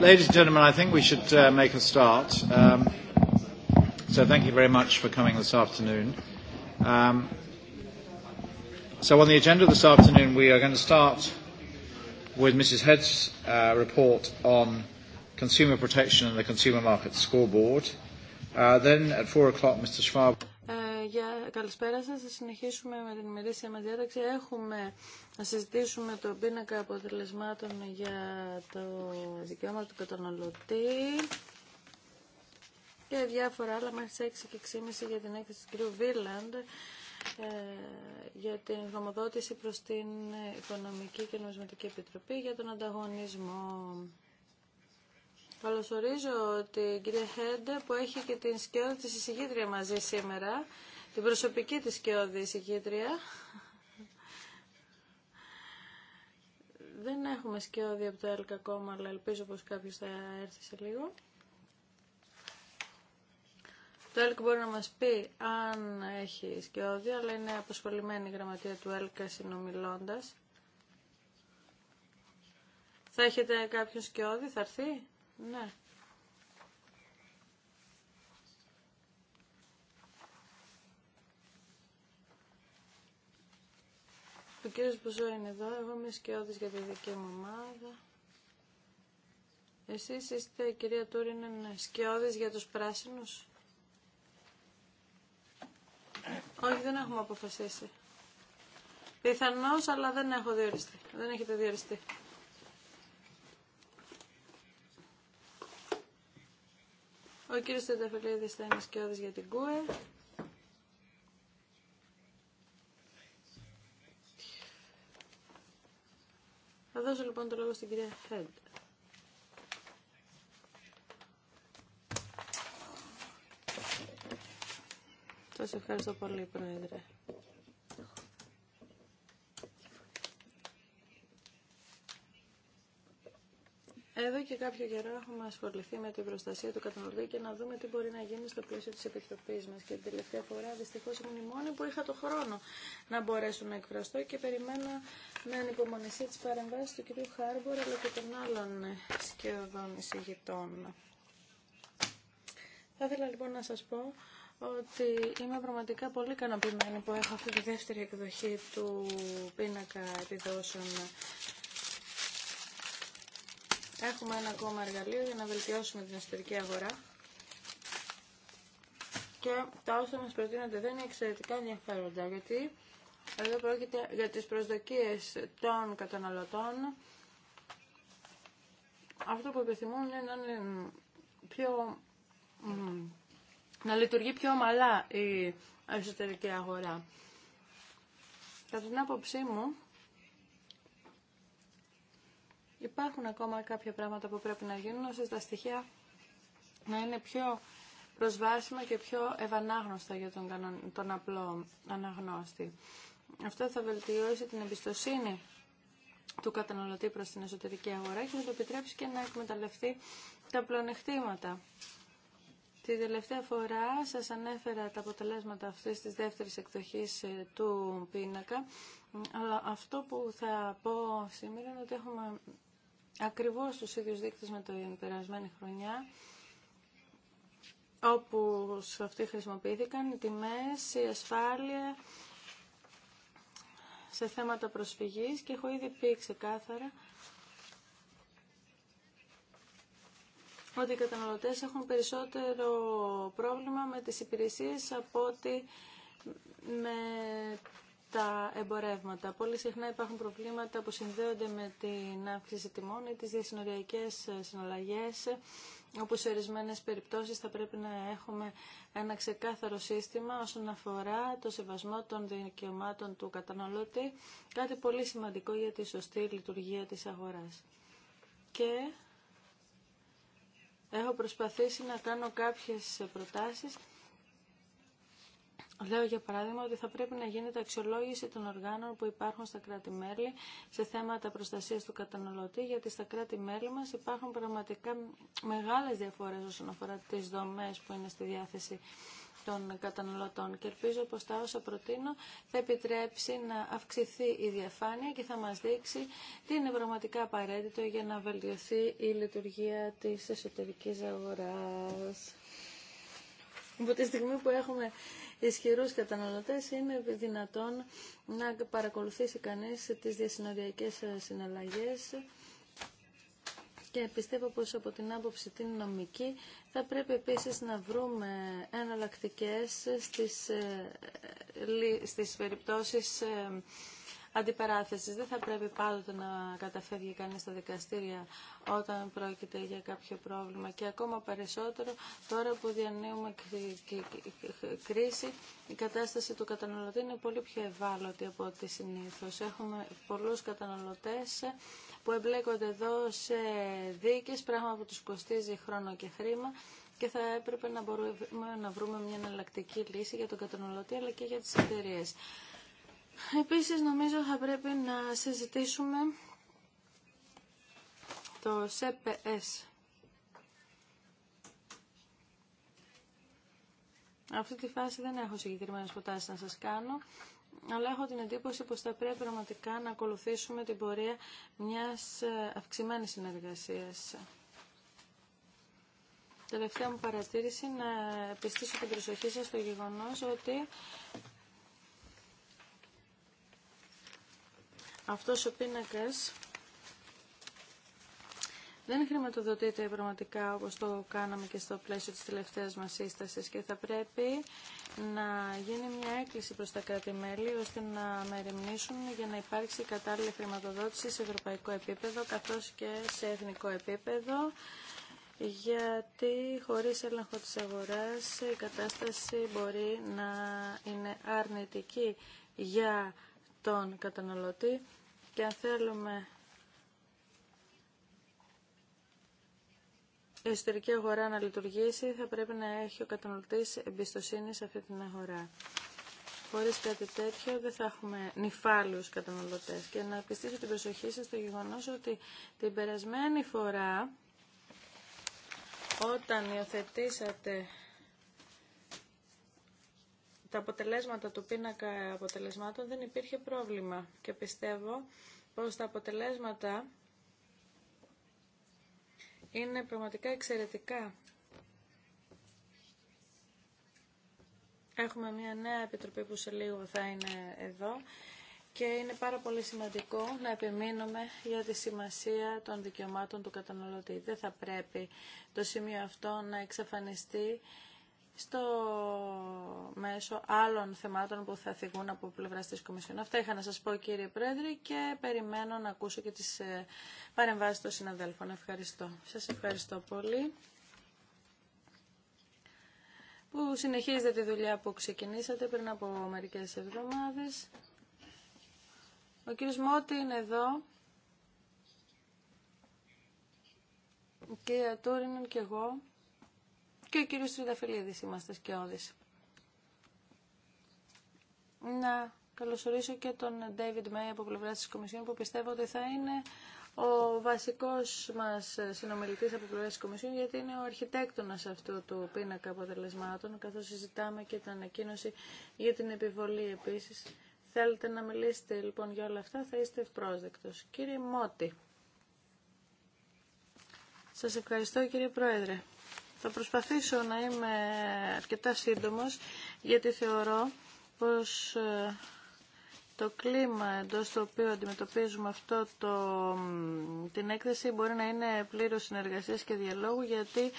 Ladies and gentlemen, I think we should make a start. Um, so thank you very much for coming this afternoon. Um, so on the agenda this afternoon, we are going to start with Mrs. Head's report on consumer protection and the consumer market scoreboard. Uh, then at four o'clock, Mr. Schwab για... Καλησπέρα σας. Θα συνεχίσουμε με την ημερήσια μας διάταξη. Έχουμε να συζητήσουμε τον πίνακα αποτελεσμάτων για το δικαίωμα του καταναλωτή και διάφορα άλλα μέχρι τις 6 και 6.30 για την έκθεση του κ. Βίλαντ ε, για την γνωμοδότηση προς την Οικονομική και Νομισματική Επιτροπή για τον ανταγωνισμό. Καλωσορίζω την κυρία Χέντε που έχει και την σκιώδη της εισηγήτρια μαζί σήμερα την προσωπική της και Δεν έχουμε σκιώδη από το ΕΛΚ ακόμα, αλλά ελπίζω πως κάποιος θα έρθει σε λίγο. Το ΕΛΚ μπορεί να μας πει αν έχει σκιώδη, αλλά είναι αποσχολημένη η γραμματεία του ΕΛΚ συνομιλώντας. Θα έχετε κάποιον σκιώδη, θα έρθει. Ναι. Ο κύριος Μπουζό είναι εδώ, εγώ είμαι σκιώδης για τη δική μου ομάδα. Εσείς είστε, κυρία Τούρινεν, σκιώδης για τους πράσινους. Όχι, δεν έχουμε αποφασίσει. Πιθανώς, αλλά δεν έχω διοριστεί. Δεν έχετε διοριστεί. Ο κύριος Τεταφελίδης θα είναι σκιώδης για την ΚΟΕ. Θα δώσω λοιπόν το λόγο στην κυρία Χέντ. Σας ευχαριστώ πολύ, Πρόεδρε. Εδώ και κάποιο καιρό έχουμε ασχοληθεί με την προστασία του καταναλωτή και να δούμε τι μπορεί να γίνει στο πλαίσιο τη Επιτροπή μα. Και την τελευταία φορά δυστυχώ ήμουν η μόνη που είχα το χρόνο να μπορέσω να εκφραστώ και περιμένω με ανυπομονησία τι παρεμβάσει του κ. Χάρμπορ αλλά και των άλλων σκιωδών εισηγητών. Θα ήθελα λοιπόν να σα πω ότι είμαι πραγματικά πολύ ικανοποιημένη που έχω αυτή τη δεύτερη εκδοχή του πίνακα επιδόσεων Έχουμε ένα ακόμα εργαλείο για να βελτιώσουμε την εσωτερική αγορά. Και τα όσα μας προτείνονται δεν είναι εξαιρετικά ενδιαφέροντα, γιατί εδώ πρόκειται για τις προσδοκίες των καταναλωτών. Αυτό που επιθυμούν είναι να είναι πιο να λειτουργεί πιο ομαλά η εσωτερική αγορά. Κατά την άποψή μου, Υπάρχουν ακόμα κάποια πράγματα που πρέπει να γίνουν ώστε τα στοιχεία να είναι πιο προσβάσιμα και πιο ευανάγνωστα για τον, τον απλό αναγνώστη. Αυτό θα βελτιώσει την εμπιστοσύνη του καταναλωτή προς την εσωτερική αγορά και θα το επιτρέψει και να εκμεταλλευτεί τα πλονεκτήματα. Τη τελευταία φορά σας ανέφερα τα αποτελέσματα αυτής της δεύτερης εκδοχής ε, του πίνακα, αλλά αυτό που θα πω σήμερα είναι ότι έχουμε ακριβώς στους ίδιους δείκτες με την περασμένη χρονιά όπου αυτοί χρησιμοποιήθηκαν οι τιμές, η ασφάλεια σε θέματα προσφυγής και έχω ήδη πει ξεκάθαρα ότι οι καταναλωτές έχουν περισσότερο πρόβλημα με τις υπηρεσίες από ότι με τα εμπορεύματα. Πολύ συχνά υπάρχουν προβλήματα που συνδέονται με την αύξηση τιμών ή τις διασυνοριακές συναλλαγές, όπου σε ορισμένε περιπτώσεις θα πρέπει να έχουμε ένα ξεκάθαρο σύστημα όσον αφορά το σεβασμό των δικαιωμάτων του καταναλωτή, κάτι πολύ σημαντικό για τη σωστή λειτουργία της αγοράς. Και έχω προσπαθήσει να κάνω κάποιες προτάσεις Λέω για παράδειγμα ότι θα πρέπει να γίνεται αξιολόγηση των οργάνων που υπάρχουν στα κράτη-μέλη σε θέματα προστασίας του καταναλωτή, γιατί στα κράτη-μέλη μας υπάρχουν πραγματικά μεγάλες διαφορές όσον αφορά τις δομές που είναι στη διάθεση των καταναλωτών και ελπίζω πως τα όσα προτείνω θα επιτρέψει να αυξηθεί η διαφάνεια και θα μας δείξει τι είναι πραγματικά απαραίτητο για να βελτιωθεί η λειτουργία της εσωτερικής αγοράς. Από τη στιγμή που έχουμε ισχυρούς καταναλωτές είναι δυνατόν να παρακολουθήσει κανείς τις διασυνοριακές συναλλαγές και πιστεύω πως από την άποψη την νομική θα πρέπει επίσης να βρούμε εναλλακτικέ στις, ε, ε, στις περιπτώσεις ε, αντιπαράθεσης. Δεν θα πρέπει πάντοτε να καταφεύγει κανείς στα δικαστήρια όταν πρόκειται για κάποιο πρόβλημα και ακόμα περισσότερο τώρα που διανύουμε κρίση η κατάσταση του καταναλωτή είναι πολύ πιο ευάλωτη από ό,τι συνήθω. Έχουμε πολλούς καταναλωτές που εμπλέκονται εδώ σε δίκες, πράγμα που τους κοστίζει χρόνο και χρήμα και θα έπρεπε να μπορούμε να βρούμε μια εναλλακτική λύση για τον καταναλωτή αλλά και για τις εταιρείε. Επίσης νομίζω θα πρέπει να συζητήσουμε το CPS. Αυτή τη φάση δεν έχω συγκεκριμένε προτάσει να σας κάνω, αλλά έχω την εντύπωση πως θα πρέπει πραγματικά να ακολουθήσουμε την πορεία μιας ε, αυξημένης συνεργασίας. Τελευταία μου παρατήρηση να πιστήσω την προσοχή σας στο γεγονός ότι αυτός ο πίνακας δεν χρηματοδοτείται πραγματικά όπως το κάναμε και στο πλαίσιο της τελευταίας μας σύστασης και θα πρέπει να γίνει μια έκκληση προς τα κράτη-μέλη ώστε να μεριμνήσουν για να υπάρξει κατάλληλη χρηματοδότηση σε ευρωπαϊκό επίπεδο καθώς και σε εθνικό επίπεδο γιατί χωρίς έλεγχο της αγοράς η κατάσταση μπορεί να είναι αρνητική για τον καταναλωτή και αν θέλουμε η εσωτερική αγορά να λειτουργήσει θα πρέπει να έχει ο καταναλωτής εμπιστοσύνη σε αυτή την αγορά. Χωρίς κάτι τέτοιο δεν θα έχουμε νυφάλους καταναλωτές. Και να πιστήσω την προσοχή σας στο γεγονός ότι την περασμένη φορά όταν υιοθετήσατε τα αποτελέσματα του πίνακα αποτελεσμάτων δεν υπήρχε πρόβλημα και πιστεύω πως τα αποτελέσματα είναι πραγματικά εξαιρετικά. Έχουμε μια νέα επιτροπή που σε λίγο θα είναι εδώ και είναι πάρα πολύ σημαντικό να επιμείνουμε για τη σημασία των δικαιωμάτων του καταναλωτή. Δεν θα πρέπει το σημείο αυτό να εξαφανιστεί στο μέσο άλλων θεμάτων που θα θυγούν από πλευρά της Κομισιόν. Αυτά είχα να σας πω κύριε Πρόεδρε και περιμένω να ακούσω και τις ε, παρεμβάσεις των συναδέλφων. Ευχαριστώ. Σας ευχαριστώ πολύ που συνεχίζετε τη δουλειά που ξεκινήσατε πριν από μερικές εβδομάδες. Ο κύριος Μότι είναι εδώ. Ο κυρία Τούρινεν και εγώ και ο κύριος Τριανταφυλλίδης είμαστε σκιώδης. Να καλωσορίσω και τον David May από πλευρά τη Κομισιόν που πιστεύω ότι θα είναι ο βασικός μας συνομιλητής από πλευρά της Κομισιόν γιατί είναι ο αρχιτέκτονας αυτού του πίνακα αποτελεσμάτων καθώς συζητάμε και την ανακοίνωση για την επιβολή επίσης. Θέλετε να μιλήσετε λοιπόν για όλα αυτά, θα είστε ευπρόσδεκτος. Κύριε Μότι. Σας ευχαριστώ κύριε Πρόεδρε. Θα προσπαθήσω να είμαι αρκετά σύντομος γιατί θεωρώ πως ε, το κλίμα εντό του οποίο αντιμετωπίζουμε αυτό το, την έκθεση μπορεί να είναι πλήρως συνεργασίας και διαλόγου γιατί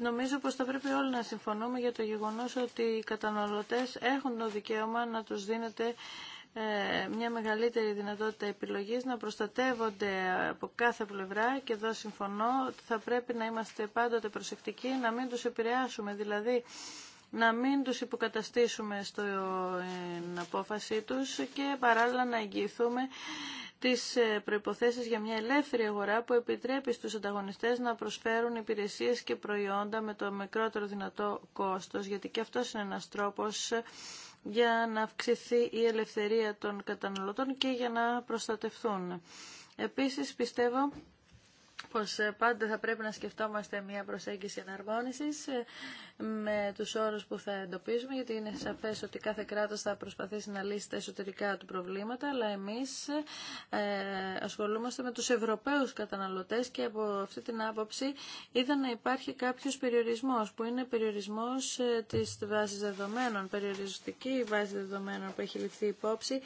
Νομίζω πως θα πρέπει όλοι να συμφωνούμε για το γεγονός ότι οι καταναλωτές έχουν το δικαίωμα να τους δίνεται ε, μια μεγαλύτερη δυνατότητα επιλογής να προστατεύονται από κάθε πλευρά και εδώ συμφωνώ ότι θα πρέπει να είμαστε πάντοτε προσεκτικοί, να μην τους επηρεάσουμε, δηλαδή να μην τους υποκαταστήσουμε στην ε, απόφασή τους και παράλληλα να εγγυηθούμε τις ε, προϋποθέσεις για μια ελεύθερη αγορά που επιτρέπει στους ανταγωνιστές να προσφέρουν υπηρεσίες και προϊόντα με το μικρότερο δυνατό κόστος, γιατί και αυτός είναι ένας τρόπος για να αυξηθεί η ελευθερία των καταναλωτών και για να προστατευθούν. Επίσης πιστεύω πως ε, πάντα θα πρέπει να σκεφτόμαστε μια προσέγγιση εναρμόνισης ε, με τους όρους που θα εντοπίζουμε, γιατί είναι σαφές ότι κάθε κράτος θα προσπαθήσει να λύσει τα εσωτερικά του προβλήματα, αλλά εμείς ε, ασχολούμαστε με τους Ευρωπαίους καταναλωτές και από αυτή την άποψη είδα να υπάρχει κάποιος περιορισμός, που είναι περιορισμός της βάσης δεδομένων, περιοριστική βάση δεδομένων που έχει ληφθεί υπόψη,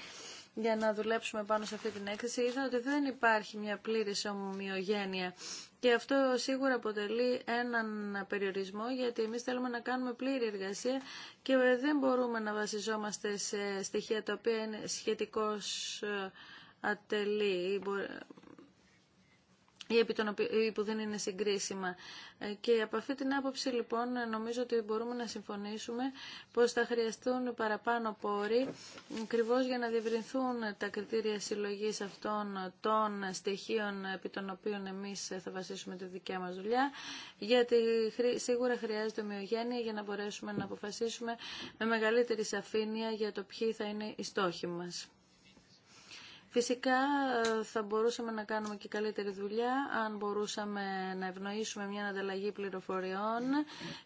για να δουλέψουμε πάνω σε αυτή την έκθεση είδα ότι δεν υπάρχει μια πλήρη ομοιογένεια και αυτό σίγουρα αποτελεί έναν περιορισμό γιατί εμείς θέλουμε να κάνουμε πλήρη εργασία και δεν μπορούμε να βασιζόμαστε σε στοιχεία τα οποία είναι σχετικώς ε, ατελή ή επί των που δεν είναι συγκρίσιμα. Ε, και από αυτή την άποψη λοιπόν νομίζω ότι μπορούμε να συμφωνήσουμε πως θα χρειαστούν παραπάνω πόροι ακριβώ για να διευρυνθούν τα κριτήρια συλλογής αυτών των στοιχείων επί των οποίων εμείς θα βασίσουμε τη δικιά μας δουλειά γιατί σίγουρα χρειάζεται ομοιογένεια για να μπορέσουμε να αποφασίσουμε με μεγαλύτερη σαφήνεια για το ποιοι θα είναι οι στόχοι μας. Φυσικά ε, θα μπορούσαμε να κάνουμε και καλύτερη δουλειά αν μπορούσαμε να ευνοήσουμε μια ανταλλαγή πληροφοριών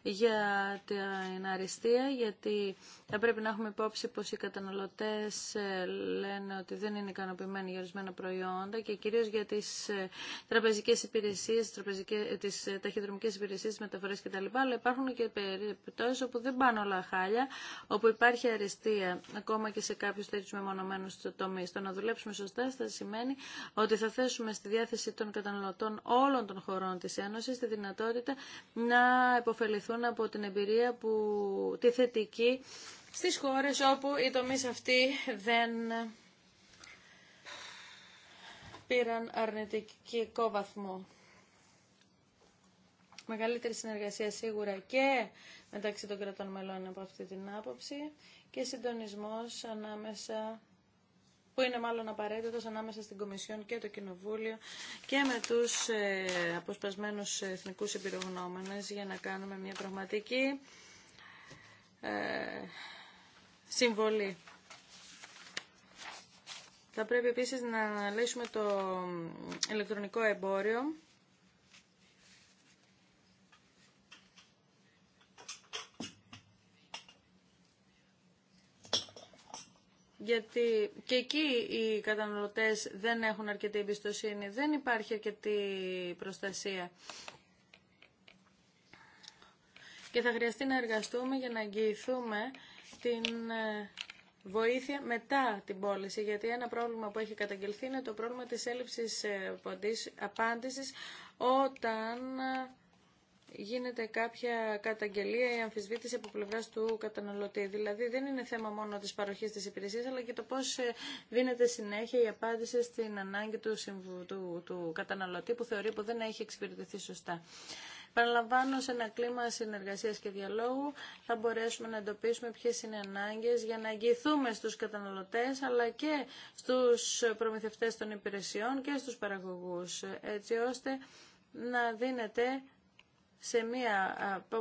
για την αριστεία, γιατί θα πρέπει να έχουμε υπόψη πως οι καταναλωτές ε, λένε ότι δεν είναι ικανοποιημένοι για ορισμένα προϊόντα και κυρίως για τις ε, τραπεζικές υπηρεσίες, τραπεζικές, τις ταχυδρομικές υπηρεσίες, τις μεταφορές κτλ. Αλλά υπάρχουν και περιπτώσεις όπου δεν πάνε όλα χάλια, όπου υπάρχει αριστεία ακόμα και σε κάποιους τέτοιους μεμονωμένους τομείς. Το να δουλέψουμε σωστά θα σημαίνει ότι θα θέσουμε στη διάθεση των καταναλωτών όλων των χωρών της Ένωσης τη δυνατότητα να επωφεληθούν από την εμπειρία που τη θετική στις χώρες όπου οι τομείς αυτοί δεν πήραν αρνητικό βαθμό. Μεγαλύτερη συνεργασία σίγουρα και μεταξύ των κρατών μελών από αυτή την άποψη και συντονισμός ανάμεσα που είναι μάλλον απαραίτητος ανάμεσα στην Κομισιόν και το Κοινοβούλιο και με τους ε, αποσπασμένους εθνικούς εμπειρογνώμενες για να κάνουμε μια πραγματική ε, συμβολή. Θα πρέπει επίσης να αναλύσουμε το ηλεκτρονικό εμπόριο γιατί και εκεί οι καταναλωτές δεν έχουν αρκετή εμπιστοσύνη, δεν υπάρχει αρκετή προστασία. Και θα χρειαστεί να εργαστούμε για να αγγιηθούμε την ε, βοήθεια μετά την πώληση, γιατί ένα πρόβλημα που έχει καταγγελθεί είναι το πρόβλημα της έλλειψης ε, απάντησης όταν γίνεται κάποια καταγγελία ή αμφισβήτηση από πλευρά του καταναλωτή. Δηλαδή δεν είναι θέμα μόνο τη παροχή τη υπηρεσία, αλλά και το πώ ε, δίνεται συνέχεια η απάντηση στην ανάγκη του, του, καταναλωτή που θεωρεί που δεν έχει εξυπηρετηθεί σωστά. Παραλαμβάνω, σε ένα κλίμα συνεργασία και διαλόγου θα μπορέσουμε να εντοπίσουμε ποιε είναι ανάγκε για να εγγυηθούμε στου καταναλωτέ αλλά και στου προμηθευτέ των υπηρεσιών και στου παραγωγού, ε, έτσι ώστε να δίνεται σε μια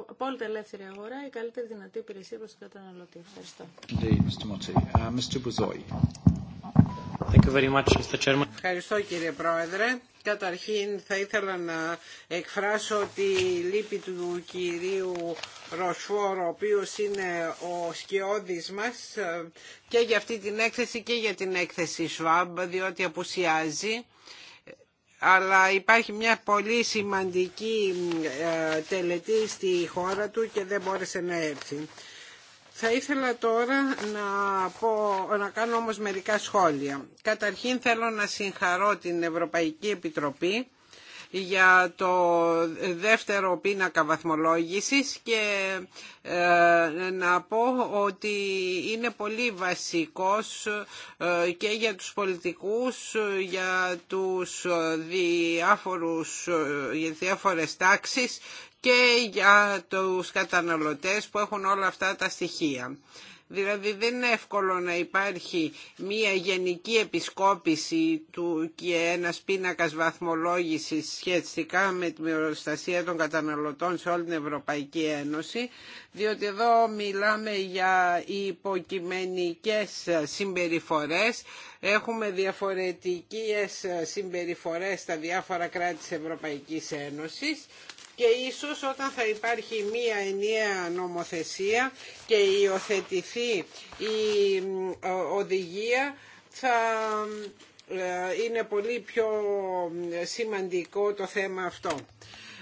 απόλυτα ελεύθερη αγορά η καλύτερη δυνατή υπηρεσία προς τον καταναλωτή. Ευχαριστώ. Ευχαριστώ κύριε Πρόεδρε. Καταρχήν θα ήθελα να εκφράσω τη λύπη του κυρίου Ροσφόρ, ο οποίος είναι ο σκιώδης μας ε, και για αυτή την έκθεση και για την έκθεση ΣΒΑΜ, διότι απουσιάζει αλλά υπάρχει μια πολύ σημαντική ε, τελετή στη χώρα του και δεν μπόρεσε να έρθει. Θα ήθελα τώρα να, να κάνω όμως μερικά σχόλια. Καταρχήν θέλω να συγχαρώ την Ευρωπαϊκή Επιτροπή για το δεύτερο πίνακα βαθμολόγησης και ε, να πω ότι είναι πολύ βασικός ε, και για τους πολιτικούς, για τους διάφορους, ε, για τις διάφορες τάξεις και για τους καταναλωτές που έχουν όλα αυτά τα στοιχεία. Δηλαδή δεν είναι εύκολο να υπάρχει μία γενική επισκόπηση του και ένας πίνακας βαθμολόγησης σχετικά με την προστασία των καταναλωτών σε όλη την Ευρωπαϊκή Ένωση, διότι εδώ μιλάμε για υποκειμενικές συμπεριφορές, έχουμε διαφορετικές συμπεριφορές στα διάφορα κράτη της Ευρωπαϊκής Ένωσης και ίσως όταν θα υπάρχει μία ενιαία νομοθεσία και υιοθετηθεί η οδηγία θα ε, είναι πολύ πιο σημαντικό το θέμα αυτό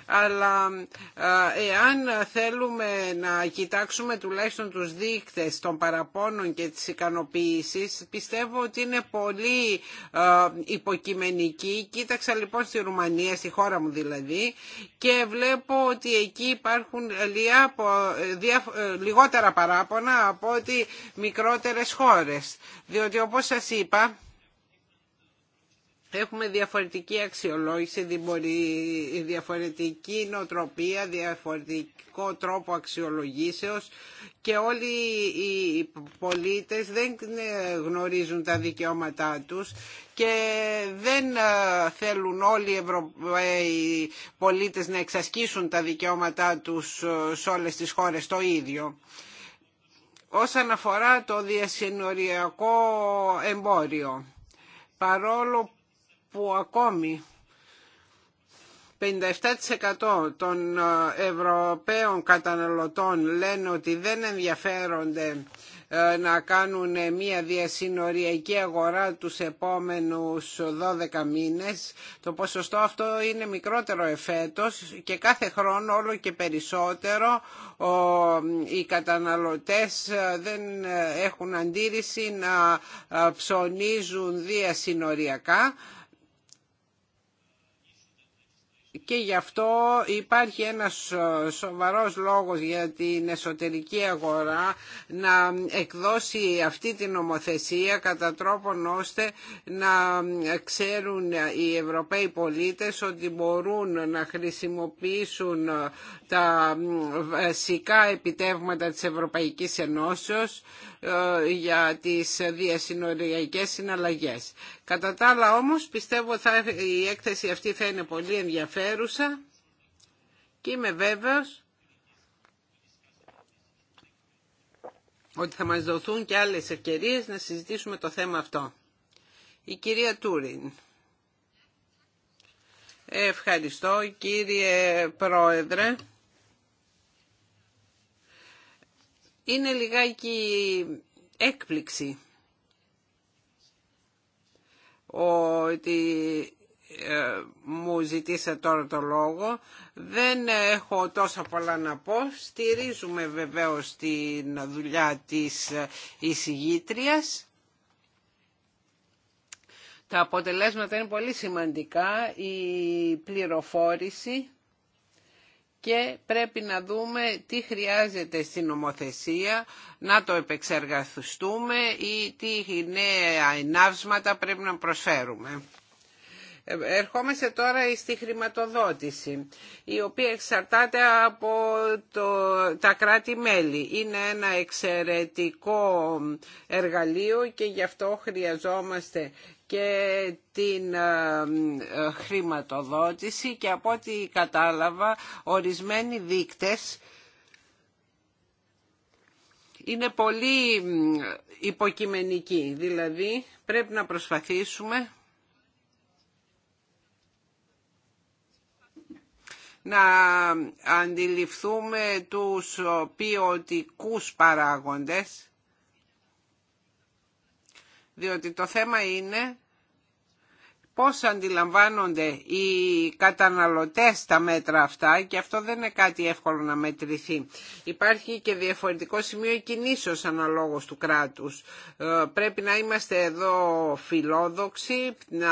αλλά ε, εάν θέλουμε να κοιτάξουμε τουλάχιστον τους δείκτες των παραπώνων και της ικανοποίησης πιστεύω ότι είναι πολύ ε, υποκειμενική. Κοίταξα λοιπόν στη Ρουμανία, στη χώρα μου δηλαδή και βλέπω ότι εκεί υπάρχουν ε, λιγότερα παράπονα από ότι μικρότερες χώρες. Διότι όπως σας είπα Έχουμε διαφορετική αξιολόγηση, διαφορετική νοοτροπία, διαφορετικό τρόπο αξιολογήσεως και όλοι οι πολίτες δεν γνωρίζουν τα δικαιώματά τους και δεν ε, θέλουν όλοι οι Ευρωπαίοι ε, πολίτες να εξασκήσουν τα δικαιώματά τους ε, σε όλες τις χώρες το ίδιο. Όσον αφορά το διασυνοριακό εμπόριο, παρόλο που ακόμη 57% των ε, Ευρωπαίων καταναλωτών λένε ότι δεν ενδιαφέρονται ε, να κάνουν μια διασυνοριακή αγορά τους επόμενους 12 μήνες. Το ποσοστό αυτό είναι μικρότερο εφέτος και κάθε χρόνο όλο και περισσότερο οι καταναλωτές ε, δεν έχουν αντίρρηση να ψωνίζουν διασυνοριακά και γι' αυτό υπάρχει ένας ε, σοβαρός λόγος για την εσωτερική αγορά να εκδώσει αυτή την νομοθεσία κατά τρόπον ώστε να ξέρουν οι Ευρωπαίοι πολίτες ότι μπορούν να χρησιμοποιήσουν ε, τα βασικά επιτεύγματα της Ευρωπαϊκής Ενώσεως ε, για τις διασυνοριακές συναλλαγές. Κατά τα άλλα όμως πιστεύω ότι η έκθεση αυτή θα είναι πολύ ενδιαφέρουσα και είμαι βέβαιος ότι θα μας δοθούν και άλλες ευκαιρίες να συζητήσουμε το θέμα αυτό. Η κυρία Τούριν. Ευχαριστώ κύριε Πρόεδρε. είναι λιγάκι έκπληξη ότι ε, μου ζητήσα τώρα το λόγο. Δεν έχω τόσα πολλά να πω. Στηρίζουμε βεβαίως την δουλειά της εισηγήτριας. Τα αποτελέσματα είναι πολύ σημαντικά. Η πληροφόρηση και πρέπει να δούμε τι χρειάζεται στην νομοθεσία, να το επεξεργαστούμε ή τι νέα ενάυσματα πρέπει να προσφέρουμε. Ε, ερχόμαστε τώρα στη χρηματοδότηση, η οποία εξαρτάται από τα κράτη-μέλη. Είναι ένα εξαιρετικό εργαλείο και γι' αυτό χρειαζόμαστε και την ε, ε, χρηματοδότηση και από ό,τι κατάλαβα ορισμένοι δείκτες είναι πολύ υποκειμενικοί. Δηλαδή πρέπει να προσπαθήσουμε να αντιληφθούμε τους ποιοτικού παράγοντες διότι το θέμα είναι πώς αντιλαμβάνονται οι καταναλωτές τα μέτρα αυτά και αυτό δεν είναι κάτι εύκολο να μετρηθεί. Υπάρχει και διαφορετικό σημείο κινήσεως αναλόγως του κράτους. Ε, πρέπει να είμαστε εδώ φιλόδοξοι, να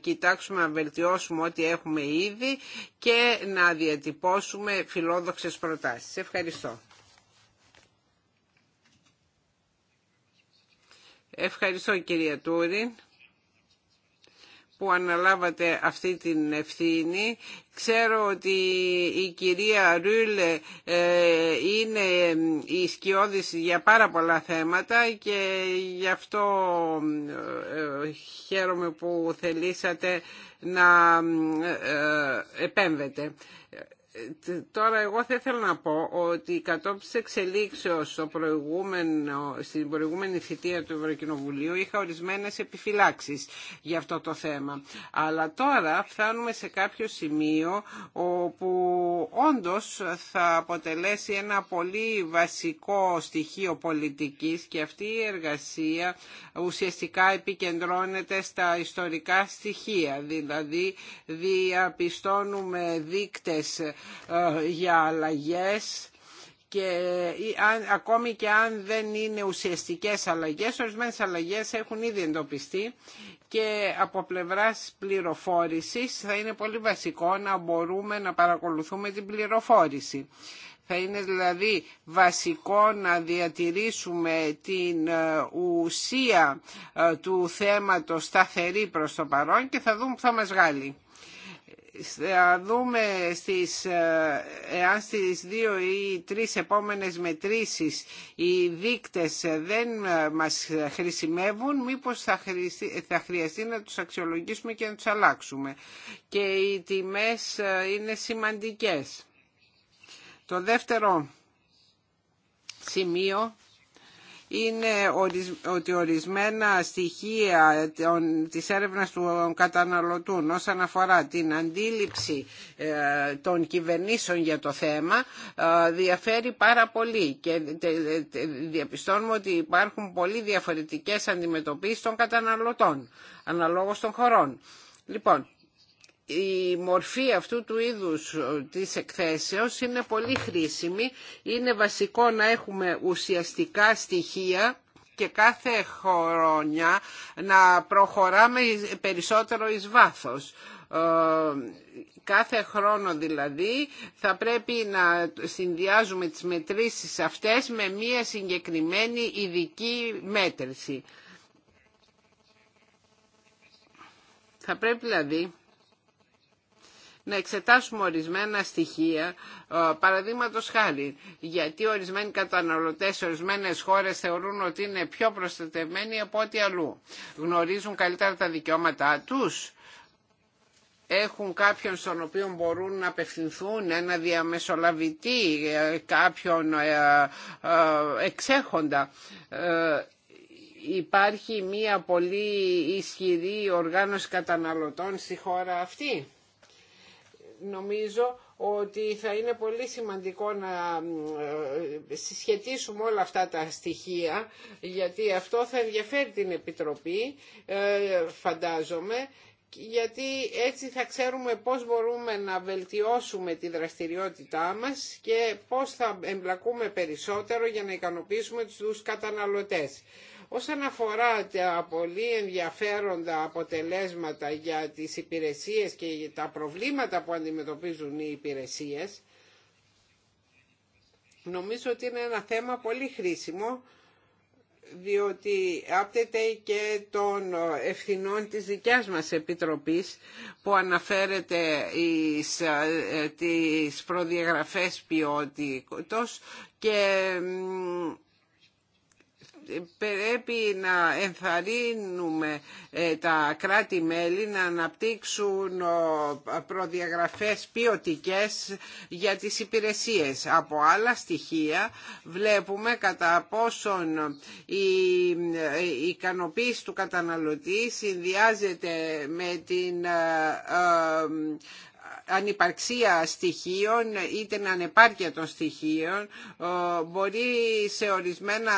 κοιτάξουμε να βελτιώσουμε ό,τι έχουμε ήδη και να διατυπώσουμε φιλόδοξες προτάσεις. Ευχαριστώ. Ευχαριστώ κυρία Τούριν που αναλάβατε αυτή την ευθύνη. Ξέρω ότι η κυρία Ρούλε είναι η σκιώδηση για πάρα πολλά θέματα και γι' αυτό ε, ε, χαίρομαι που θελήσατε να ε, επέμβετε. Ε, τώρα εγώ θα ήθελα να πω ότι κατόπιν της εξελίξεως προηγούμενο, στην προηγούμενη θητεία του Ευρωκοινοβουλίου είχα ορισμένες επιφυλάξεις για αυτό το θέμα. Αλλά τώρα φτάνουμε σε κάποιο σημείο όπου όντως θα αποτελέσει ένα πολύ βασικό στοιχείο πολιτικής και αυτή η εργασία ουσιαστικά επικεντρώνεται στα ιστορικά στοιχεία. Δηλαδή διαπιστώνουμε δείκτες ε, για αλλαγές και αν, ακόμη και αν δεν είναι ουσιαστικές αλλαγές, ορισμένες αλλαγές έχουν ήδη εντοπιστεί και από πλευράς πληροφόρησης θα είναι πολύ βασικό να μπορούμε να παρακολουθούμε την πληροφόρηση. Θα είναι δηλαδή βασικό να διατηρήσουμε την ε, ουσία ε, του θέματος σταθερή προς το παρόν και θα δούμε που θα μας βγάλει θα δούμε στις, ε, εάν στις δύο ή τρεις επόμενες μετρήσεις οι δείκτες δεν ε, μας χρησιμεύουν, μήπως θα, θα χρειαστεί να τους αξιολογήσουμε και να τους αλλάξουμε. Και οι τιμές ε, είναι σημαντικές. Το δεύτερο σημείο είναι ότι ορισμένα στοιχεία της έρευνας του καταναλωτούν όσον αφορά την αντίληψη ε, των κυβερνήσεων για το θέμα ε, διαφέρει πάρα πολύ και διαπιστώνουμε ότι υπάρχουν πολύ διαφορετικές αντιμετωπίσεις των καταναλωτών αναλόγως των χωρών. Λοιπόν, η μορφή αυτού του είδους ε, της εκθέσεως είναι πολύ χρήσιμη. Είναι βασικό να έχουμε ουσιαστικά στοιχεία και κάθε χρονιά να προχωράμε περισσότερο εις βάθος. Ε, κάθε χρόνο δηλαδή θα πρέπει να συνδυάζουμε τις μετρήσεις αυτές με μία συγκεκριμένη ειδική μέτρηση. Θα πρέπει δηλαδή να εξετάσουμε ορισμένα στοιχεία, ε, παραδείγματο χάρη, γιατί ορισμένοι καταναλωτές σε ορισμένες χώρες θεωρούν ότι είναι πιο προστατευμένοι από ό,τι αλλού. Γνωρίζουν καλύτερα τα δικαιώματά τους έχουν κάποιον στον οποίο μπορούν να απευθυνθούν, ένα διαμεσολαβητή, ε, κάποιον ε, εξέχοντα. Υπάρχει μία πολύ ισχυρή οργάνωση καταναλωτών στη χώρα αυτή νομίζω ότι θα είναι πολύ σημαντικό να ε, συσχετίσουμε όλα αυτά τα στοιχεία γιατί αυτό θα ενδιαφέρει την Επιτροπή ε, φαντάζομαι γιατί έτσι θα ξέρουμε πώς μπορούμε να βελτιώσουμε τη δραστηριότητά μας και πώς θα εμπλακούμε περισσότερο για να ικανοποιήσουμε τους καταναλωτές. Όσον αφορά τα πολύ ενδιαφέροντα αποτελέσματα για τις υπηρεσίες και τα προβλήματα που αντιμετωπίζουν οι υπηρεσίες, νομίζω ότι είναι ένα θέμα πολύ χρήσιμο διότι άπτεται και των ευθυνών της δικιάς μας Επιτροπής που αναφέρεται εις ε, τις προδιαγραφές ποιότητος και πρέπει να ενθαρρύνουμε ε, τα κράτη-μέλη να αναπτύξουν προδιαγραφές ποιοτικέ για τις υπηρεσίες. Από άλλα στοιχεία βλέπουμε κατά πόσον η ε, ικανοποίηση του καταναλωτή συνδυάζεται με την ε, ανυπαρξία στοιχείων ή την ανεπάρκεια των στοιχείων μπορεί σε ορισμένα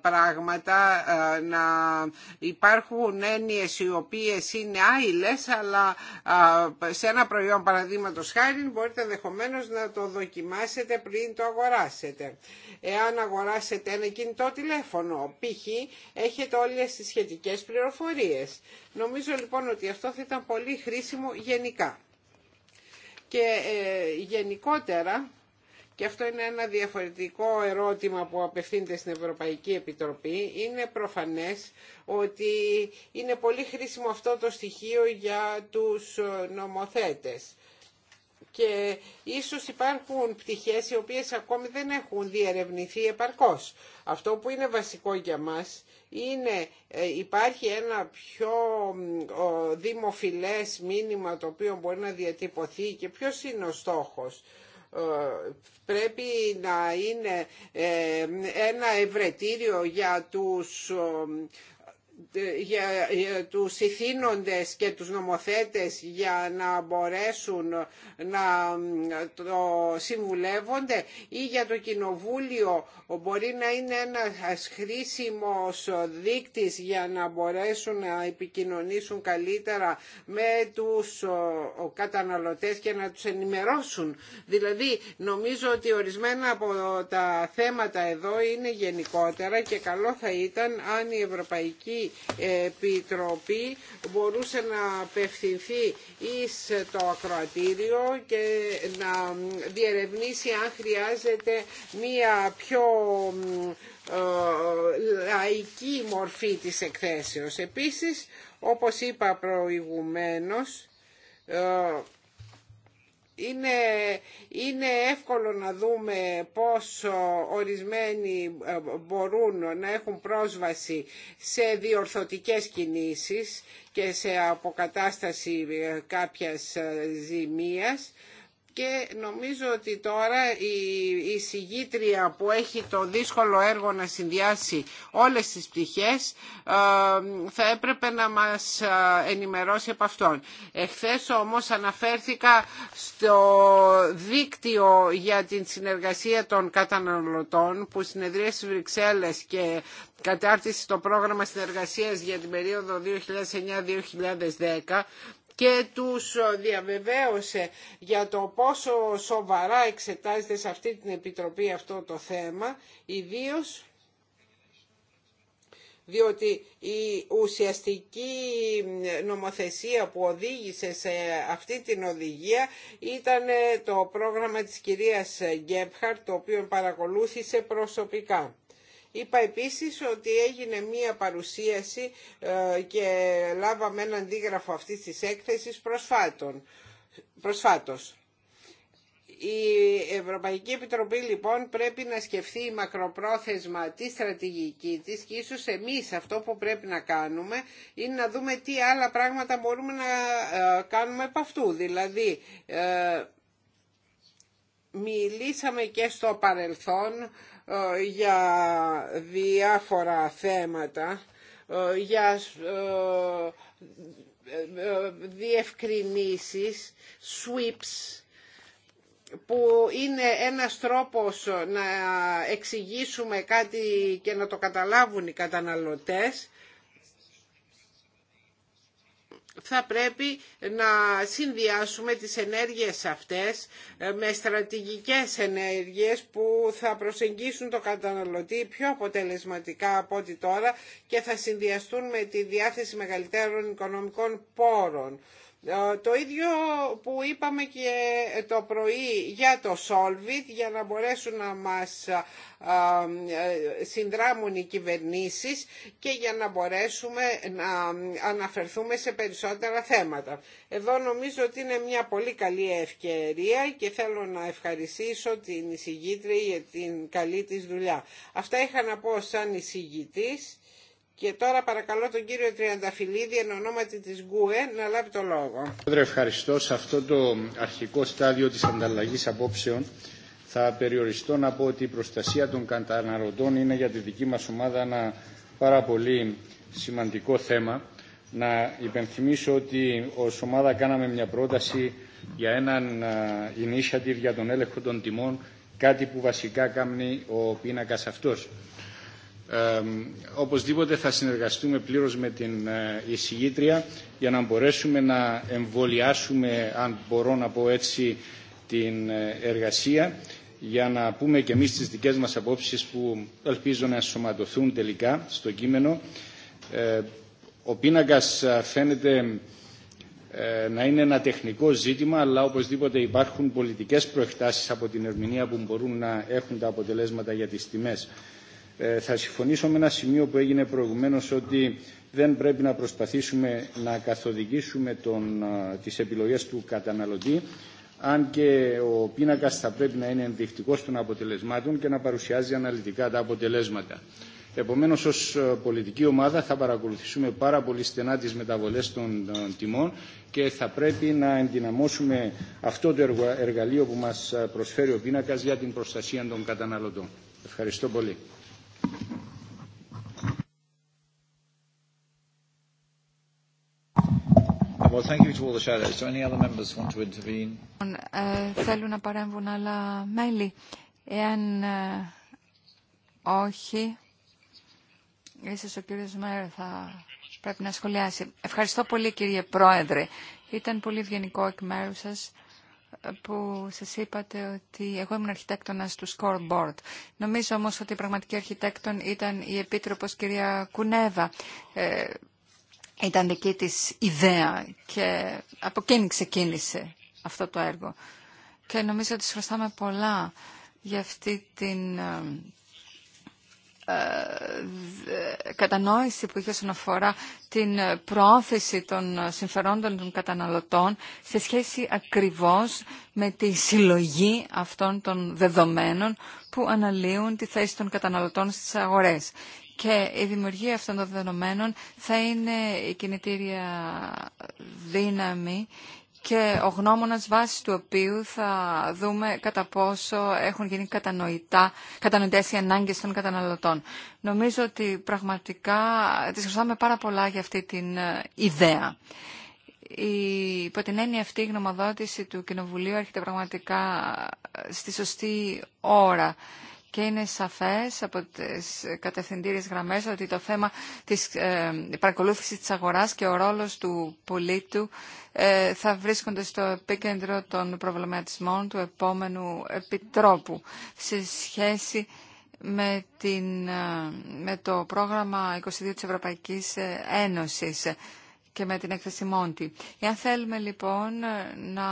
πράγματα ε, να υπάρχουν έννοιες οι οποίες είναι άειλες αλλά σε ένα προϊόν παραδείγματο χάρη μπορείτε ενδεχομένω να το δοκιμάσετε πριν το αγοράσετε. Εάν αγοράσετε ένα κινητό τηλέφωνο π.χ. έχετε όλες τις σχετικές πληροφορίες. Νομίζω λοιπόν ότι αυτό θα ήταν πολύ χρήσιμο γενικά και ε, γενικότερα και αυτό είναι ένα διαφορετικό ερώτημα που απευθύνεται στην Ευρωπαϊκή Επιτροπή. Είναι προφανές ότι είναι πολύ χρήσιμο αυτό το στοιχείο για τους ε, νομοθέτες. Και ίσως υπάρχουν πτυχές οι οποίες ακόμη δεν έχουν διερευνηθεί επαρκώς. Αυτό που είναι βασικό για μας είναι, ε, υπάρχει ένα πιο δημοφιλές μήνυμα το οποίο μπορεί να διατυπωθεί και ποιος είναι ο στόχος ε, πρέπει να είναι ε, ένα ευρετήριο για τους για τους ηθήνοντες και τους νομοθέτες για να μπορέσουν να το συμβουλεύονται ή για το Κοινοβούλιο μπορεί να είναι ένας χρήσιμος δείκτης για να μπορέσουν να επικοινωνήσουν καλύτερα με τους καταναλωτές και να τους ενημερώσουν. Δηλαδή νομίζω ότι ορισμένα από τα θέματα εδώ είναι γενικότερα και καλό θα ήταν αν η Ευρωπαϊκή Επιτροπή μπορούσε να απευθυνθεί εις το ακροατήριο και να διερευνήσει αν χρειάζεται μία πιο ε, λαϊκή μορφή της εκθέσεως. Επίσης, όπως είπα προηγουμένως, ε, είναι, εύκολο να δούμε πόσο ορισμένοι ε, μπορούν να έχουν πρόσβαση σε διορθωτικές κινήσεις και σε αποκατάσταση ε, κάποιας ε, ζημίας και νομίζω ότι τώρα η συγγήτρια που έχει το δύσκολο έργο να συνδυάσει όλες τις πτυχές ε, θα έπρεπε να μας ε, ενημερώσει από αυτόν. Εχθές όμως αναφέρθηκα στο δίκτυο για την συνεργασία των καταναλωτών που συνεδρίασε στις Βρυξέλλες και κατάρτισε το πρόγραμμα συνεργασίας για την περίοδο 2009-2010 και τους διαβεβαίωσε για το πόσο σοβαρά εξετάζεται σε αυτή την Επιτροπή αυτό το θέμα, ιδίως διότι η ουσιαστική νομοθεσία που οδήγησε σε αυτή την οδηγία ήταν το πρόγραμμα της κυρίας Γκέμπχαρτ, το οποίο παρακολούθησε προσωπικά. Είπα επίσης ότι έγινε μία παρουσίαση ε, και λάβαμε ένα αντίγραφο αυτής της έκθεσης προσφάτων, προσφάτως. Η Ευρωπαϊκή Επιτροπή λοιπόν πρέπει να σκεφτεί μακροπρόθεσμα τη στρατηγική της και ίσως εμείς αυτό που πρέπει να κάνουμε είναι να δούμε τι άλλα πράγματα μπορούμε να ε, κάνουμε από αυτού. Δηλαδή ε, μιλήσαμε και στο παρελθόν ε, για διάφορα θέματα, ε, για ε, διευκρινήσεις, sweeps, που είναι ένας τρόπος να εξηγήσουμε κάτι και να το καταλάβουν οι καταναλωτές θα πρέπει να συνδυάσουμε τις ενέργειες αυτές ε, με στρατηγικές ενέργειες που θα προσεγγίσουν το καταναλωτή πιο αποτελεσματικά από ό,τι τώρα και θα συνδυαστούν με τη διάθεση μεγαλύτερων οικονομικών πόρων. Ε, το ίδιο που είπαμε και το πρωί για το Solvit για να μπορέσουν να μας ε, ε, συνδράμουν οι κυβερνήσεις και για να μπορέσουμε να αναφερθούμε σε περισσότερα θέματα. Εδώ νομίζω ότι είναι μια πολύ καλή ευκαιρία και θέλω να ευχαριστήσω την εισηγήτρια για την καλή της δουλειά. Αυτά είχα να πω σαν εισηγητής και τώρα παρακαλώ τον κύριο Τριανταφυλλίδη εν ονόματι της ΓΚΟΕ να λάβει το λόγο. Πρόεδρε, ευχαριστώ. Σε αυτό το αρχικό στάδιο της ανταλλαγής απόψεων θα περιοριστώ να πω ότι η προστασία των καταναλωτών είναι για τη δική μας ομάδα ένα πάρα πολύ σημαντικό θέμα. Να υπενθυμίσω ότι ως ομάδα κάναμε μια πρόταση για έναν initiative για τον έλεγχο των τιμών, κάτι που βασικά κάνει ο πίνακας αυτός οπωσδήποτε θα συνεργαστούμε πλήρως με την ε, εισηγήτρια για να μπορέσουμε να εμβολιάσουμε, αν μπορώ να πω έτσι, την ε, εργασία για να πούμε και εμείς τις δικές μας απόψεις που ελπίζω να σωματωθούν τελικά στο κείμενο. Ε, ο πίνακας φαίνεται να είναι ένα τεχνικό ζήτημα, αλλά οπωσδήποτε υπάρχουν πολιτικές προεκτάσεις από την ερμηνεία που μπορούν να έχουν τα αποτελέσματα για τις τιμές. Ε, θα συμφωνήσω με ένα σημείο που έγινε προηγουμένως ότι δεν πρέπει να προσπαθήσουμε να καθοδηγήσουμε τον, τις επιλογές του καταναλωτή αν και ο πίνακας θα πρέπει να είναι ενδεικτικός των αποτελεσμάτων και να παρουσιάζει αναλυτικά τα αποτελέσματα. Επομένως, ως ε, πολιτική ομάδα θα παρακολουθήσουμε πάρα πολύ στενά τις μεταβολές των ε, τιμών και θα πρέπει να ενδυναμώσουμε αυτό το εργαλείο που μας προσφέρει ο πίνακας για την προστασία των καταναλωτών. Ευχαριστώ πολύ. Well, θέλουν να παρέμβουν άλλα μέλη. Εάν ε, όχι, ίσως ο κύριος Μέρ θα πρέπει να σχολιάσει. Ευχαριστώ πολύ κύριε Πρόεδρε. Ήταν πολύ ευγενικό εκ μέρου σας που σας είπατε ότι εγώ ήμουν αρχιτέκτονας του scoreboard. Νομίζω όμως ότι η πραγματική αρχιτέκτον ήταν η Επίτροπος κυρία Κουνέβα. Ε, ήταν δική της ιδέα και από εκείνη ξεκίνησε αυτό το έργο. Και νομίζω ότι σωστάμε πολλά για αυτή την ε, ε, κατανόηση που είχε όσον αφορά την πρόθεση των συμφερόντων των καταναλωτών σε σχέση ακριβώς με τη συλλογή αυτών των δεδομένων που αναλύουν τη θέση των καταναλωτών στις αγορές. Και η δημιουργία αυτών των δεδομένων θα είναι η κινητήρια δύναμη και ο γνώμονας βάση του οποίου θα δούμε κατά πόσο έχουν γίνει κατανοητά, κατανοητές οι ανάγκες των καταναλωτών. Νομίζω ότι πραγματικά τις χρωστάμε πάρα πολλά για αυτή την ε, ιδέα. Η, υπό την έννοια αυτή η γνωμοδότηση του Κοινοβουλίου έρχεται πραγματικά ε, στη σωστή ώρα και είναι σαφές από τις κατευθυντήριες γραμμές ότι το θέμα της ε, παρακολούθησης της αγοράς και ο ρόλος του πολίτου ε, θα βρίσκονται στο επίκεντρο των προβληματισμών του επόμενου επιτρόπου σε σχέση με, ε, το πρόγραμμα 22 της Ευρωπαϊκής Ένωσης και με την έκθεση Μόντι. Εάν θέλουμε λοιπόν να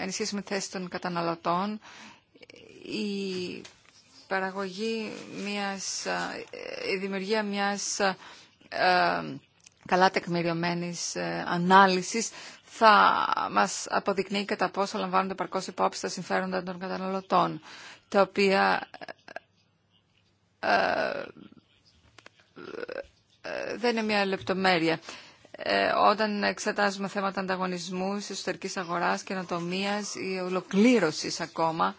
ενισχύσουμε τη θέση των καταναλωτών η παραγωγή μιας, ε, η δημιουργία μιας ε, καλά τεκμηριωμένης ε, ανάλυσης θα μας αποδεικνύει κατά πόσο λαμβάνονται παρκώς υπόψη τα συμφέροντα των καταναλωτών, τα οποία δεν είναι μια λεπτομέρεια. όταν εξετάζουμε θέματα ανταγωνισμού, εσωτερικής αγοράς, καινοτομίας ή ολοκλήρωσης ακόμα,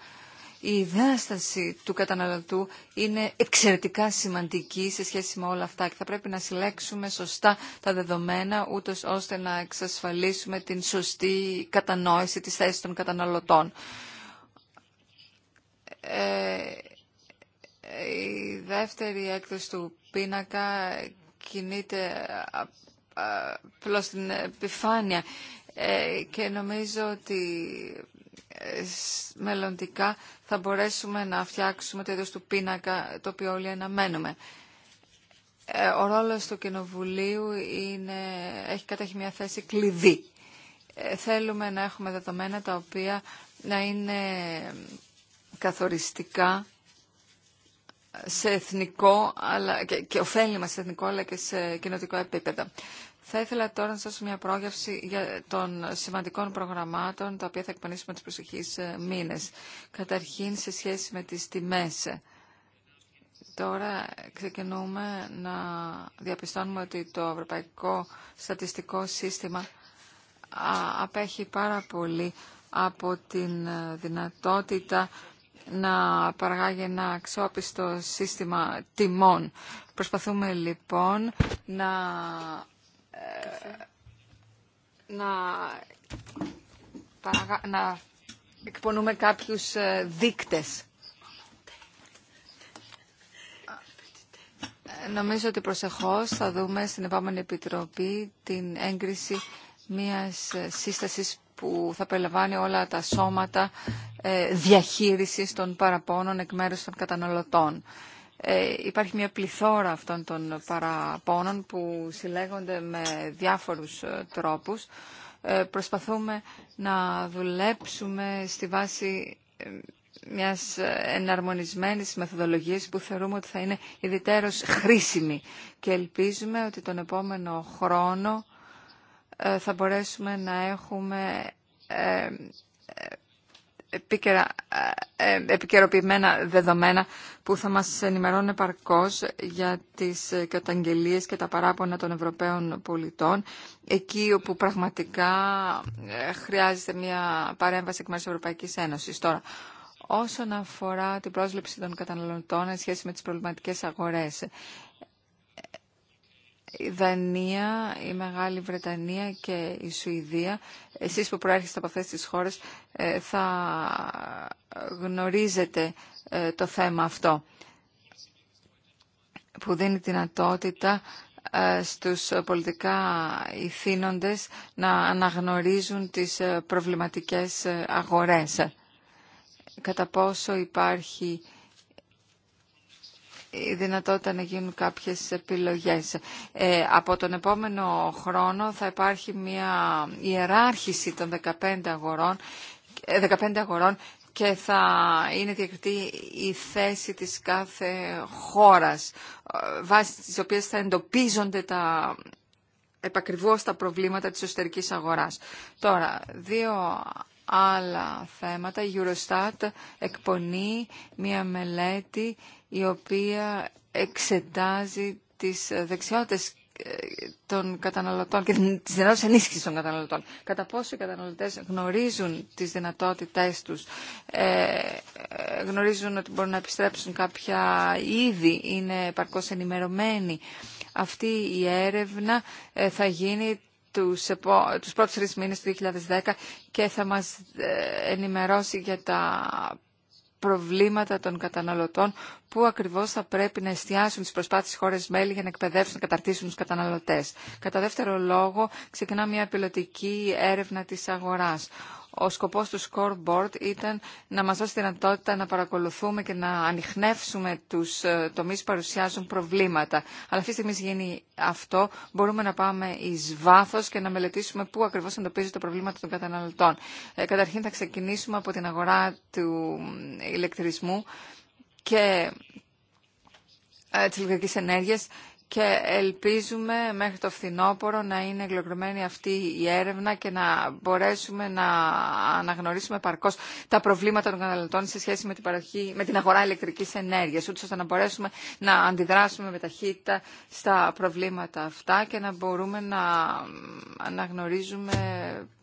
η διάσταση του καταναλωτού είναι εξαιρετικά σημαντική σε σχέση με όλα αυτά και θα πρέπει να συλλέξουμε σωστά τα δεδομένα ούτως ώστε να εξασφαλίσουμε την σωστή κατανόηση της θέσης των καταναλωτών. Ε, η δεύτερη έκδοση του πίνακα κινείται απλώς στην επιφάνεια ε, και νομίζω ότι ε, μελλοντικά θα μπορέσουμε να φτιάξουμε το είδος του πίνακα το οποίο όλοι αναμένουμε. Ε, ο ρόλος του Κοινοβουλίου είναι, έχει κατέχει μια θέση κλειδί. Ε, θέλουμε να έχουμε δεδομένα τα οποία να είναι καθοριστικά σε εθνικό αλλά και, και ωφέλιμα σε εθνικό αλλά και σε κοινοτικό επίπεδο. Θα ήθελα τώρα να σα δώσω μια πρόγευση για των σημαντικών προγραμμάτων τα οποία θα εκπονήσουμε τι προσεχεί ε, μήνες. Καταρχήν σε σχέση με τις τιμές. Τώρα ξεκινούμε να διαπιστώνουμε ότι το Ευρωπαϊκό Στατιστικό Σύστημα απέχει πάρα πολύ από την ε, δυνατότητα να παραγάγει ένα αξιόπιστο σύστημα τιμών. Προσπαθούμε λοιπόν να να, να εκπονούμε κάποιους ε, δείκτες. Νομίζω ότι προσεχώς θα δούμε στην επόμενη επιτροπή την έγκριση μιας ε, σύστασης που θα περιλαμβάνει όλα τα σώματα ε, διαχείρισης των παραπώνων εκ μέρους των καταναλωτών. Ε, υπάρχει μια πληθώρα αυτών των παραπώνων που συλλέγονται με διάφορους ε, τρόπους. Ε, προσπαθούμε να δουλέψουμε στη βάση μιας εναρμονισμένης μεθοδολογίας που θεωρούμε ότι θα είναι ιδιαίτερως χρήσιμη και ελπίζουμε ότι τον επόμενο χρόνο θα μπορέσουμε να έχουμε επίκαιρα, ε, ε, επικαιροποιημένα δεδομένα που θα μας ενημερώνουν επαρκώς για τις καταγγελίες και τα παράπονα των Ευρωπαίων πολιτών εκεί όπου πραγματικά ε, χρειάζεται μια παρέμβαση εκ μέρους της Ευρωπαϊκής Ένωσης. Τώρα, όσον αφορά την πρόσληψη των καταναλωτών σε σχέση με τις προβληματικές αγορές, η Δανία, η Μεγάλη Βρετανία και η Σουηδία, εσείς που προέρχεστε από αυτές τις χώρες, ε, θα γνωρίζετε ε, το θέμα αυτό που δίνει δυνατότητα ε, στους πολιτικά ηθήνοντες να αναγνωρίζουν τις προβληματικές αγορές. Κατά πόσο υπάρχει η δυνατότητα να γίνουν κάποιες επιλογές. Ε, από τον επόμενο χρόνο θα υπάρχει μια ιεράρχηση των 15 αγορών, 15 ε, αγορών και θα είναι διακριτή η θέση της κάθε χώρας, ε, βάσει της οποίας θα εντοπίζονται τα επακριβώς τα προβλήματα της εσωτερικής αγοράς. Τώρα, δύο άλλα θέματα. Η Eurostat εκπονεί μία μελέτη η οποία εξετάζει τις δεξιότητες ε, των καταναλωτών και τις δυνατότητες ενίσχυση των καταναλωτών. Κατά πόσο οι καταναλωτές γνωρίζουν τις δυνατότητές τους, ε, ε, γνωρίζουν ότι μπορούν να επιστρέψουν κάποια είδη, είναι παρκώς ενημερωμένοι. Αυτή η έρευνα θα γίνει τους, τους πρώτους τρεις μήνες του 2010 και θα μας ενημερώσει για τα προβλήματα των καταναλωτών που ακριβώς θα πρέπει να εστιάσουν τις προσπάθειες χώρες μέλη για να εκπαιδεύσουν, να καταρτήσουν τους καταναλωτές. Κατά δεύτερο λόγο, ξεκινά μια πιλωτική έρευνα της αγοράς, ο σκοπός του scoreboard ήταν να μας δώσει τη δυνατότητα να παρακολουθούμε και να ανοιχνεύσουμε τους ε, τομείς που παρουσιάζουν προβλήματα. Αλλά αυτή τη στιγμή γίνει αυτό, μπορούμε να πάμε εις βάθος και να μελετήσουμε πού ακριβώς εντοπίζονται το προβλήματα των καταναλωτών. Ε, καταρχήν θα ξεκινήσουμε από την αγορά του ηλεκτρισμού και ε, της ηλεκτρικής ενέργειας και ελπίζουμε μέχρι το φθινόπωρο να είναι εγκλωγρωμένη αυτή η έρευνα και να μπορέσουμε να αναγνωρίσουμε παρκώς τα προβλήματα των καταναλωτών σε σχέση με την, παροχή, με την αγορά ηλεκτρικής ενέργειας, ούτω ώστε να μπορέσουμε να αντιδράσουμε με ταχύτητα στα προβλήματα αυτά και να μπορούμε να αναγνωρίζουμε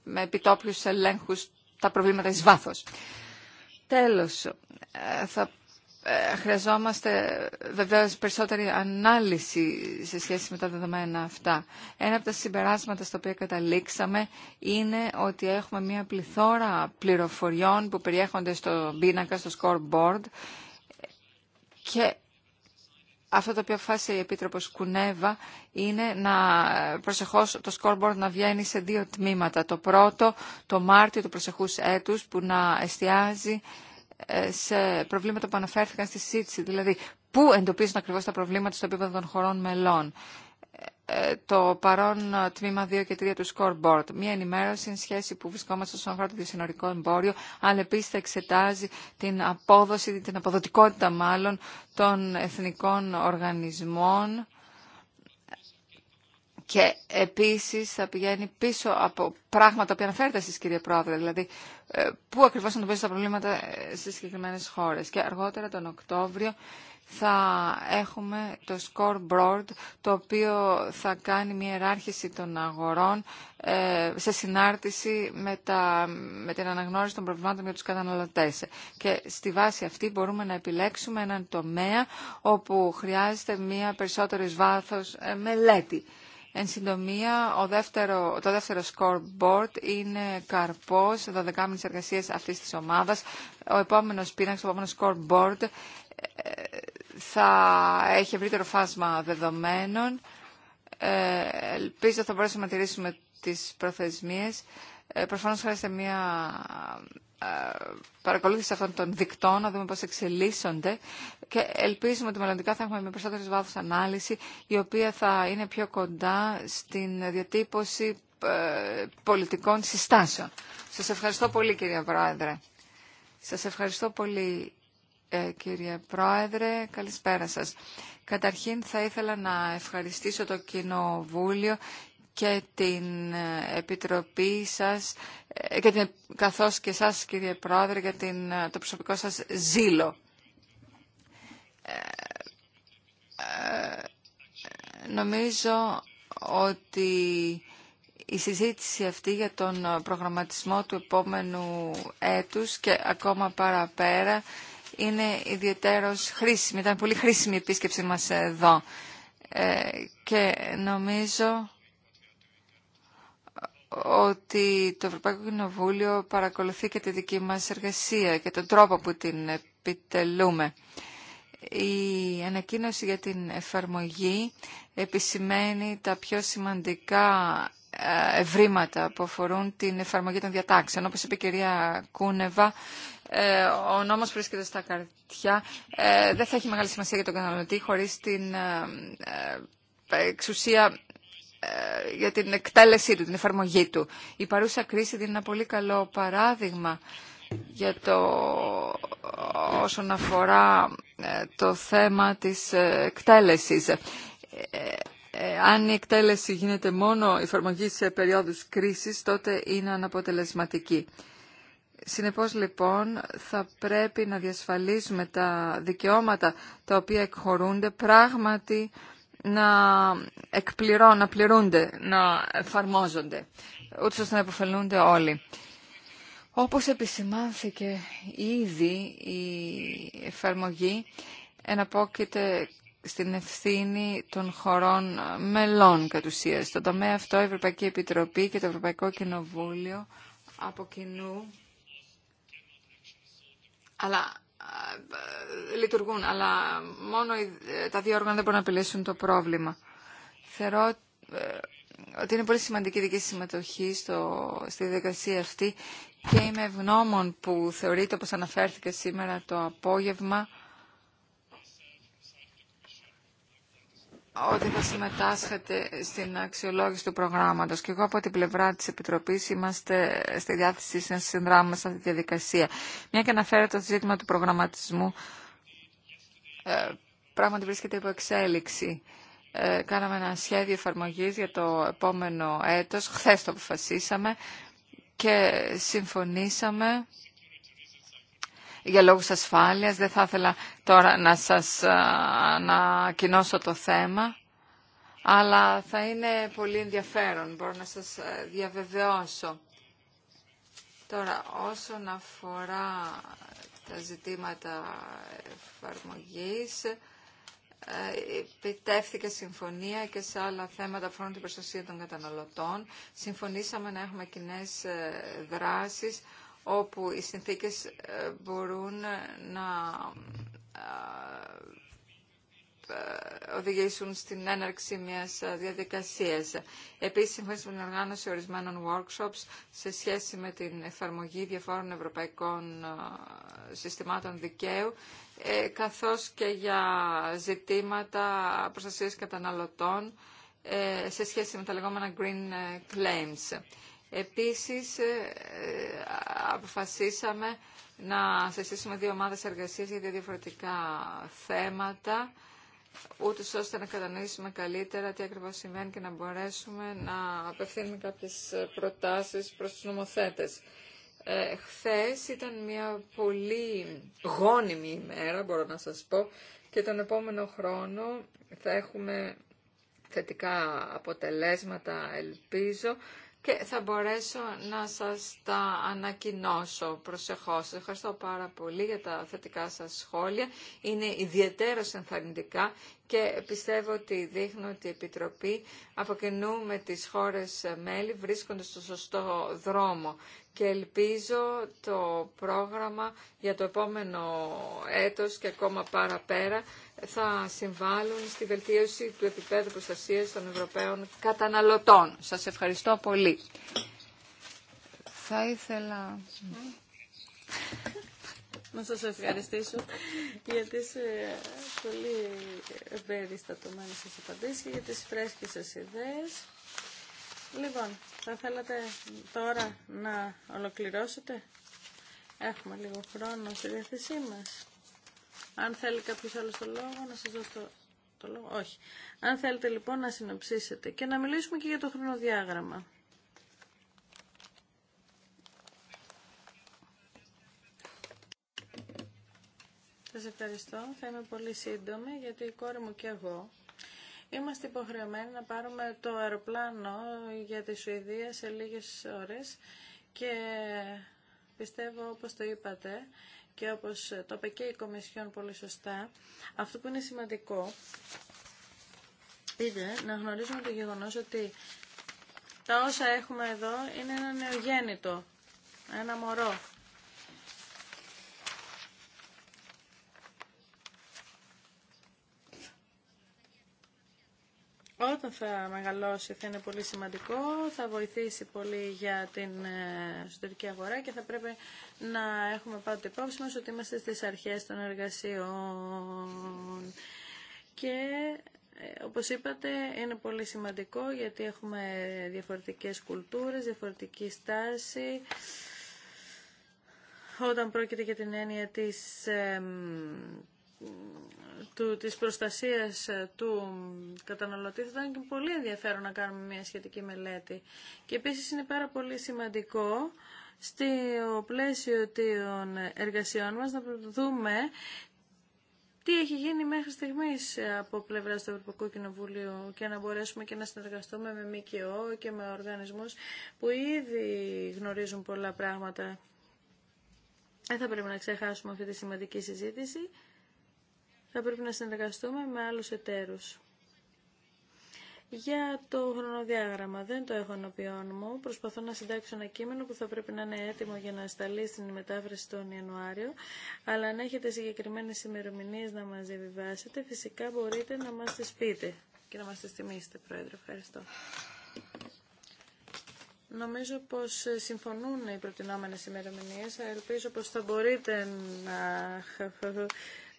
με επιτόπιους ελέγχους τα προβλήματα ει βάθο. Τέλος, ε, θα ε, χρειαζόμαστε βεβαίως περισσότερη ανάλυση σε σχέση με τα δεδομένα αυτά. Ένα από τα συμπεράσματα στο οποία καταλήξαμε είναι ότι έχουμε μια πληθώρα πληροφοριών που περιέχονται στο πίνακα, στο scoreboard και αυτό το οποίο αποφάσισε η Επίτροπος Κουνέβα είναι να προσεχώς το scoreboard να βγαίνει σε δύο τμήματα. Το πρώτο, το Μάρτιο του προσεχούς έτους που να εστιάζει ε, σε προβλήματα που αναφέρθηκαν στη ΣΥΤΣΙ, δηλαδή πού εντοπίζουν ακριβώς τα προβλήματα στο επίπεδο των χωρών μελών. Ε, το παρόν ε, τμήμα 2 και 3 του scoreboard. Μία ενημέρωση εν σχέση που βρισκόμαστε στον αφορά του διασυνορικό εμπόριο, αλλά επίση θα εξετάζει την απόδοση, την αποδοτικότητα μάλλον των εθνικών οργανισμών και επίσης θα πηγαίνει πίσω από πράγματα που αναφέρετε εσείς κύριε Πρόεδρε, δηλαδή ε, πού ακριβώς αντιμετωπίζουν τα προβλήματα ε, στις συγκεκριμένε. χώρες. Και αργότερα τον Οκτώβριο θα έχουμε το scoreboard το οποίο θα κάνει μια εράρχηση των αγορών ε, σε συνάρτηση με, τα, με την αναγνώριση των προβλημάτων για τους καταναλωτές. Και στη βάση αυτή μπορούμε να επιλέξουμε έναν τομέα όπου χρειάζεται μια περισσότερη βάθος μελέτη. Εν συντομία, ο δεύτερο, το δεύτερο scoreboard είναι καρπός 12 μήνες εργασίας αυτής της ομάδας. Ο επόμενος πίναξ, ο επόμενο scoreboard ε, θα έχει ευρύτερο φάσμα δεδομένων. Ε, ελπίζω θα μπορέσουμε να τηρήσουμε τις προθεσμίες. Ε, προφανώς χρειάζεται μια ε, παρακολούθηση αυτών των δικτών, να δούμε πώς εξελίσσονται και ελπίζουμε ότι μελλοντικά θα έχουμε με περισσότερες βάθους ανάλυση η οποία θα είναι πιο κοντά στην διατύπωση ε, πολιτικών συστάσεων. Σας ευχαριστώ πολύ κυρία Πρόεδρε. Σας ευχαριστώ πολύ κύριε Πρόεδρε. Καλησπέρα σας. Καταρχήν θα ήθελα να ευχαριστήσω το Κοινοβούλιο και την ε, Επιτροπή σας, ε, και την, καθώς και σας κύριε Πρόεδρε για την, ε, το προσωπικό σας ζήλο. νομίζω ότι η συζήτηση αυτή για τον προγραμματισμό του επόμενου έτους και ακόμα παραπέρα είναι ιδιαίτερος χρήσιμη. Ήταν πολύ χρήσιμη η επίσκεψη μας εδώ. και νομίζω ότι το Ευρωπαϊκό Κοινοβούλιο παρακολουθεί και τη δική μας εργασία και τον τρόπο που την επιτελούμε. Η ανακοίνωση για την εφαρμογή επισημαίνει τα πιο σημαντικά ε, ευρήματα που αφορούν την εφαρμογή των διατάξεων. Όπως είπε η κυρία Κούνεβα, ε, ο νόμος βρίσκεται στα καρτιά. Ε, δεν θα έχει μεγάλη σημασία για τον καταναλωτή χωρίς την εξουσία ε, για την εκτέλεσή του, την εφαρμογή του. Η παρούσα κρίση δίνει ένα πολύ καλό παράδειγμα για το όσον αφορά ε, το θέμα της ε, εκτέλεσης. αν η εκτέλεση γίνεται μόνο η εφαρμογή σε περίοδους κρίσης, τότε είναι αναποτελεσματική. Συνεπώς λοιπόν θα πρέπει να διασφαλίσουμε τα δικαιώματα τα οποία εκχωρούνται πράγματι να εκπληρώνουν, να πληρούνται, να εφαρμόζονται, ούτως ώστε να υποφελούνται όλοι. Όπως επισημάνθηκε ήδη η εφαρμογή εναπόκειται στην ευθύνη των χωρών μελών κατ' ουσία. Στον τομέα αυτό η Ευρωπαϊκή Επιτροπή και το Ευρωπαϊκό Κοινοβούλιο από κοινού αλλά ε, λειτουργούν, αλλά μόνο ε, τα δύο όργανα δεν μπορούν να επιλύσουν το πρόβλημα. Θεωρώ ε, ότι είναι πολύ σημαντική δική συμμετοχή στο, στη διαδικασία αυτή και είμαι ευγνώμων που θεωρείται, όπως αναφέρθηκε σήμερα το απόγευμα, ότι θα συμμετάσχετε στην αξιολόγηση του προγράμματος και εγώ από την πλευρά της Επιτροπής είμαστε στη διάθεση να συνδράμουμε σε αυτή τη διαδικασία. Μια και αναφέρεται το ζήτημα του προγραμματισμού, ε, πράγματι βρίσκεται υπό εξέλιξη. Ε, κάναμε ένα σχέδιο εφαρμογή για το επόμενο έτος, χθες το αποφασίσαμε και συμφωνήσαμε για λόγους ασφάλειας. Δεν θα ήθελα τώρα να σας ανακοινώσω το θέμα, αλλά θα είναι πολύ ενδιαφέρον, μπορώ να σας διαβεβαιώσω. Τώρα, όσον αφορά τα ζητήματα εφαρμογής, ε, επιτεύθηκε συμφωνία και σε άλλα θέματα αφορούν την προστασία των καταναλωτών. Συμφωνήσαμε να έχουμε κοινέ ε, δράσεις όπου οι συνθήκες ε, μπορούν να ε, ε, οδηγήσουν στην έναρξη μιας διαδικασίας. Επίσης, συμφωνήσαμε με την οργάνωση ορισμένων workshops σε σχέση με την εφαρμογή διαφόρων ευρωπαϊκών συστημάτων δικαίου, καθώς και για ζητήματα προστασίας καταναλωτών σε σχέση με τα λεγόμενα green claims. Επίσης, ε, ε, αποφασίσαμε να συστήσουμε δύο ομάδες εργασίας για διαφορετικά θέματα, ούτως ώστε να κατανοήσουμε καλύτερα τι ακριβώς σημαίνει και να μπορέσουμε να απευθύνουμε κάποιες προτάσεις προς τους νομοθέτες. Ε, χθες ήταν μια πολύ γόνιμη ημέρα, μπορώ να σας πω, και τον επόμενο χρόνο θα έχουμε θετικά αποτελέσματα, ελπίζω, και θα μπορέσω να σας τα ανακοινώσω προσεχώς. Ευχαριστώ πάρα πολύ για τα θετικά σας σχόλια. Είναι ιδιαίτερα ενθαρρυντικά και πιστεύω ότι δείχνω ότι η Επιτροπή από κοινού με τις χώρες μέλη βρίσκονται στο σωστό δρόμο και ελπίζω το πρόγραμμα για το επόμενο έτος και ακόμα παραπέρα θα συμβάλλουν στη βελτίωση του επίπεδου προστασίας των Ευρωπαίων καταναλωτών. Σας ευχαριστώ πολύ. Θα ήθελα... Να σας ευχαριστήσω για τις ε, πολύ τομένες σας απαντήσεις και για τις φρέσκες σας ιδέες. Λοιπόν, θα θέλατε τώρα να ολοκληρώσετε. Έχουμε λίγο χρόνο στη διαθεσή μας. Αν θέλει κάποιος άλλος το λόγο, να σας δώσω το, το λόγο. Όχι. Αν θέλετε λοιπόν να συνοψίσετε και να μιλήσουμε και για το χρονοδιάγραμμα. Σας ευχαριστώ. Θα είμαι πολύ σύντομη γιατί η κόρη μου και εγώ Είμαστε υποχρεωμένοι να πάρουμε το αεροπλάνο για τη Σουηδία σε λίγες ώρες και πιστεύω όπως το είπατε και όπως το είπε και η Κομισιόν πολύ σωστά, αυτό που είναι σημαντικό είναι να γνωρίζουμε το γεγονός ότι τα όσα έχουμε εδώ είναι ένα νεογέννητο, ένα μωρό Όταν θα μεγαλώσει θα είναι πολύ σημαντικό, θα βοηθήσει πολύ για την ε, εσωτερική αγορά και θα πρέπει να έχουμε πάντοτε υπόψη μας ότι είμαστε στις αρχές των εργασιών. Και ε, όπως είπατε είναι πολύ σημαντικό γιατί έχουμε διαφορετικές κουλτούρες, διαφορετική στάση. Όταν πρόκειται για την έννοια της του, της προστασίας ε, του καταναλωτή θα ήταν πολύ ενδιαφέρον να κάνουμε μια σχετική μελέτη. Και επίσης είναι πάρα πολύ σημαντικό στο πλαίσιο των εργασιών μας να δούμε τι έχει γίνει μέχρι στιγμής από πλευρά του Ευρωπαϊκού Κοινοβουλίου και να μπορέσουμε και να συνεργαστούμε με ΜΚΟ και με οργανισμούς που ήδη γνωρίζουν πολλά πράγματα. Δεν θα πρέπει να ξεχάσουμε αυτή τη σημαντική συζήτηση θα πρέπει να συνεργαστούμε με άλλους εταίρους. Για το χρονοδιάγραμμα δεν το έχω να μου. Προσπαθώ να συντάξω ένα κείμενο που θα πρέπει να είναι έτοιμο για να σταλεί στην μετάφραση τον Ιανουάριο. Αλλά αν έχετε συγκεκριμένες ημερομηνίε να μας διαβιβάσετε, φυσικά μπορείτε να μας τις πείτε και να μας τις θυμίσετε, Πρόεδρε. Ευχαριστώ. Νομίζω πως συμφωνούν οι προτινόμενες ημερομηνίε. Ελπίζω πως θα μπορείτε να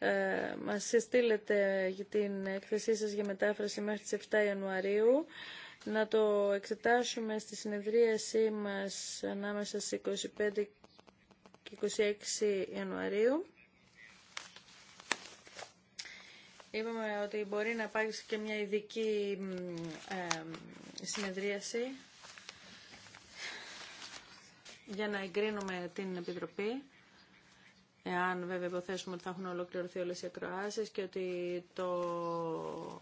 ε, μας στείλετε την έκθεσή σας για μετάφραση μέχρι τις 7 Ιανουαρίου να το εξετάσουμε στη συνεδρίασή μας ανάμεσα στις 25 και 26 Ιανουαρίου. Είπαμε ότι μπορεί να υπάρξει και μια ειδική ε, συνεδρίαση για να εγκρίνουμε την Επιτροπή. Εάν βέβαια υποθέσουμε ότι θα έχουν ολοκληρωθεί όλες οι ακροάσεις και ότι το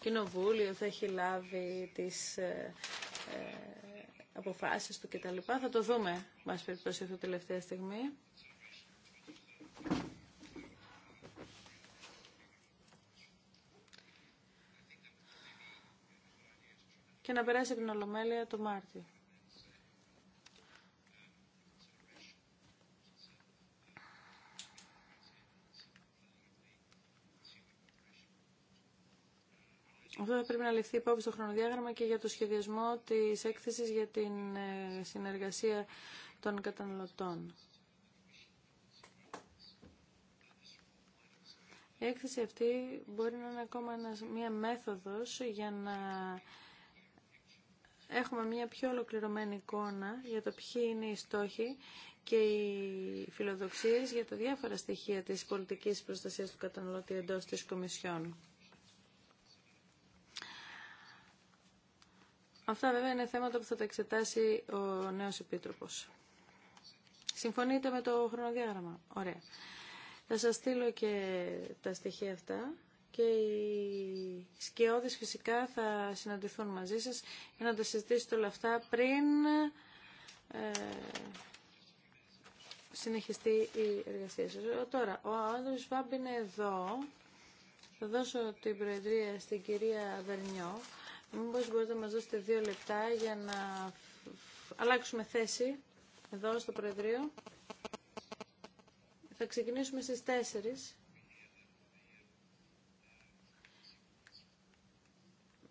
Κοινοβούλιο θα έχει λάβει τις ε, ε, αποφάσεις του κτλ. Θα το δούμε, μας περιπτώσει τη τελευταία στιγμή. Και να περάσει από την Ολομέλεια το Μάρτιο. Αυτό θα πρέπει να ληφθεί υπόψη στο χρονοδιάγραμμα και για το σχεδιασμό της έκθεσης για την ε, συνεργασία των καταναλωτών. Η έκθεση αυτή μπορεί να είναι ακόμα μία μέθοδος για να έχουμε μία πιο ολοκληρωμένη εικόνα για το ποιοι είναι οι στόχοι και οι φιλοδοξίες για τα διάφορα στοιχεία της πολιτικής προστασίας του καταναλωτή εντός της Κομισιόν. Αυτά βέβαια είναι θέματα που θα τα εξετάσει ο νέος Επίτροπος. Συμφωνείτε με το χρονοδιάγραμμα. Ωραία. Θα σας στείλω και τα στοιχεία αυτά και οι σκιώδεις φυσικά θα συναντηθούν μαζί σας για να τα συζητήσετε όλα αυτά πριν ε, συνεχιστεί η εργασία σας. Ε, τώρα, ο Άντρος Βάμπ είναι εδώ. Θα δώσω την προεδρία στην κυρία Βερνιό Μήπως μπορείτε να μας δώσετε δύο λεπτά για να αλλάξουμε θέση εδώ στο Προεδρείο. Θα ξεκινήσουμε στις 4.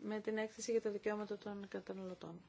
με την έκθεση για τα δικαιώματα των καταναλωτών.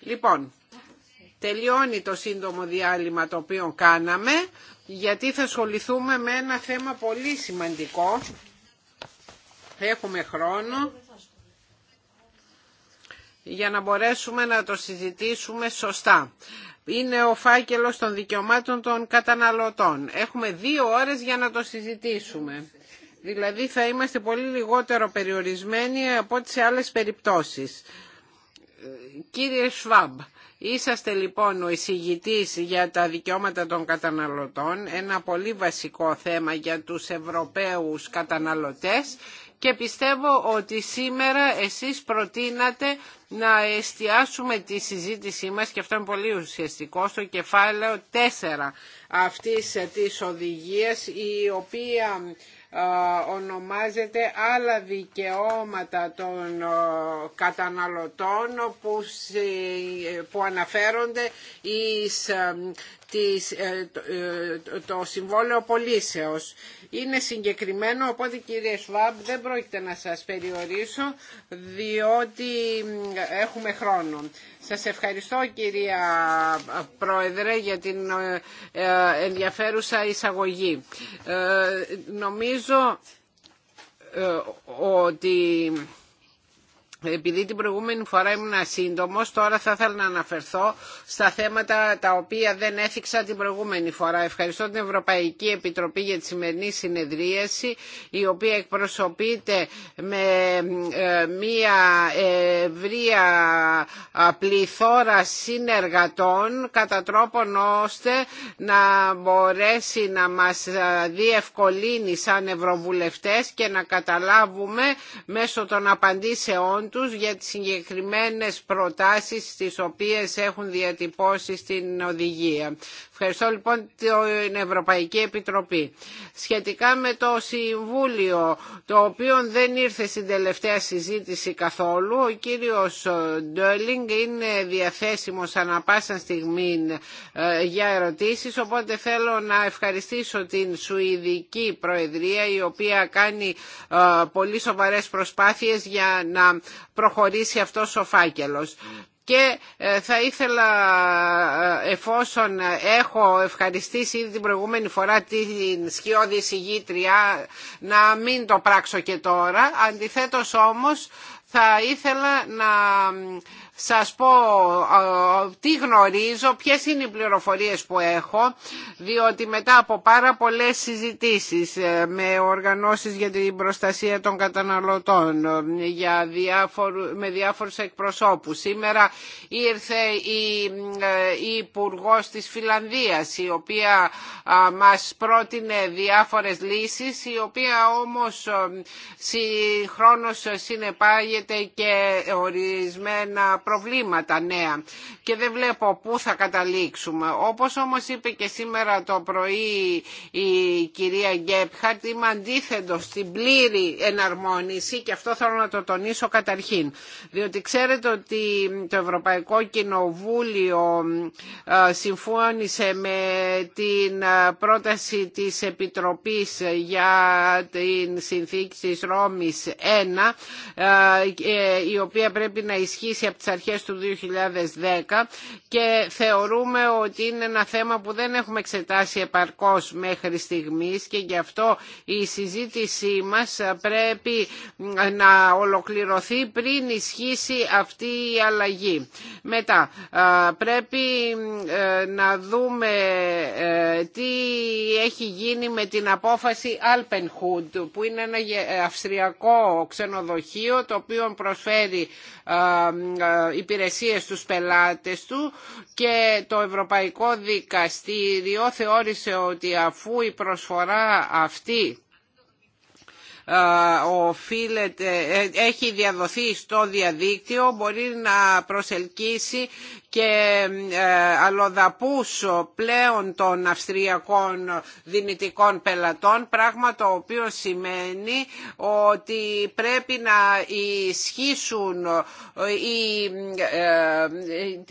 Λοιπόν, τελειώνει το σύντομο διάλειμμα το οποίο κάναμε, γιατί θα ασχοληθούμε με ένα θέμα πολύ σημαντικό. Έχουμε χρόνο για να μπορέσουμε να το συζητήσουμε σωστά. Είναι ο φάκελος των δικαιωμάτων των καταναλωτών. Έχουμε δύο ώρες για να το συζητήσουμε. Δηλαδή θα είμαστε πολύ λιγότερο περιορισμένοι από ό,τι σε άλλες περιπτώσεις. Κύριε Σβάμπ, είσαστε λοιπόν ο εισηγητής για τα δικαιώματα των καταναλωτών, ένα πολύ βασικό θέμα για τους Ευρωπαίους καταναλωτές και πιστεύω ότι σήμερα εσείς προτείνατε να εστιάσουμε τη συζήτησή μας και αυτό είναι πολύ ουσιαστικό στο κεφάλαιο 4 αυτής της οδηγίας η οποία ονομάζεται άλλα δικαιώματα των καταναλωτών που αναφέρονται εις ε, ε, το συμβόλαιο πολίσεως. Είναι συγκεκριμένο, οπότε κύριε Σβάμπ δεν πρόκειται να σας περιορίσω διότι έχουμε χρόνο. Σας ευχαριστώ κυρία Πρόεδρε για την ε, ενδιαφέρουσα εισαγωγή. Νομίζω ότι επειδή την προηγούμενη φορά ήμουν σύντομο, τώρα θα ήθελα να αναφερθώ στα θέματα τα οποία δεν έθιξα την προηγούμενη φορά. Ευχαριστώ την Ευρωπαϊκή Επιτροπή για τη σημερινή συνεδρίαση, η οποία εκπροσωπείται με ε, μία ευρεία πληθώρα συνεργατών, κατά τρόπον ώστε να μπορέσει να μας διευκολύνει σαν Ευρωβουλευτές και να καταλάβουμε μέσω των απαντήσεών τους για τις συγκεκριμένες προτάσεις τις οποίες έχουν διατυπώσει στην οδηγία. Ευχαριστώ λοιπόν την Ευρωπαϊκή Επιτροπή. Σχετικά με το Συμβούλιο, το οποίο δεν ήρθε στην τελευταία συζήτηση καθόλου, ο κύριος Ντόλινγκ είναι διαθέσιμος ανα πάσα στιγμή ε, για ερωτήσεις, οπότε θέλω να ευχαριστήσω την Σουηδική Προεδρία, η οποία κάνει ε, πολύ σοβαρές προσπάθειες για να προχωρήσει αυτός ο φάκελος και ε, θα ήθελα ε, εφόσον έχω ευχαριστήσει ήδη την προηγούμενη φορά την σκιώδη συγγήτρια να μην το πράξω και τώρα. Αντιθέτως όμως θα ήθελα να σας πω τι γνωρίζω, ποιες είναι οι πληροφορίες που έχω, διότι μετά από πάρα πολλές συζητήσεις ε, με οργανώσεις για την προστασία των καταναλωτών, για διάφορου, με διάφορους εκπροσώπους. Σήμερα ήρθε η, ε, η υπουργό της Φιλανδίας, η οποία μας πρότεινε διάφορες λύσεις, η οποία όμως ε, συγχρόνως συνεπάγεται και ορισμένα προβλήματα νέα και δεν βλέπω πού θα καταλήξουμε. Όπως όμως είπε και σήμερα το πρωί η κυρία Γκέπχαρτ, είμαι αντίθετο στην πλήρη εναρμόνιση και αυτό θέλω να το τονίσω καταρχήν. Διότι ξέρετε ότι το Ευρωπαϊκό Κοινοβούλιο ε, συμφώνησε με την ε, πρόταση της Επιτροπής για την συνθήκη της Ρώμης 1 ε, η οποία πρέπει να ισχύσει από τις αρχές του 2010 και θεωρούμε ότι είναι ένα θέμα που δεν έχουμε εξετάσει επαρκώς μέχρι στιγμής και γι' αυτό η συζήτησή μας πρέπει να ολοκληρωθεί πριν ισχύσει αυτή η αλλαγή. Μετά πρέπει ε, να δούμε ε, τι έχει γίνει με την απόφαση Alpenhood που είναι ένα αυστριακό ξενοδοχείο το οποίο προσφέρει ε, υπηρεσίες στους πελάτες του και το Ευρωπαϊκό Δικαστήριο θεώρησε ότι αφού η προσφορά αυτή ε, οφείλεται, ε, έχει διαδοθεί στο διαδίκτυο μπορεί να προσελκύσει και ε, αλλοδαπούς πλέον των αυστριακών δυνητικών πελατών πράγμα το οποίο σημαίνει ότι πρέπει να ισχύσουν οι,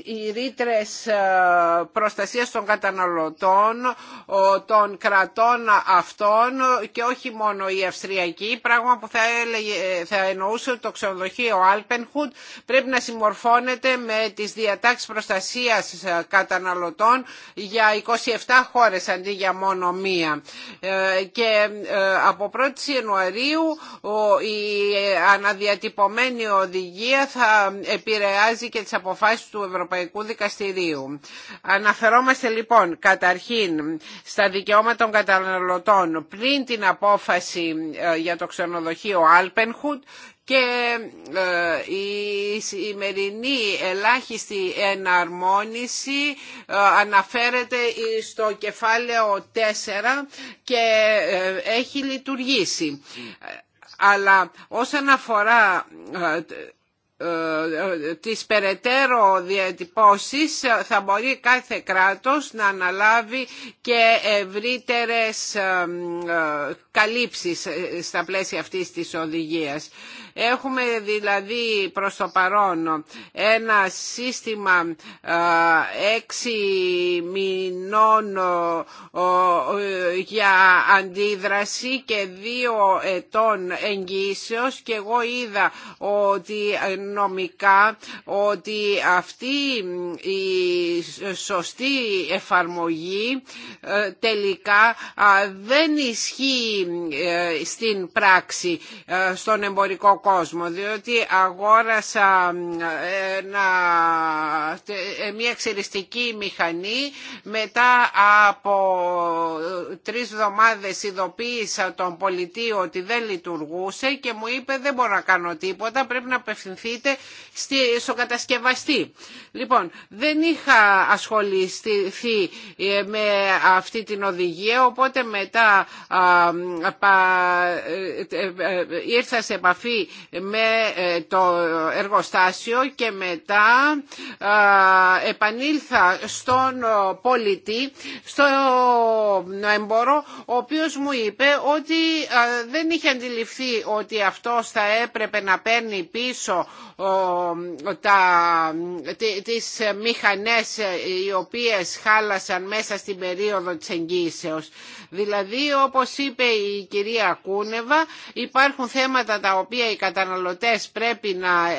οι ρήτρες προστασίας των καταναλωτών των κρατών αυτών και όχι μόνο η αυστριακή πράγμα που θα, έλεγε, θα εννοούσε το ξενοδοχείο Alpenhut πρέπει να συμμορφώνεται με τις διατάξεις προστασίας ε, καταναλωτών για 27 χώρες αντί για μόνο μία. Ε, και ε, από 1η Ιανουαρίου η αναδιατυπωμένη οδηγία θα επηρεάζει και τις αποφάσεις του Ευρωπαϊκού Δικαστηρίου. Αναφερόμαστε λοιπόν καταρχήν στα δικαιώματα των καταναλωτών πριν την απόφαση για το ξενοδοχείο Alpenhut και ε, η σημερινή ελάχιστη εναρμόνιση ε, αναφέρεται στο κεφάλαιο 4 και ε, έχει λειτουργήσει. Αλλά όσον αφορά ε, ε, τις περαιτέρω διατυπώσεις ε, θα μπορεί κάθε κράτος να αναλάβει και ευρύτερες καλύψεις στα πλαίσια αυτής της οδηγίας. Έχουμε δηλαδή προς το παρόν ένα σύστημα έξι μηνών για αντίδραση και δύο ετών εγγύσεως και εγώ είδα ότι νομικά ότι αυτή η σωστή εφαρμογή ε, τελικά δεν ισχύει ε, στην πράξη ε, στον εμπορικό κόσμο διότι αγόρασα ε, μια εξαιριστική μηχανή μετά από ε, τρεις εβδομάδες ειδοποίησα τον πολιτή ότι δεν λειτουργούσε και μου είπε δεν μπορώ να κάνω τίποτα πρέπει να απευθυνθείτε στο κατασκευαστή. Λοιπόν, δεν είχα ασχοληθεί ε, με αυτή την οδηγία οπότε μετά ήρθα σε επαφή με ε, το εργοστάσιο και μετά ε, επανήλθα στον ε, πολιτή, στο έμπορο, ο οποίος μου είπε ότι δεν είχε αντιληφθεί ότι αυτό θα έπρεπε να παίρνει πίσω τα, τις μηχανές οι οποίες χάλασαν μέσα στην περίοδο της εγγύσεως. Δηλαδή, όπως είπε η κυρία Κούνεβα, υπάρχουν θέματα τα οποία καταναλωτές πρέπει να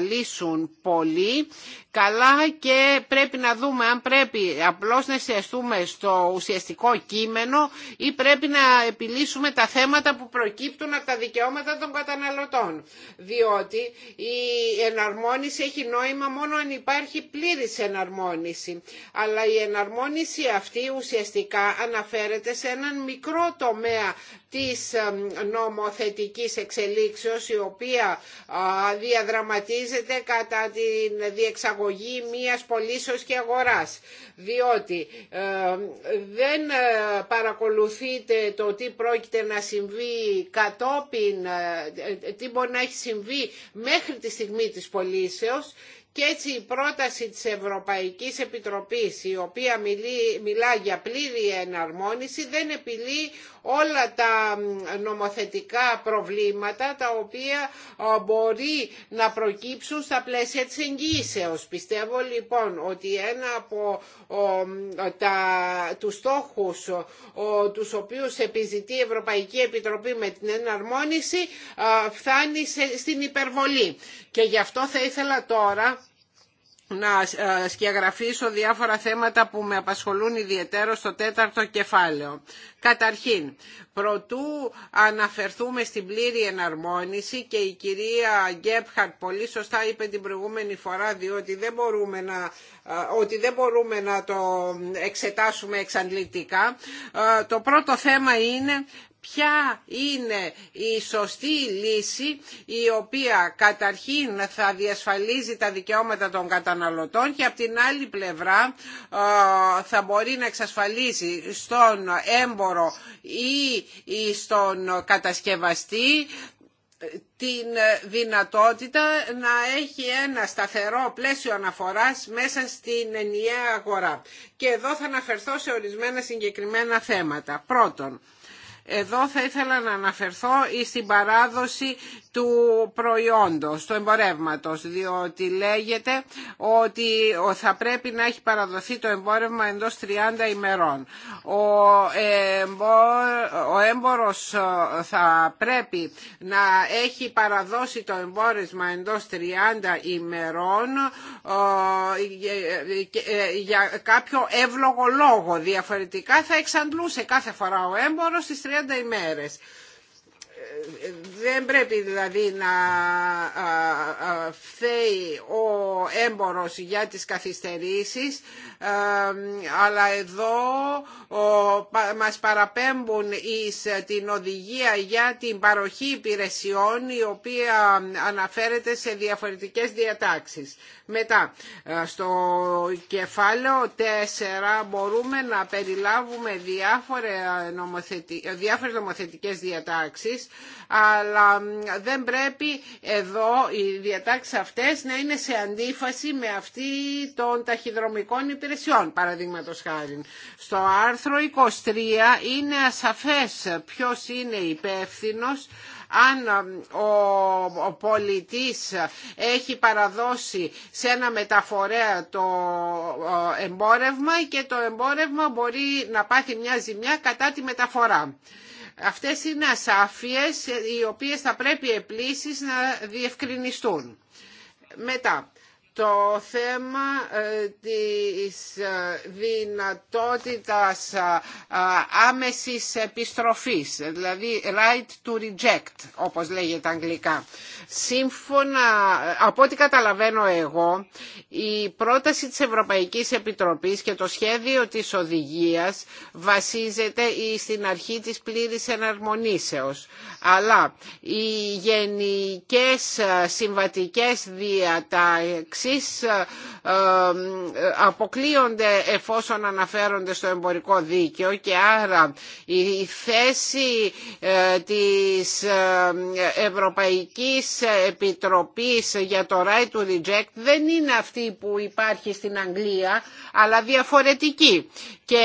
ε, λύσουν πολύ καλά και πρέπει να δούμε αν πρέπει απλώς να εστιαστούμε στο ουσιαστικό κείμενο ή πρέπει να επιλύσουμε τα θέματα που προκύπτουν από τα δικαιώματα των καταναλωτών. Διότι η εναρμόνιση έχει νόημα μόνο αν υπάρχει πλήρης εναρμόνιση. Αλλά η εναρμόνιση αυτή ουσιαστικά αναφέρεται σε έναν μικρό τομέα της νομοθετικής εξελίξεως η οποία διαδραματίζεται κατά την διεξαγωγή μιας και αγοράς διότι ε, δεν ε, παρακολουθείτε το τι πρόκειται να συμβεί κατόπιν, ε, τι μπορεί να έχει συμβεί μέχρι τη στιγμή της πωλήσεω και έτσι η πρόταση της Ευρωπαϊκής Επιτροπής η οποία μιλά για πλήρη εναρμόνιση δεν επιλύει όλα τα νομοθετικά προβλήματα τα οποία μπορεί να προκύψουν στα πλαίσια της εγγύησεως. Πιστεύω λοιπόν ότι ένα από τα, τους στόχους τους οποίους επιζητεί η Ευρωπαϊκή Επιτροπή με την εναρμόνιση φτάνει στην υπερβολή. Και γι' αυτό θα ήθελα τώρα να ε, σκιαγραφίσω διάφορα θέματα που με απασχολούν ιδιαίτερο στο τέταρτο κεφάλαιο. Καταρχήν, προτού αναφερθούμε στην πλήρη εναρμόνιση και η κυρία Γκέπχαρτ πολύ σωστά είπε την προηγούμενη φορά διότι δεν μπορούμε να, ε, ότι δεν μπορούμε να το εξετάσουμε εξαντλητικά. Ε, το πρώτο θέμα είναι ποια είναι η σωστή λύση η οποία καταρχήν θα διασφαλίζει τα δικαιώματα των καταναλωτών και από την άλλη πλευρά ε, θα μπορεί να εξασφαλίσει στον έμπορο ή στον κατασκευαστή ε, την δυνατότητα να έχει ένα σταθερό πλαίσιο αναφοράς μέσα στην ενιαία αγορά. Και εδώ θα αναφερθώ σε ορισμένα συγκεκριμένα θέματα. Πρώτον, εδώ θα ήθελα να αναφερθώ στην παράδοση του προϊόντος, του εμπορεύματος, διότι λέγεται ότι θα πρέπει να έχει παραδοθεί το εμπόρευμα εντός 30 ημερών. Ο, ε, ο έμπορος ε, θα πρέπει να έχει παραδώσει το εμπόρευμα εντός 30 ημερών ε, για κάποιο εύλογο λόγο. Διαφορετικά θα εξαντλούσε κάθε φορά ο έμπορος 30 ε, δεν πρέπει δηλαδή να φταίει ο έμπορος για τις καθυστερήσεις ε, αλλά εδώ μας παραπέμπουν εις ε, την οδηγία για την παροχή υπηρεσιών η οποία αναφέρεται σε διαφορετικές διατάξεις. Μετά, ε, στο κεφάλαιο 4 μπορούμε να περιλάβουμε διάφορες, νομοθετι... Ε, διάφορες νομοθετικές διατάξεις, αλλά δεν πρέπει εδώ οι διατάξεις αυτές να είναι σε αντίφαση με αυτή των ταχυδρομικών υπηρεσιών, παραδείγματο χάρη. Στο άρθρο 23 είναι ασαφές ποιος είναι υπεύθυνος αν ο πολιτής έχει παραδώσει σε ένα μεταφορέα το εμπόρευμα και το εμπόρευμα μπορεί να πάθει μια ζημιά κατά τη μεταφορά. Αυτές είναι ασάφειες οι οποίες θα πρέπει επίσης να διευκρινιστούν. Μετά, το θέμα ε, της ε, δυνατότητας ε, άμεσης επιστροφής, δηλαδή right to reject, όπως λέγεται αγγλικά. Σύμφωνα, από ό,τι καταλαβαίνω εγώ, η πρόταση της Ευρωπαϊκής Επιτροπής και το σχέδιο της οδηγίας βασίζεται στην αρχή της πλήρης εναρμονήσεως αλλά οι γενικές ε, συμβατικές διατάξεις ε, ε, αποκλείονται εφόσον αναφέρονται στο εμπορικό δίκαιο και άρα η θέση της Ευρωπαϊκής Επιτροπής για το right to reject δεν είναι αυτή που υπάρχει στην Αγγλία αλλά διαφορετική και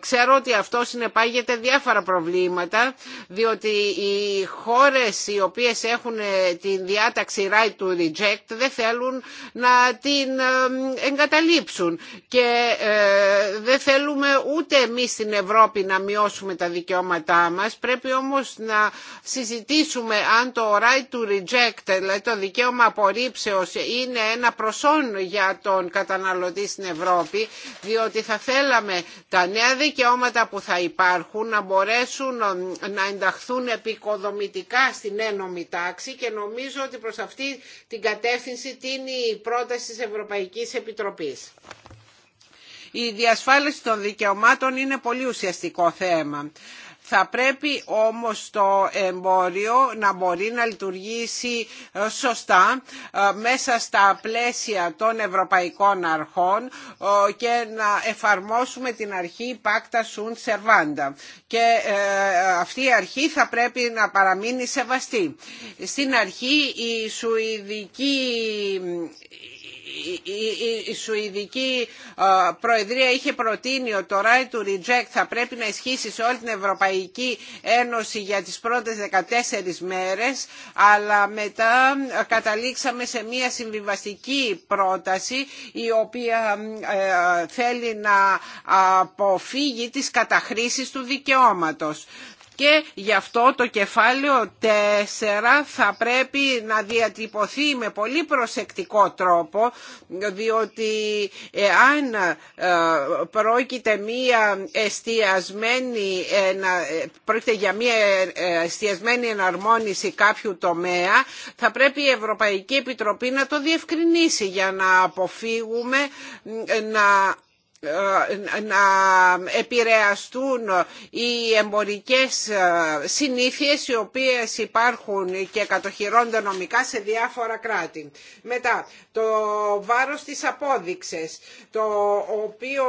ξέρω ότι αυτό συνεπάγεται διάφορα προβλήματα διότι οι χώρες οι οποίες έχουν ε, την διάταξη right to reject δεν θέλουν να την ε, εγκαταλείψουν και ε, δεν θέλουμε ούτε εμείς στην Ευρώπη να μειώσουμε τα δικαιώματά μας πρέπει όμως να συζητήσουμε αν το right to reject δηλαδή το δικαίωμα απορρίψεως είναι ένα προσόν για τον καταναλωτή στην Ευρώπη διότι θα θέλαμε τα νέα δικαιώματα που θα υπάρχουν να μπορέσουν να ενταχθούν ενταχθούν επικοδομητικά στην ένωμη τάξη και νομίζω ότι προς αυτή την κατεύθυνση τίνει η πρόταση της Ευρωπαϊκής Επιτροπής. Η διασφάλιση των δικαιωμάτων είναι πολύ ουσιαστικό θέμα. Θα πρέπει όμως το εμπόριο να μπορεί να λειτουργήσει ε, σωστά ε, μέσα στα πλαίσια των ευρωπαϊκών αρχών ε, και να εφαρμόσουμε την αρχή Pacta Sunt Servanda. Και αυτή η αρχή θα πρέπει να παραμείνει σεβαστή. Στην αρχή η Σουηδική η Σουηδική Προεδρία είχε προτείνει ότι το right to reject θα πρέπει να ισχύσει σε όλη την Ευρωπαϊκή Ένωση για τις πρώτες 14 μέρες αλλά μετά καταλήξαμε σε μια συμβιβαστική πρόταση η οποία ε, θέλει να αποφύγει τις καταχρήσεις του δικαιώματος και γι' αυτό το κεφάλαιο 4 θα πρέπει να διατυπωθεί με πολύ προσεκτικό τρόπο διότι αν ε, πρόκειται, μία εστιασμένη, πρόκειται για μια ε, εστιασμένη εναρμόνιση κάποιου τομέα θα πρέπει η Ευρωπαϊκή Επιτροπή να το διευκρινίσει για να αποφύγουμε ε, να ε, να επηρεαστούν οι εμπορικές ε, συνήθειες οι οποίες υπάρχουν και κατοχυρώνται νομικά σε διάφορα κράτη. Μετά, το βάρος της απόδειξης, το οποίο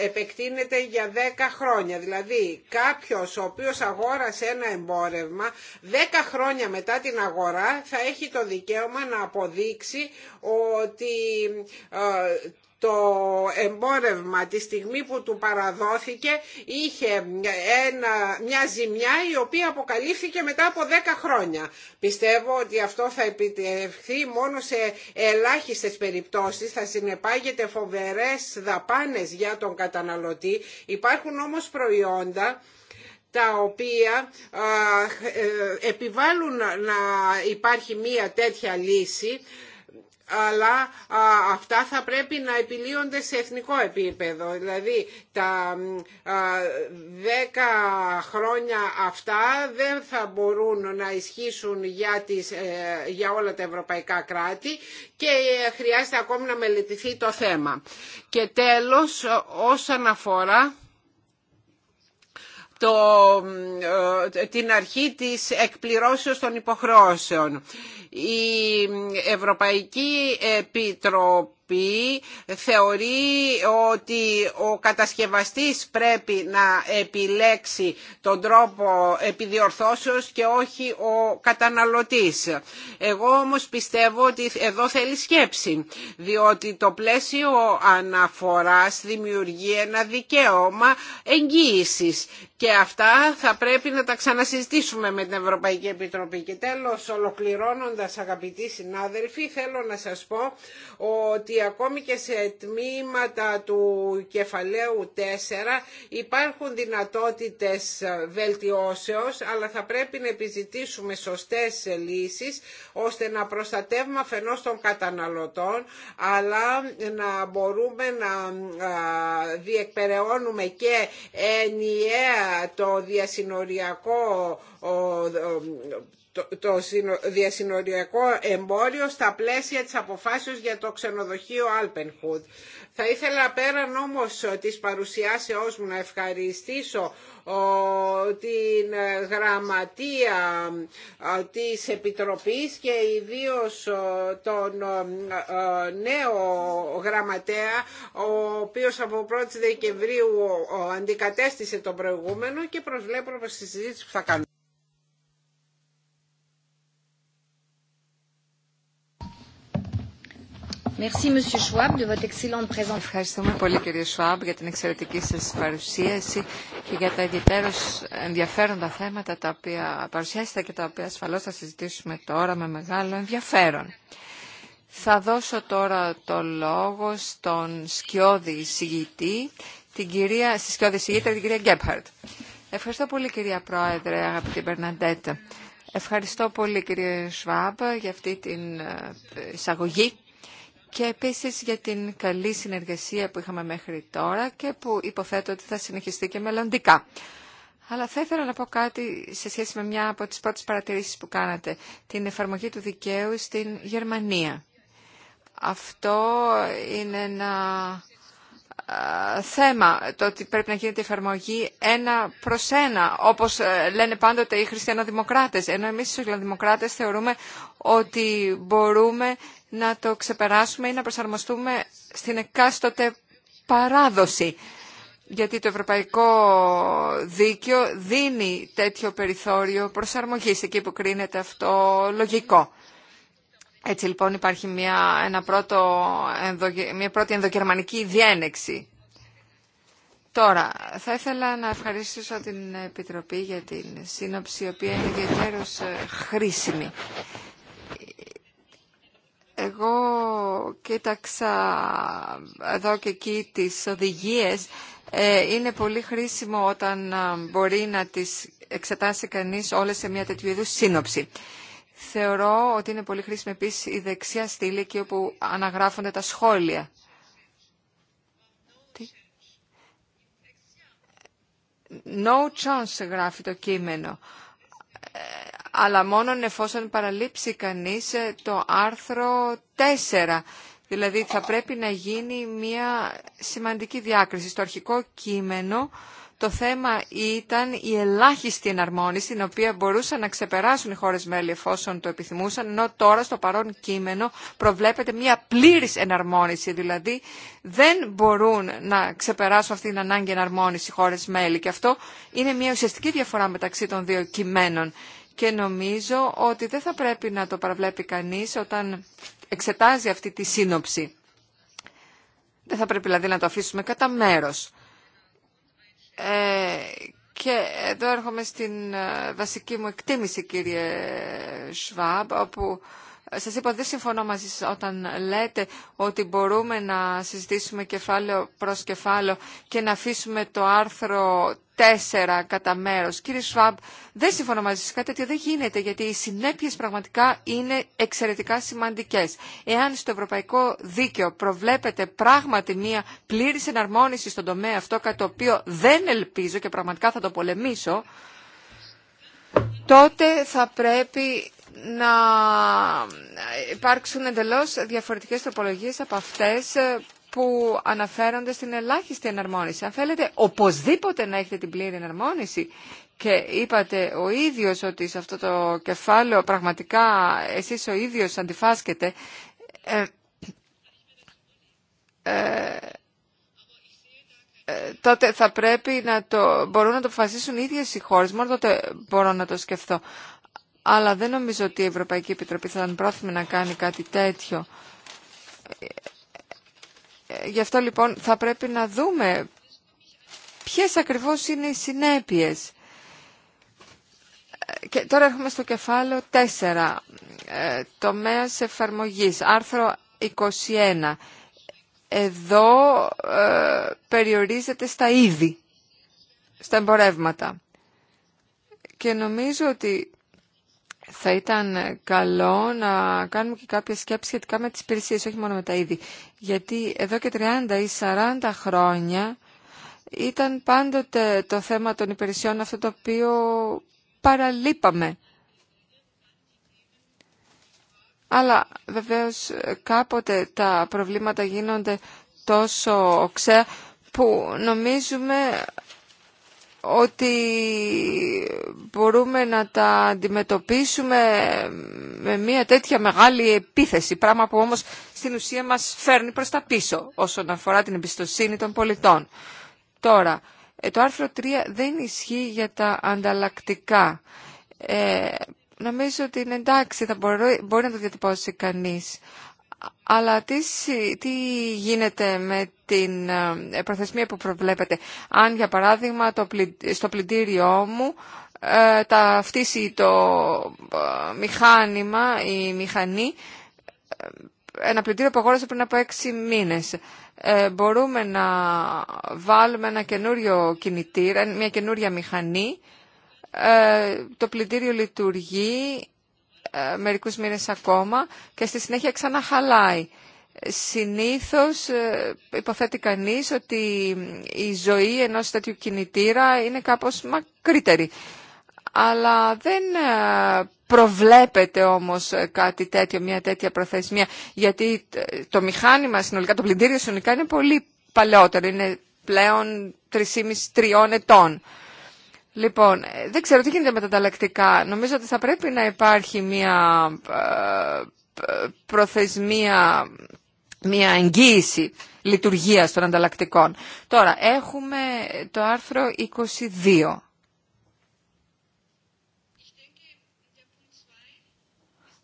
ε, επεκτείνεται για 10 χρόνια. Δηλαδή, κάποιος ο οποίος αγόρασε ένα εμπόρευμα, 10 χρόνια μετά την αγορά θα έχει το δικαίωμα να αποδείξει ότι το εμπόρευμα τη στιγμή που του παραδόθηκε είχε ένα, μια ζημιά η οποία αποκαλύφθηκε μετά από 10 χρόνια. Πιστεύω ότι αυτό θα επιτευχθεί μόνο σε ελάχιστες περιπτώσεις, θα συνεπάγεται φοβερές δαπάνες για τον καταναλωτή. Υπάρχουν όμως προϊόντα τα οποία ε, επιβάλλουν να υπάρχει μία τέτοια λύση αλλά αυτά θα πρέπει να επιλύονται σε εθνικό επίπεδο. Δηλαδή τα δέκα χρόνια αυτά δεν θα μπορούν να ισχύσουν για, τις, ε, για όλα τα ευρωπαϊκά κράτη και ε, χρειάζεται ακόμη να μελετηθεί το θέμα. Και τέλος όσον αφορά το, ε, την αρχή της εκπληρώσεως των υποχρεώσεων. Η Ευρωπαϊκή Επιτροπή πει, θεωρεί ότι ο κατασκευαστής πρέπει να επιλέξει τον τρόπο επιδιορθώσεως και όχι ο καταναλωτής. Εγώ όμως πιστεύω ότι εδώ θέλει σκέψη, διότι το πλαίσιο αναφοράς δημιουργεί ένα δικαίωμα εγγύησης και αυτά θα πρέπει να τα ξανασυζητήσουμε με την Ευρωπαϊκή Επιτροπή. Και τέλος, ολοκληρώνοντας αγαπητοί συνάδελφοι, θέλω να σας πω ότι ακόμη και σε τμήματα του κεφαλαίου 4 υπάρχουν δυνατότητες βελτιώσεως αλλά θα πρέπει να επιζητήσουμε σωστές λύσεις ώστε να προστατεύουμε αφενός των καταναλωτών αλλά να μπορούμε να διεκπεραιώνουμε και ενιαία το διασυνοριακό το διασυνοριακό εμπόριο στα πλαίσια της αποφάσεως για το ξενοδοχείο Alpenhood. Θα ήθελα πέραν όμως της παρουσιάσεώς μου να ευχαριστήσω την γραμματεία της Επιτροπής και ιδίως τον νέο γραμματέα ο οποίος από 1η Δεκεμβρίου αντικατέστησε τον προηγούμενο και προσβλέπω στη συζήτηση που θα κάνουμε. Ευχαριστούμε πολύ κύριε Σουάμπ για την εξαιρετική σας παρουσίαση και για τα ιδιαίτερως ενδιαφέροντα θέματα τα οποία παρουσιάσατε και τα οποία ασφαλώς θα συζητήσουμε τώρα με μεγάλο ενδιαφέρον. Θα δώσω τώρα το λόγο στον σκιώδη συγητή, την κυρία, στη σκιώδη συγητή, την κυρία Γκέπχαρτ. Ευχαριστώ πολύ κυρία Πρόεδρε, αγαπητή Μπερναντέτ. Ευχαριστώ πολύ κύριε Σουάμπ για αυτή την ε, εισαγωγή και επίσης για την καλή συνεργασία που είχαμε μέχρι τώρα και που υποθέτω ότι θα συνεχιστεί και μελλοντικά. Αλλά θα ήθελα να πω κάτι σε σχέση με μια από τις πρώτες παρατηρήσεις που κάνατε, την εφαρμογή του δικαίου στην Γερμανία. Αυτό είναι ένα θέμα, το ότι πρέπει να γίνεται η εφαρμογή ένα προς ένα, όπως ε, λένε πάντοτε οι χριστιανοδημοκράτες, ενώ εμείς οι χριστιανοδημοκράτες θεωρούμε ότι μπορούμε να το ξεπεράσουμε ή να προσαρμοστούμε στην εκάστοτε παράδοση. Γιατί το ευρωπαϊκό δίκαιο δίνει τέτοιο περιθώριο προσαρμογής εκεί που κρίνεται αυτό λογικό. Έτσι λοιπόν υπάρχει μια, ένα πρώτο, μια πρώτη ενδοκερμανική διένεξη. Τώρα, θα ήθελα να ευχαριστήσω την Επιτροπή για την σύνοψη, η οποία είναι ιδιαίτερως ε, χρήσιμη. Εγώ κοίταξα εδώ και εκεί τις οδηγίες. Ε, είναι πολύ χρήσιμο όταν ε, μπορεί να τις εξετάσει κανείς όλες σε μια τέτοιου είδους σύνοψη. Θεωρώ ότι είναι πολύ χρήσιμη επίσης η δεξιά στήλη εκεί όπου αναγράφονται τα σχόλια. No chance γράφει το κείμενο. Ε, αλλά μόνο εφόσον παραλείψει κανείς ε, το άρθρο 4. Δηλαδή θα πρέπει να γίνει μια σημαντική διάκριση. Στο αρχικό κείμενο το θέμα ήταν η ελάχιστη εναρμόνιση την οποία μπορούσαν να ξεπεράσουν οι χώρες μέλη εφόσον το επιθυμούσαν, ενώ τώρα στο παρόν κείμενο προβλέπεται μια πλήρης εναρμόνιση, δηλαδή δεν μπορούν να ξεπεράσουν αυτή την ανάγκη εναρμόνιση οι χώρες μέλη και αυτό είναι μια ουσιαστική διαφορά μεταξύ των δύο κειμένων και νομίζω ότι δεν θα πρέπει να το παραβλέπει κανείς όταν εξετάζει αυτή τη σύνοψη. Δεν θα πρέπει δηλαδή να το αφήσουμε κατά μέρος. Ε, και εδώ έρχομαι στην ε, βασική μου εκτίμηση κύριε Σβάμπ, όπου σας είπα δεν συμφωνώ μαζί σας όταν λέτε ότι μπορούμε να συζητήσουμε κεφάλαιο προς κεφάλαιο και να αφήσουμε το άρθρο τέσσερα κατά μέρο. Κύριε Σφαμπ, δεν συμφωνώ μαζί σα. Κάτι τέτοιο δεν γίνεται, γιατί οι συνέπειε πραγματικά είναι εξαιρετικά σημαντικέ. Εάν στο ευρωπαϊκό δίκαιο προβλέπεται πράγματι μια πλήρη εναρμόνιση στον τομέα αυτό, κατά το οποίο δεν ελπίζω και πραγματικά θα το πολεμήσω, τότε θα πρέπει να υπάρξουν εντελώς διαφορετικές τροπολογίες από αυτές που αναφέρονται στην ελάχιστη εναρμόνιση. Αν θέλετε οπωσδήποτε να έχετε την πλήρη εναρμόνιση και είπατε ο ίδιος ότι σε αυτό το κεφάλαιο πραγματικά εσείς ο ίδιος αντιφάσκετε. Ε, ε, ε, τότε θα πρέπει να το μπορούν να το αποφασίσουν οι ίδιες οι χώρες. Μόνο τότε μπορώ να το σκεφτώ. Αλλά δεν νομίζω ότι η Ευρωπαϊκή Επιτροπή θα ήταν πρόθυμη να κάνει κάτι τέτοιο. Ε, γι' αυτό λοιπόν θα πρέπει να δούμε ποιες ακριβώς είναι οι συνέπειες. Ε, και τώρα έρχομαι στο κεφάλαιο 4, ε, τομέας εφαρμογής, άρθρο 21. Εδώ περιορίζεται στα είδη, στα εμπορεύματα. Και νομίζω ότι θα ήταν καλό να κάνουμε και κάποια σκέψη σχετικά με τις υπηρεσίε, όχι μόνο με τα είδη. Γιατί εδώ και 30 ή 40 χρόνια ήταν πάντοτε το θέμα των υπηρεσιών αυτό το οποίο παραλείπαμε. Αλλά βεβαίως κάποτε τα προβλήματα γίνονται τόσο οξέα που νομίζουμε ότι μπορούμε να τα αντιμετωπίσουμε με μια τέτοια μεγάλη επίθεση, πράγμα που όμως στην ουσία μας φέρνει προς τα πίσω όσον αφορά την εμπιστοσύνη των πολιτών. Τώρα, ε, το άρθρο 3 δεν ισχύει για τα ανταλλακτικά. Ε, νομίζω ότι είναι εντάξει, θα μπορεί, μπορεί να το διατυπώσει κανείς. Αλλά τι, γίνεται με την ε, προθεσμία που προβλέπετε. Αν για παράδειγμα στο πλυντήριό μου ε, τα φτύσει το ε, μηχάνημα, η μηχανή, ε, ένα πλυντήριο που αγόρασε πριν από έξι μήνες. μπορούμε να βάλουμε ένα καινούριο κινητήρα, μια καινούρια μηχανή. το πλυντήριο λειτουργεί ε, μερικούς μήνες ακόμα και στη συνέχεια ξαναχαλάει. Συνήθως ε, υποθέτει κανείς ότι ε, η ζωή ενός τέτοιου κινητήρα είναι κάπως μακρύτερη. Αλλά δεν προβλέπεται όμως κάτι τέτοιο, μια τέτοια προθεσμία, γιατί το μηχάνημα συνολικά, το πλυντήριο συνολικά είναι πολύ παλαιότερο, είναι πλέον 3,5-3 ετών. Λοιπόν, ε, δεν ξέρω τι γίνεται με τα ανταλλακτικά. Νομίζω ότι θα πρέπει να υπάρχει μια ε, προθεσμία, μια εγγύηση λειτουργίας των ανταλλακτικών. Τώρα, έχουμε το άρθρο 22.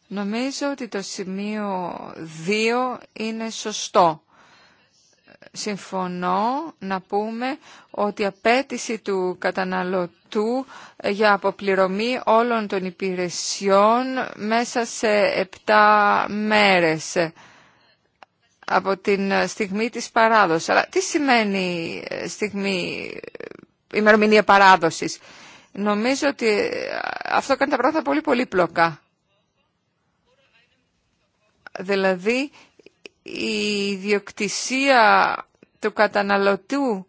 Νομίζω ότι το σημείο 2 είναι σωστό συμφωνώ να πούμε ότι η απέτηση του καταναλωτού για αποπληρωμή όλων των υπηρεσιών μέσα σε 7 μέρες από την στιγμή της παράδοσης. Αλλά τι σημαίνει ε, στιγμή, ε, ημερομηνία παράδοσης. Νομίζω ότι ε, αυτό κάνει τα πράγματα πολύ πολύπλοκα. Δηλαδή η ιδιοκτησία του καταναλωτού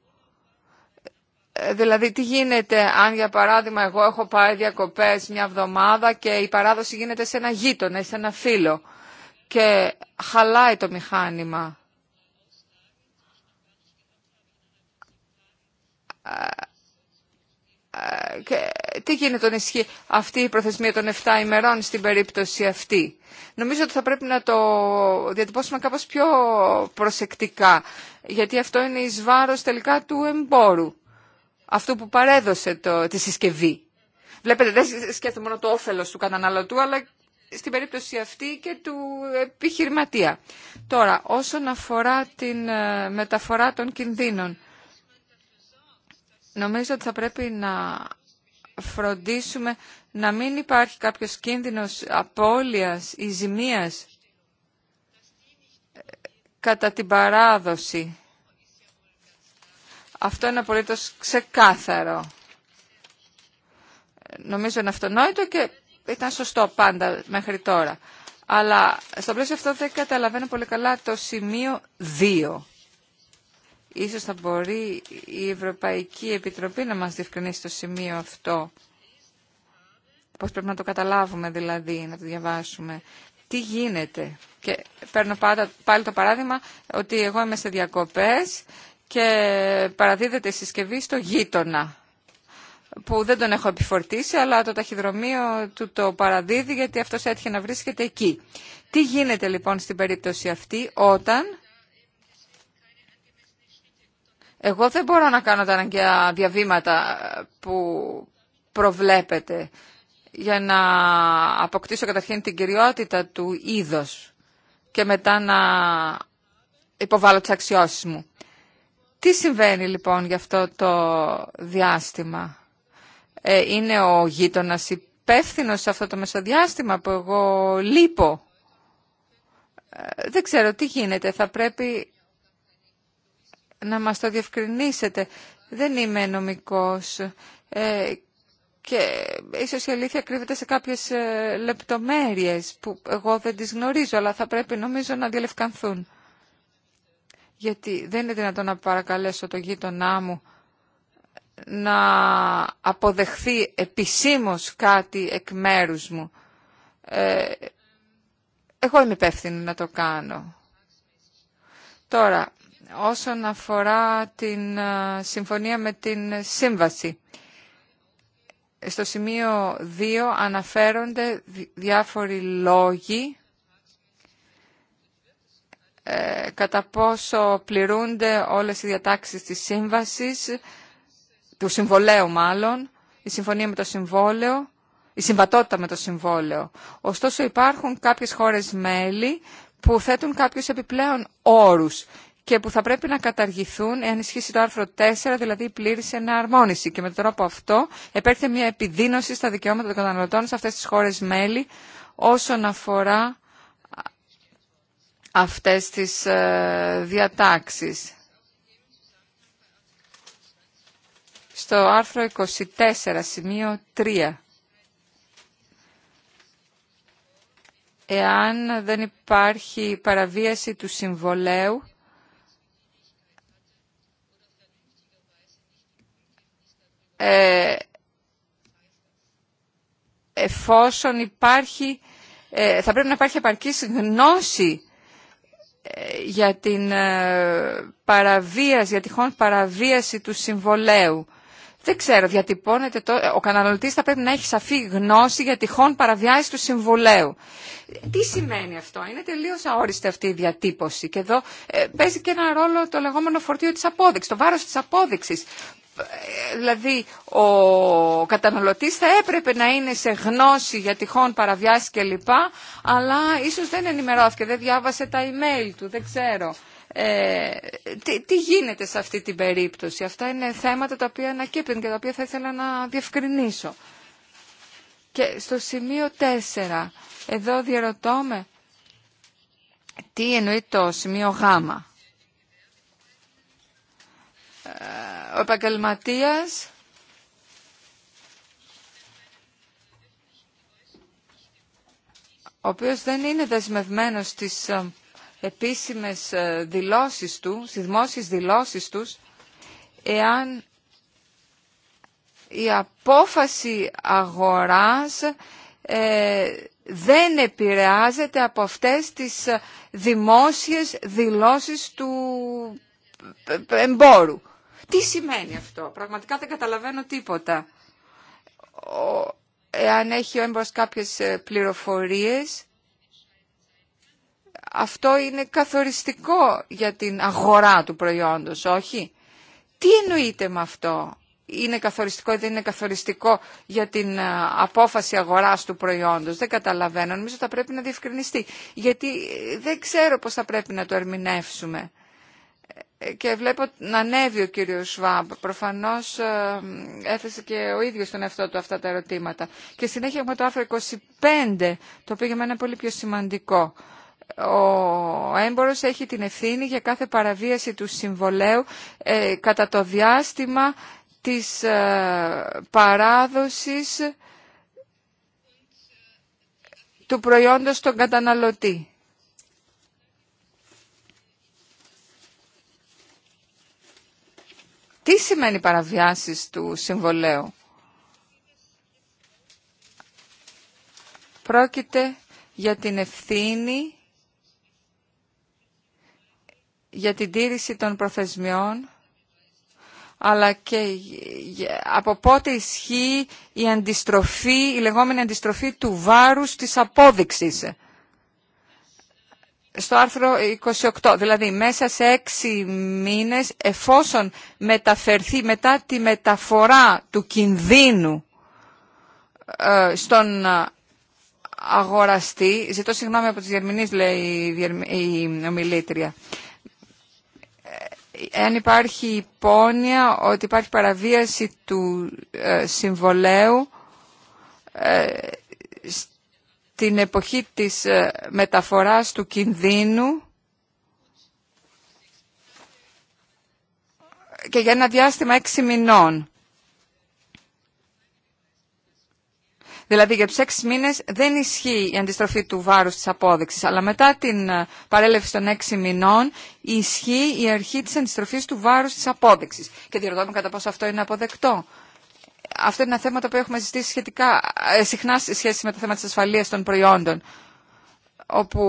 ε, Δηλαδή τι γίνεται αν για παράδειγμα εγώ έχω πάει διακοπές μια εβδομάδα και η παράδοση γίνεται σε ένα γείτονα σε ένα φίλο και χαλάει το μηχάνημα. Ε, τι γίνεται όταν ισχύει αυτή η προθεσμία των 7 ημερών στην περίπτωση αυτή. Νομίζω ότι θα πρέπει να το διατυπώσουμε κάπως πιο προσεκτικά, γιατί αυτό είναι εις βάρος τελικά του εμπόρου, αυτού που παρέδωσε το, τη συσκευή. Βλέπετε, δεν σκέφτομαι μόνο το όφελος του καταναλωτού, αλλά στην περίπτωση αυτή και του επιχειρηματία. Τώρα, όσον αφορά την ε, μεταφορά των κινδύνων, νομίζω ότι θα πρέπει να φροντίσουμε να μην υπάρχει κάποιος κίνδυνος απώλειας ή ζημίας ε, κατά την παράδοση. Αυτό είναι απολύτως ξεκάθαρο. Ε, νομίζω είναι αυτονόητο και ήταν σωστό πάντα μέχρι τώρα. Αλλά στο πλαίσιο αυτό δεν καταλαβαίνω πολύ καλά το σημείο 2. Ίσως θα μπορεί η Ευρωπαϊκή Επιτροπή να μας διευκρινίσει το σημείο αυτό. Πώς πρέπει να το καταλάβουμε δηλαδή, να το διαβάσουμε. Τι γίνεται. Και παίρνω πάντα, πάλι το παράδειγμα ότι εγώ είμαι σε διακοπές και παραδίδεται η συσκευή στο γείτονα που δεν τον έχω επιφορτήσει, αλλά το ταχυδρομείο του το παραδίδει γιατί αυτός έτυχε να βρίσκεται εκεί. Τι γίνεται λοιπόν στην περίπτωση αυτή όταν εγώ δεν μπορώ να κάνω τα αναγκαία διαβήματα που προβλέπετε για να αποκτήσω καταρχήν την κυριότητα του είδος και μετά να υποβάλω τις αξιώσεις μου. Τι συμβαίνει λοιπόν για αυτό το διάστημα. Ε, είναι ο γείτονας υπεύθυνο σε αυτό το μεσοδιάστημα που εγώ λείπω. Ε, δεν ξέρω τι γίνεται. Θα πρέπει να μας το διευκρινίσετε. Δεν είμαι νομικός ε, και ίσως η αλήθεια κρύβεται σε κάποιες ε, λεπτομέρειες που εγώ δεν τις γνωρίζω, αλλά θα πρέπει νομίζω να διαλευκανθούν. Γιατί δεν είναι δυνατόν να παρακαλέσω το γείτονά μου να αποδεχθεί επισήμως κάτι εκ μέρους μου. Ε, εγώ είμαι υπεύθυνη να το κάνω. Τώρα, όσον αφορά την ε, συμφωνία με την σύμβαση. Στο σημείο 2 αναφέρονται διάφοροι λόγοι ε, κατά πόσο πληρούνται όλες οι διατάξεις της σύμβασης, του συμβολέου μάλλον, η συμφωνία με το συμβόλαιο, η συμβατότητα με το συμβόλαιο. Ωστόσο υπάρχουν κάποιες χώρες μέλη που θέτουν κάποιους επιπλέον όρους και που θα πρέπει να καταργηθούν εάν ισχύσει το άρθρο 4, δηλαδή η πλήρη εναρμόνιση. Και με τον τρόπο αυτό επέρχεται μια επιδείνωση στα δικαιώματα των καταναλωτών σε αυτές τις χώρες μέλη όσον αφορά αυτές τις ε, διατάξεις. Στο άρθρο 24, σημείο 3. Εάν δεν υπάρχει παραβίαση του συμβολέου, ε, εφόσον υπάρχει, ε, θα πρέπει να υπάρχει επαρκής γνώση ε, για την ε, παραβίαση, για τυχόν παραβίαση του συμβολέου. Δεν ξέρω, διατυπώνεται το, ο καταναλωτής θα πρέπει να έχει σαφή γνώση για τυχόν παραβιάση του συμβολέου. Τι σημαίνει αυτό, είναι τελείως αόριστη αυτή η διατύπωση και εδώ παίζει και ένα ρόλο το λεγόμενο φορτίο της απόδειξης, το βάρος της απόδειξης Δηλαδή, ο καταναλωτής θα έπρεπε να είναι σε γνώση για τυχόν παραβιάση κλπ, αλλά ίσως δεν ενημερώθηκε, δεν διάβασε τα email του, δεν ξέρω. Ε, τι, τι γίνεται σε αυτή την περίπτωση. Αυτά είναι θέματα τα οποία ανακύπτουν και τα οποία θα ήθελα να διευκρινίσω. Και στο σημείο 4, εδώ διαρωτώ με, τι εννοεί το σημείο γάμα ο επαγγελματίας ο οποίος δεν είναι δεσμευμένος στις ε, επίσημες ε, δηλώσεις του, στις δημόσιες δηλώσεις τους, εάν η απόφαση αγοράς ε, δεν επηρεάζεται από αυτές τις δημόσιες δηλώσεις του εμπόρου. Τι σημαίνει αυτό. Πραγματικά δεν καταλαβαίνω τίποτα. Εάν έχει ο έμπορος κάποιες ε, πληροφορίες, αυτό είναι καθοριστικό για την αγορά του προϊόντος, όχι. Τι εννοείται με αυτό. Είναι καθοριστικό ή δεν είναι καθοριστικό για την ε, απόφαση αγοράς του προϊόντος. Δεν καταλαβαίνω. Νομίζω θα πρέπει να διευκρινιστεί. Γιατί ε, δεν ξέρω πώς θα πρέπει να το ερμηνεύσουμε. Ε, και βλέπω να ανέβει ο κύριος Σβάμπ. Προφανώς ε, έθεσε και ο ίδιος τον εαυτό του αυτά τα ερωτήματα. Και συνέχεια έχουμε το άρθρο 25, το οποίο για μένα είναι πολύ πιο σημαντικό. Ο έμπορος έχει την ευθύνη για κάθε παραβίαση του συμβολέου ε, κατά το διάστημα της ε, παράδοσης του προϊόντος στον καταναλωτή. Τι σημαίνει παραβιάσεις του συμβολέου. Πρόκειται για την ευθύνη, για την τήρηση των προθεσμιών, αλλά και από πότε ισχύει η αντιστροφή, η λεγόμενη αντιστροφή του βάρους της απόδειξης στο άρθρο 28, δηλαδή μέσα σε έξι μήνες εφόσον μεταφερθεί μετά τη μεταφορά του κινδύνου ε, στον ε, αγοραστή, ζητώ συγγνώμη από τις διερμηνείς λέει η ομιλήτρια, ε, εάν υπάρχει υπόνοια ότι υπάρχει παραβίαση του συμβολέου την εποχή της ε, μεταφοράς του κινδύνου και για ένα διάστημα έξι μηνών. Δηλαδή για τους έξι μήνες δεν ισχύει η αντιστροφή του βάρους της απόδειξης, αλλά μετά την ε, παρέλευση των έξι μηνών ισχύει η αρχή της αντιστροφής του βάρους της απόδειξης. Και διερωτώμε κατά πόσο αυτό είναι αποδεκτό. Αυτό είναι ένα θέμα το οποίο έχουμε ζητήσει σχετικά ε, συχνά σε σχέση με το θέμα της ασφαλείας των προϊόντων, όπου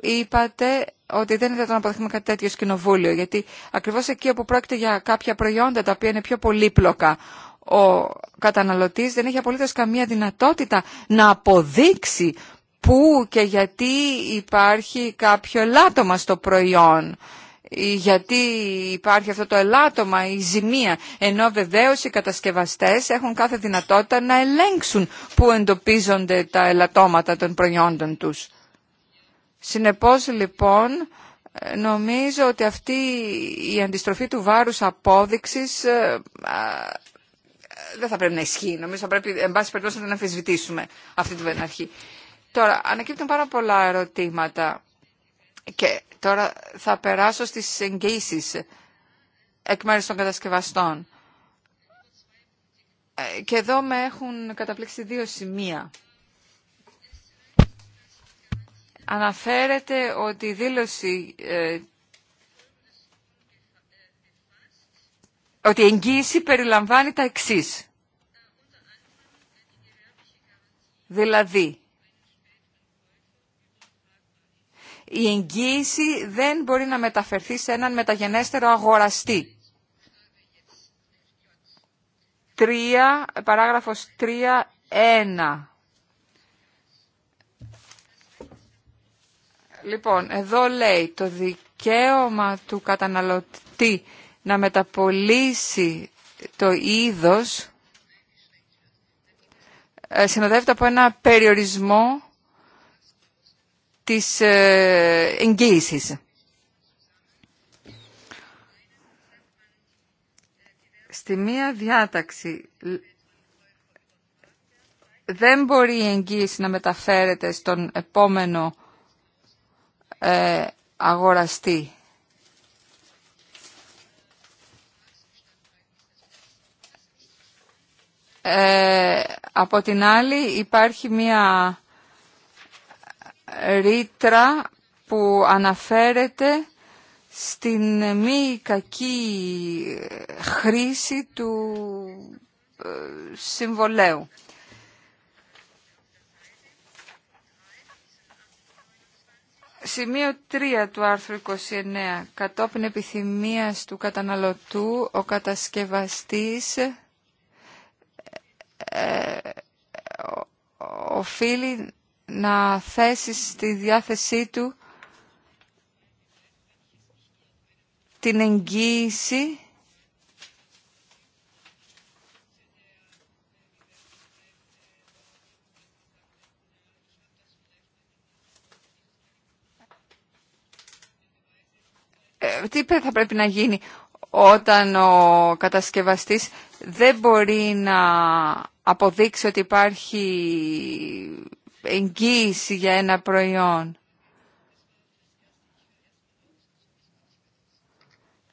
είπατε ότι δεν ήταν να αποδεχθούμε κάτι τέτοιο σκηνοβούλιο. γιατί ακριβώς εκεί όπου πρόκειται για κάποια προϊόντα τα οποία είναι πιο πολύπλοκα, ο καταναλωτής δεν έχει απολύτως καμία δυνατότητα να αποδείξει πού και γιατί υπάρχει κάποιο λάτωμα στο προϊόν ε, γιατί υπάρχει αυτό το ελάττωμα, η ζημία, ενώ βεβαίως οι κατασκευαστές έχουν κάθε δυνατότητα να ελέγξουν πού εντοπίζονται τα ελαττώματα των προϊόντων τους. Συνεπώς λοιπόν ε, νομίζω ότι αυτή η αντιστροφή του βάρους απόδειξης ε, δεν θα πρέπει να ισχύει. Νομίζω θα πρέπει, εν πάση περιπτώσει, να την αμφισβητήσουμε αυτή την αρχή. Τώρα, ανακύπτουν πάρα πολλά ερωτήματα και Τώρα θα περάσω στις εγγύσεις εκ μέρους των κατασκευαστών. Ε, και εδώ με έχουν καταπλήξει δύο σημεία. Αναφέρεται ότι η δήλωση ε, ότι η εγγύηση περιλαμβάνει τα εξής. Δηλαδή, η εγγύηση δεν μπορεί να μεταφερθεί σε έναν μεταγενέστερο αγοραστή. Τρία, παράγραφος 3.1. Λοιπόν, εδώ λέει το δικαίωμα του καταναλωτή να μεταπολίσει το είδος ε, συνοδεύεται από ένα περιορισμό τις ε, εγγύηση. Στη μία διάταξη δεν μπορεί η εγγύηση να μεταφέρεται στον επόμενο ε, αγοραστή. Ε, από την άλλη υπάρχει μια διαταξη δεν μπορει η εγγυηση να μεταφερεται στον επομενο αγοραστη απο την αλλη υπαρχει μια ρήτρα που αναφέρεται στην μη κακή χρήση του ε, συμβολέου. Σημείο 3 του άρθρου 29. Κατόπιν επιθυμίας του καταναλωτού, ο κατασκευαστής ε, ε οφείλει να θέσει στη διάθεσή του την εγγύηση ε, τι θα πρέπει να γίνει όταν ο κατασκευαστής δεν μπορεί να αποδείξει ότι υπάρχει εγγύηση για ένα προϊόν.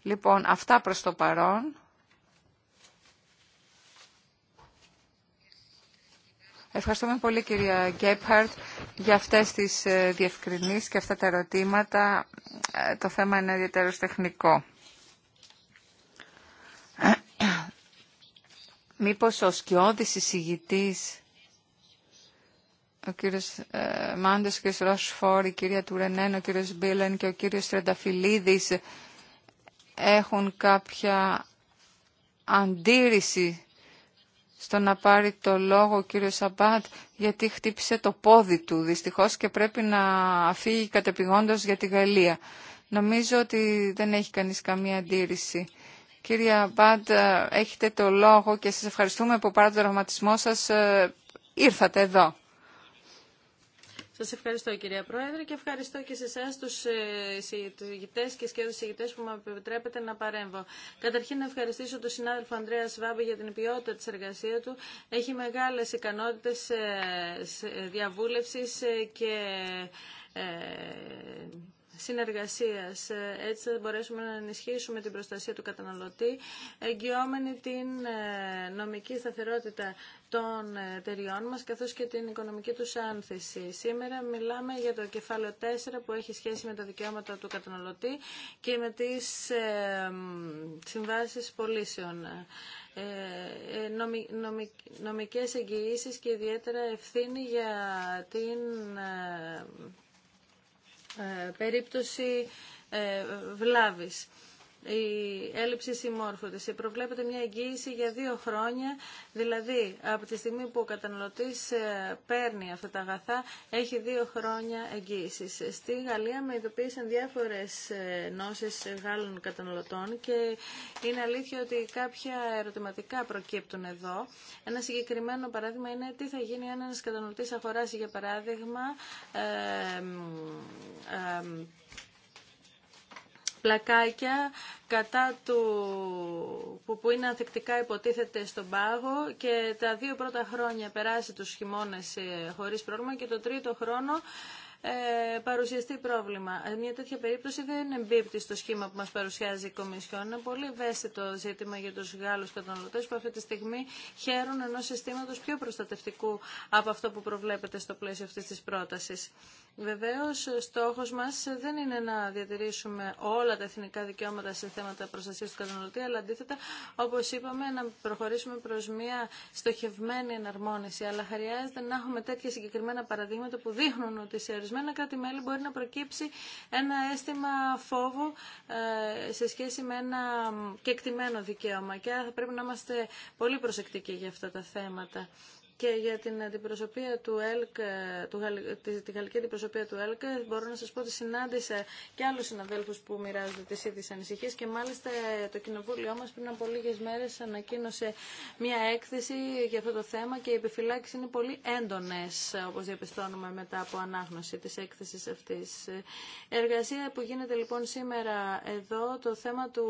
Λοιπόν, αυτά προς το παρόν. Ευχαριστούμε πολύ κυρία Γκέπχαρτ για αυτές τις ε, διευκρινήσεις και αυτά τα ερωτήματα. Ε, το θέμα είναι ιδιαίτερο τεχνικό. Μήπως ο σκιώδης εισηγητής ο κύριος ε, Μάντες, ο η κυρία Τουρενέν, ο κύριος Μπίλεν και ο κύριος Τρενταφυλλίδης έχουν κάποια αντίρρηση στο να πάρει το λόγο ο κύριος Σαμπάτ γιατί χτύπησε το πόδι του δυστυχώς και πρέπει να φύγει κατεπηγόντως για τη Γαλλία. Νομίζω ότι δεν έχει κανείς καμία αντίρρηση. Κύριε Αμπάντ, ε, έχετε το λόγο και σας ευχαριστούμε που παρά το δραματισμό σας ε, ήρθατε εδώ. Σας ευχαριστώ κυρία Πρόεδρε και ευχαριστώ και σε εσά τους ε, συγητές και σχεδόν συγητές που με επιτρέπετε να παρέμβω. Καταρχήν να ευχαριστήσω τον συνάδελφο Ανδρέα Σβάμπη για την ποιότητα της εργασίας του. Έχει μεγάλες ικανότητες ε, ε, διαβούλευσης και συνεργασίας. Ε, έτσι θα μπορέσουμε να ενισχύσουμε την προστασία του καταναλωτή, εγγυόμενη την ε, νομική σταθερότητα των εταιριών μας, καθώς και την οικονομική τους άνθηση. Σήμερα μιλάμε για το κεφάλαιο 4 που έχει σχέση με τα δικαιώματα του καταναλωτή και με τις ε, συμβάσεις πωλήσεων νομικές εγγυήσεις και ιδιαίτερα ευθύνη για την ε, περίπτωση ε, βλάβης η έλλειψη συμμόρφωση. Ε, προβλέπεται μια εγγύηση για δύο χρόνια, δηλαδή από τη στιγμή που ο καταναλωτής ε, παίρνει αυτά τα αγαθά, έχει δύο χρόνια εγγύηση Στη Γαλλία με ειδοποίησαν διάφορες ε, νόσες Γάλλων καταναλωτών και είναι αλήθεια ότι κάποια ερωτηματικά προκύπτουν εδώ. Ένα συγκεκριμένο παράδειγμα είναι τι θα γίνει αν ένας καταναλωτής αγοράσει για παράδειγμα ε, πλακάκια κατά του, που, που είναι ανθεκτικά υποτίθεται στον πάγο και τα δύο πρώτα χρόνια περάσει τους χειμώνες ε, χωρίς πρόβλημα και το τρίτο χρόνο ε, παρουσιαστεί πρόβλημα. Ε, μια τέτοια περίπτωση δεν εμπίπτει στο σχήμα που μας παρουσιάζει η Κομισιόν. Είναι πολύ ευαίσθητο ζήτημα για τους Γάλλους καταναλωτές που αυτή τη στιγμή χαίρουν ενός συστήματος πιο προστατευτικού από αυτό που προβλέπεται στο πλαίσιο αυτής της πρότασης. Βεβαίω, στόχο μα δεν είναι να διατηρήσουμε όλα τα εθνικά δικαιώματα σε θέματα προστασία του καταναλωτή, αλλά αντίθετα, όπω είπαμε, να προχωρήσουμε προ μια στοχευμένη εναρμόνιση. Αλλά χρειάζεται να έχουμε τέτοια συγκεκριμένα παραδείγματα που δείχνουν ότι σε ορισμένα κράτη-μέλη μπορεί να προκύψει ένα αίσθημα φόβου ε, σε σχέση με ένα κεκτημένο δικαίωμα. Και θα πρέπει να είμαστε πολύ προσεκτικοί για αυτά τα θέματα και για την αντιπροσωπεία του ΕΛΚ, του, τη, τη γαλλική αντιπροσωπεία του ΕΛΚ, μπορώ να σα πω ότι συνάντησα και άλλου συναδέλφου που μοιράζονται τις ίδιε ανησυχίες και μάλιστα ε, το κοινοβούλιο μα πριν από λίγε μέρε ανακοίνωσε μια έκθεση για αυτό το θέμα και οι επιφυλάξει είναι πολύ έντονε όπω διαπιστώνουμε μετά από ανάγνωση της έκθεσης αυτής. Εργασία που γίνεται λοιπόν σήμερα εδώ, το θέμα του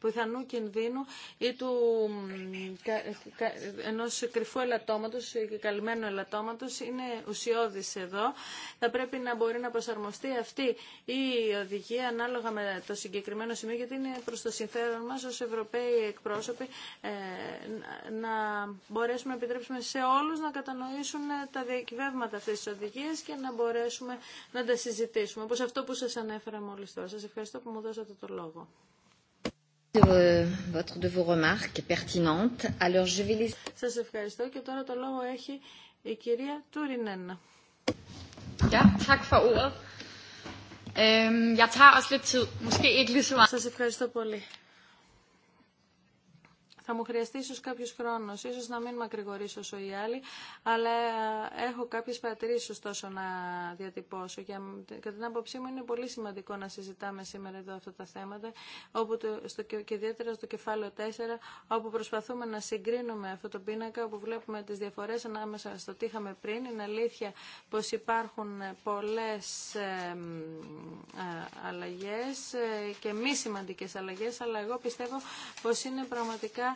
πιθανού κινδύνου ή του ενός κρυφού ελαττώματος και καλυμμένου ελαττώματος είναι ουσιώδης εδώ. Θα πρέπει να μπορεί να προσαρμοστεί αυτή η οδηγία ανάλογα με το συγκεκριμένο σημείο γιατί είναι προς το συμφέρον μας ως Ευρωπαίοι εκπρόσωποι ε, να μπορέσουμε να επιτρέψουμε σε όλους να κατανοήσουν ε, τα διακυβεύματα αυτής της οδηγίας και να μπορέσουμε να τα συζητήσουμε όπως αυτό που σας ανέφερα μόλις τώρα. Σας ευχαριστώ που μου δώσατε το λόγο. Σας ευχαριστώ και τώρα το λόγο έχει η κυρία Τούρινεν. Σας ευχαριστώ πολύ. Θα μου χρειαστεί ίσως κάποιος χρόνος, ίσως να μην μακρηγορήσω όσο οι άλλοι, αλλά έχω κάποιες παρατηρήσεις ωστόσο να διατυπώσω. Και κατά την άποψή μου είναι πολύ σημαντικό να συζητάμε σήμερα εδώ αυτά τα θέματα, όπου στο, και ιδιαίτερα στο κεφάλαιο 4, όπου προσπαθούμε να συγκρίνουμε αυτό το πίνακα, όπου βλέπουμε τις διαφορές ανάμεσα στο τι είχαμε πριν. Είναι αλήθεια πως υπάρχουν πολλές αλλαγές ε, και μη σημαντικές αλλαγές, αλλά εγώ πιστεύω πως είναι πραγματικά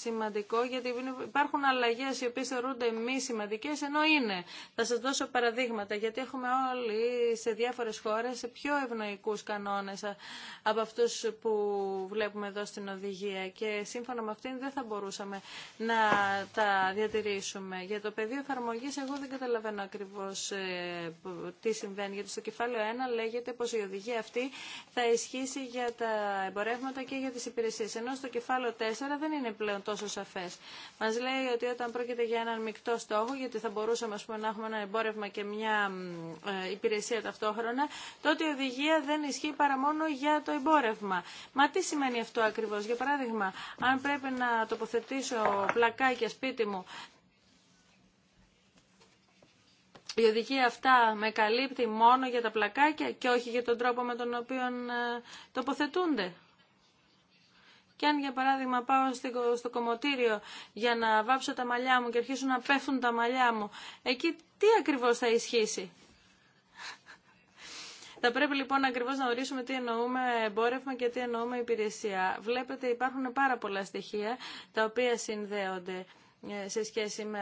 σημαντικό γιατί υπάρχουν αλλαγέ οι οποίε θεωρούνται μη σημαντικέ, ενώ είναι. Θα σα δώσω παραδείγματα γιατί έχουμε όλοι σε διάφορε χώρε πιο ευνοϊκού κανόνε από αυτού που βλέπουμε εδώ στην οδηγία και σύμφωνα με αυτήν δεν θα μπορούσαμε να τα διατηρήσουμε. Για το πεδίο εφαρμογή εγώ δεν καταλαβαίνω ακριβώ ε, τι συμβαίνει γιατί στο κεφάλαιο 1 λέγεται πω η οδηγία αυτή θα ισχύσει για τα εμπορεύματα και για τι υπηρεσίε. ενώ στο κεφάλαιο 4 δεν είναι πλέον τόσο Μας λέει ότι όταν πρόκειται για έναν μεικτό στόχο, γιατί θα μπορούσαμε ας να έχουμε ένα εμπόρευμα και μια ε, υπηρεσία ταυτόχρονα, τότε η οδηγία δεν ισχύει παρά μόνο για το εμπόρευμα. Μα τι σημαίνει αυτό ακριβώς. Για παράδειγμα, αν πρέπει να τοποθετήσω πλακάκια σπίτι μου η οδηγία αυτά με καλύπτει μόνο για τα πλακάκια και όχι για τον τρόπο με τον οποίο ε, τοποθετούνται. Και αν για παράδειγμα πάω στο κομμωτήριο για να βάψω τα μαλλιά μου και αρχίσουν να πέφτουν τα μαλλιά μου, εκεί τι ακριβώς θα ισχύσει. Θα πρέπει λοιπόν ακριβώς να ορίσουμε τι εννοούμε εμπόρευμα και τι εννοούμε υπηρεσία. Βλέπετε υπάρχουν πάρα πολλά στοιχεία τα οποία συνδέονται. Ε, σε σχέση με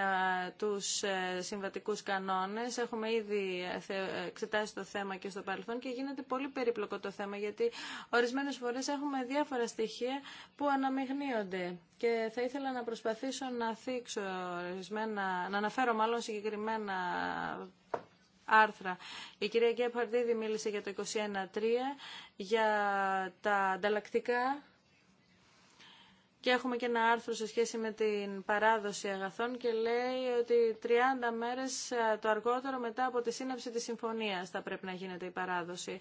τους ε, συμβατικούς κανόνες. Έχουμε ήδη ε, εξετάσει το θέμα και στο παρελθόν και γίνεται πολύ περίπλοκο το θέμα γιατί ορισμένες φορές έχουμε διάφορα στοιχεία που αναμειγνύονται και θα ήθελα να προσπαθήσω να θίξω ορισμένα, να αναφέρω μάλλον συγκεκριμένα άρθρα. Η κυρία Γκέπαρντ ήδη μίλησε για το 21.3, για τα ανταλλακτικά και έχουμε και ένα άρθρο σε σχέση με την παράδοση αγαθών και λέει ότι 30 μέρες ε, το αργότερο μετά από τη σύναψη της συμφωνίας θα πρέπει να γίνεται η παράδοση.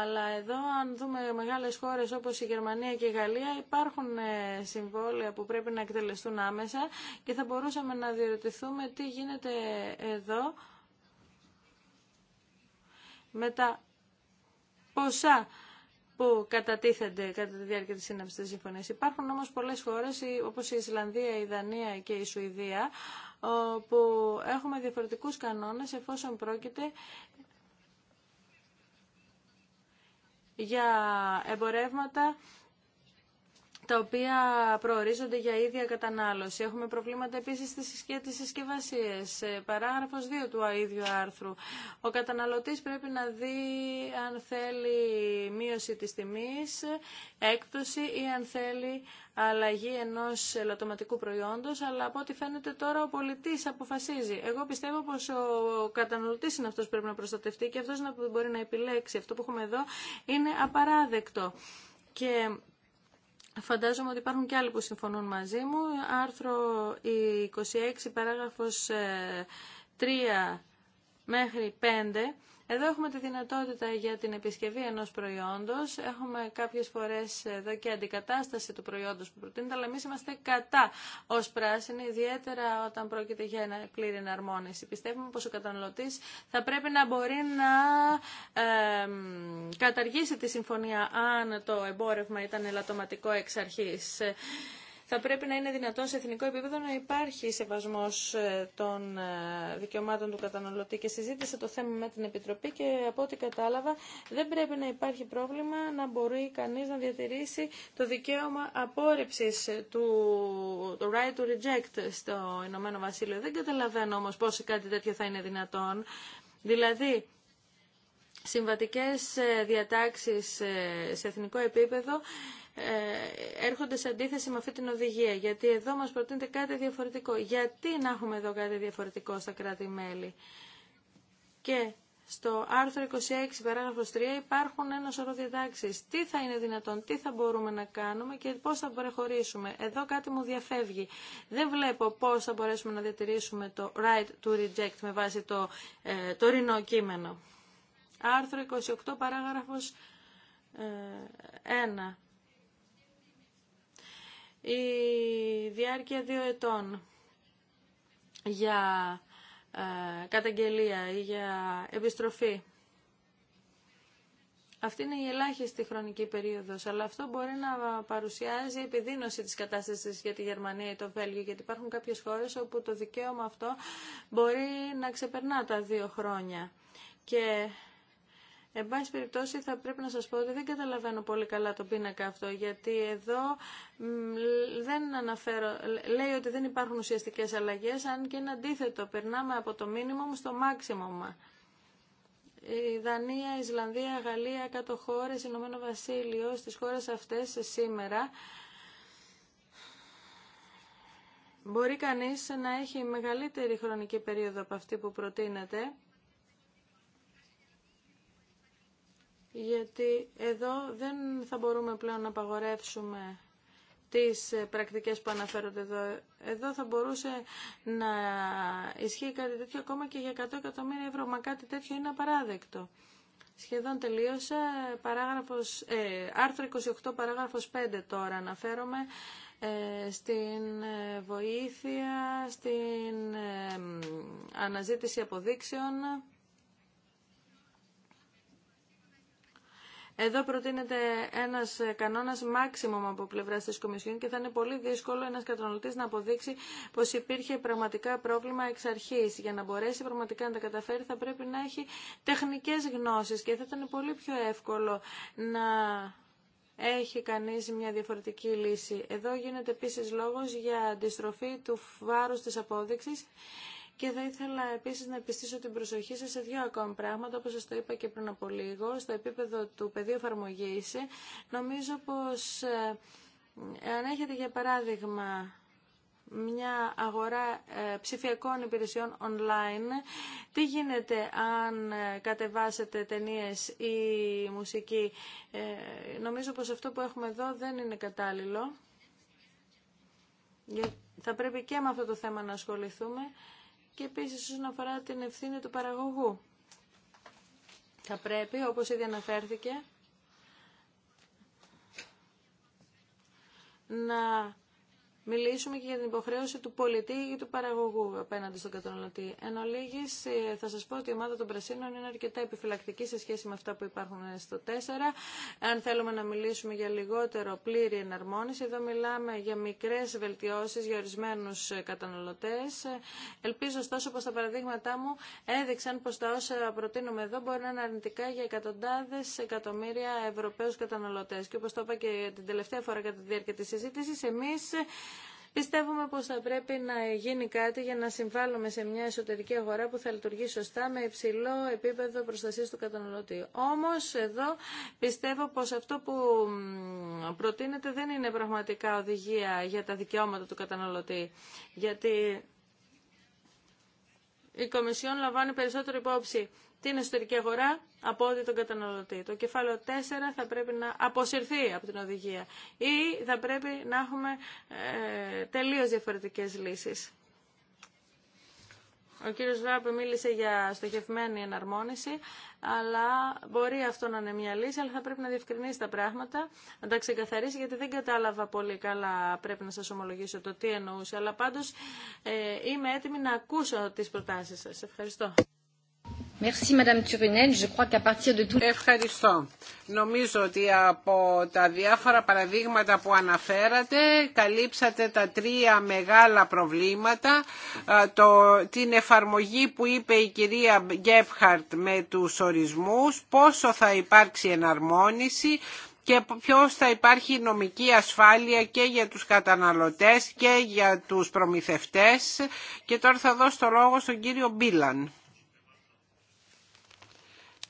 Αλλά εδώ αν δούμε μεγάλες χώρες όπως η Γερμανία και η Γαλλία υπάρχουν ε, συμβόλαια που πρέπει να εκτελεστούν άμεσα και θα μπορούσαμε να διερωτηθούμε τι γίνεται εδώ με τα ποσά που κατατίθενται κατά τη διάρκεια της σύναψης της συμφωνίας. Υπάρχουν όμως πολλές χώρες, όπως η Ισλανδία, η Δανία και η Σουηδία, που έχουμε διαφορετικούς κανόνες εφόσον πρόκειται για εμπορεύματα τα οποία προορίζονται για ίδια κατανάλωση. Έχουμε προβλήματα επίσης στις τι συσκευασίε. Ε, παράγραφος 2 του ίδιου άρθρου. Ο καταναλωτής πρέπει να δει αν θέλει μείωση της τιμής, έκπτωση ή αν θέλει αλλαγή ενός ελαττωματικού προϊόντος, αλλά από ό,τι φαίνεται τώρα ο πολιτής αποφασίζει. Εγώ πιστεύω πως ο καταναλωτής είναι αυτός που πρέπει να προστατευτεί και αυτός που μπορεί να επιλέξει. Αυτό που έχουμε εδώ είναι απαράδεκτο. Και Φαντάζομαι ότι υπάρχουν και άλλοι που συμφωνούν μαζί μου. Άρθρο 26, παράγραφος 3 ε, μέχρι 5 εδώ έχουμε τη δυνατότητα για την επισκευή ενός προϊόντος. Έχουμε κάποιες φορές εδώ και αντικατάσταση του προϊόντος που προτείνεται, αλλά εμείς είμαστε κατά ως πράσινοι, ιδιαίτερα όταν πρόκειται για ένα πλήρη εναρμόνιση. Πιστεύουμε πως ο καταναλωτής θα πρέπει να μπορεί να καταργήσει τη συμφωνία αν το εμπόρευμα ήταν ελαττωματικό εξ αρχής θα πρέπει να είναι δυνατόν σε εθνικό επίπεδο να υπάρχει σεβασμός ε, των ε, δικαιωμάτων του καταναλωτή και συζήτησε το θέμα με την Επιτροπή και από ό,τι κατάλαβα δεν πρέπει να υπάρχει πρόβλημα να μπορεί κανείς να διατηρήσει το δικαίωμα απόρριψης του το right to reject στο Ηνωμένο Βασίλειο. Δεν καταλαβαίνω όμως πώς κάτι τέτοιο θα είναι δυνατόν. Δηλαδή, συμβατικές ε, διατάξεις σε εθνικό επίπεδο ε, έρχονται σε αντίθεση με αυτή την οδηγία. Γιατί εδώ μας προτείνεται κάτι διαφορετικό. Γιατί να έχουμε εδώ κάτι διαφορετικό στα κράτη-μέλη. Και στο άρθρο 26 παράγραφος 3 υπάρχουν ένα σωρό διατάξεις. Τι θα είναι δυνατόν, τι θα μπορούμε να κάνουμε και πώς θα προχωρήσουμε. Εδώ κάτι μου διαφεύγει. Δεν βλέπω πώς θα μπορέσουμε να διατηρήσουμε το right to reject με βάση το ε, τωρινό κείμενο. Άρθρο 28 παράγραφος ε, 1 η διάρκεια δύο ετών για ε, καταγγελία ή για επιστροφή. Αυτή είναι η ελάχιστη χρονική περίοδος, αλλά αυτό μπορεί να παρουσιάζει επιδείνωση της κατάστασης για τη Γερμανία ή το Βέλγιο, γιατί υπάρχουν κάποιες χώρες όπου το δικαίωμα αυτό μπορεί να ξεπερνά τα δύο χρόνια. Και Εν πάση περιπτώσει θα πρέπει να σας πω ότι δεν καταλαβαίνω πολύ καλά τον πίνακα αυτό, γιατί εδώ δεν αναφέρω, λέει ότι δεν υπάρχουν ουσιαστικές αλλαγές, αν και είναι αντίθετο, περνάμε από το μήνυμο στο μάξιμο. Η Δανία, η Ισλανδία, Γαλλία, κάτω χώρες, Ηνωμένο Βασίλειο, στι χώρες αυτές σήμερα μπορεί κανείς να έχει μεγαλύτερη χρονική περίοδο από αυτή που προτείνεται γιατί εδώ δεν θα μπορούμε πλέον να απαγορεύσουμε τις πρακτικές που αναφέρονται εδώ. Εδώ θα μπορούσε να ισχύει κάτι τέτοιο ακόμα και για 100 εκατομμύρια ευρώ, μα κάτι τέτοιο είναι απαράδεκτο. Σχεδόν τελείωσα, παράγραφος, ε, άρθρο 28 παράγραφος 5 τώρα αναφέρομαι ε, στην ε, βοήθεια, στην αναζήτηση αποδείξεων. Εδώ προτείνεται ένας ε, κανόνας maximum από πλευρά της Κομισιόν και θα είναι πολύ δύσκολο ένας καταναλωτή να αποδείξει πως υπήρχε πραγματικά πρόβλημα εξ αρχή. Για να μπορέσει πραγματικά να τα καταφέρει θα πρέπει να έχει τεχνικές γνώσεις και θα ήταν πολύ πιο εύκολο να έχει κανείς μια διαφορετική λύση. Εδώ γίνεται επίσης λόγος για αντιστροφή του βάρους της απόδειξης και θα ήθελα επίσης να επιστήσω την προσοχή σας σε δύο ακόμα πράγματα, όπως σας το είπα και πριν από λίγο, στο επίπεδο του πεδίου εφαρμογή. Νομίζω πως ε, αν έχετε για παράδειγμα μια αγορά ε, ψηφιακών υπηρεσιών online. Τι γίνεται αν ε, κατεβάσετε ταινίες ή μουσική. Νομίζω πως αυτό που έχουμε εδώ δεν είναι κατάλληλο. Θα πρέπει και με αυτό το θέμα να ασχοληθούμε και επίσης όσον αφορά την ευθύνη του παραγωγού. Θα πρέπει, όπως ήδη αναφέρθηκε, να μιλήσουμε και για την υποχρέωση του πολιτή ή του παραγωγού απέναντι στον καταναλωτή. Εν ολίγης, ε, θα σα πω ότι η ομάδα των Πρασίνων είναι αρκετά επιφυλακτική σε σχέση με αυτά που υπάρχουν στο 4. Αν θέλουμε να μιλήσουμε για λιγότερο πλήρη εναρμόνιση, εδώ μιλάμε για μικρέ βελτιώσει για ορισμένου καταναλωτές. Ελπίζω ωστόσο πω τα παραδείγματά μου έδειξαν πω τα όσα προτείνουμε εδώ μπορεί να είναι αρνητικά για εκατοντάδε εκατομμύρια ευρωπαίου καταναλωτέ. Και όπω το είπα και την τελευταία φορά κατά τη διάρκεια τη συζήτηση, εμεί. Πιστεύουμε πως θα πρέπει να γίνει κάτι για να συμβάλλουμε σε μια εσωτερική αγορά που θα λειτουργεί σωστά με υψηλό επίπεδο προστασίας του καταναλωτή. Όμως εδώ πιστεύω πως αυτό που προτείνεται δεν είναι πραγματικά οδηγία για τα δικαιώματα του καταναλωτή. Γιατί η Κομισιόν λαμβάνει περισσότερο υπόψη την εσωτερική αγορά από ό,τι τον καταναλωτή. Το κεφάλαιο 4 θα πρέπει να αποσυρθεί από την οδηγία ή θα πρέπει να έχουμε ε, τελείως διαφορετικές λύσεις. Ο κύριος Βάπη μίλησε για στοχευμένη εναρμόνιση, αλλά μπορεί αυτό να είναι μια λύση, αλλά θα πρέπει να διευκρινίσει τα πράγματα, να τα ξεκαθαρίσει, γιατί δεν κατάλαβα πολύ καλά, πρέπει να σας ομολογήσω το τι εννοούσε, αλλά πάντως ε, είμαι έτοιμη να ακούσω τις προτάσεις σας. Ευχαριστώ. Ευχαριστώ. Νομίζω ότι από τα διάφορα παραδείγματα που αναφέρατε καλύψατε τα τρία μεγάλα προβλήματα. Το, την εφαρμογή που είπε η κυρία Γκέφχαρτ με τους ορισμούς, πόσο θα υπάρξει εναρμόνιση, και ποιος θα υπάρχει νομική ασφάλεια και για τους καταναλωτές και για τους προμηθευτές. Και τώρα θα δώσω το λόγο στον κύριο Μπίλαν.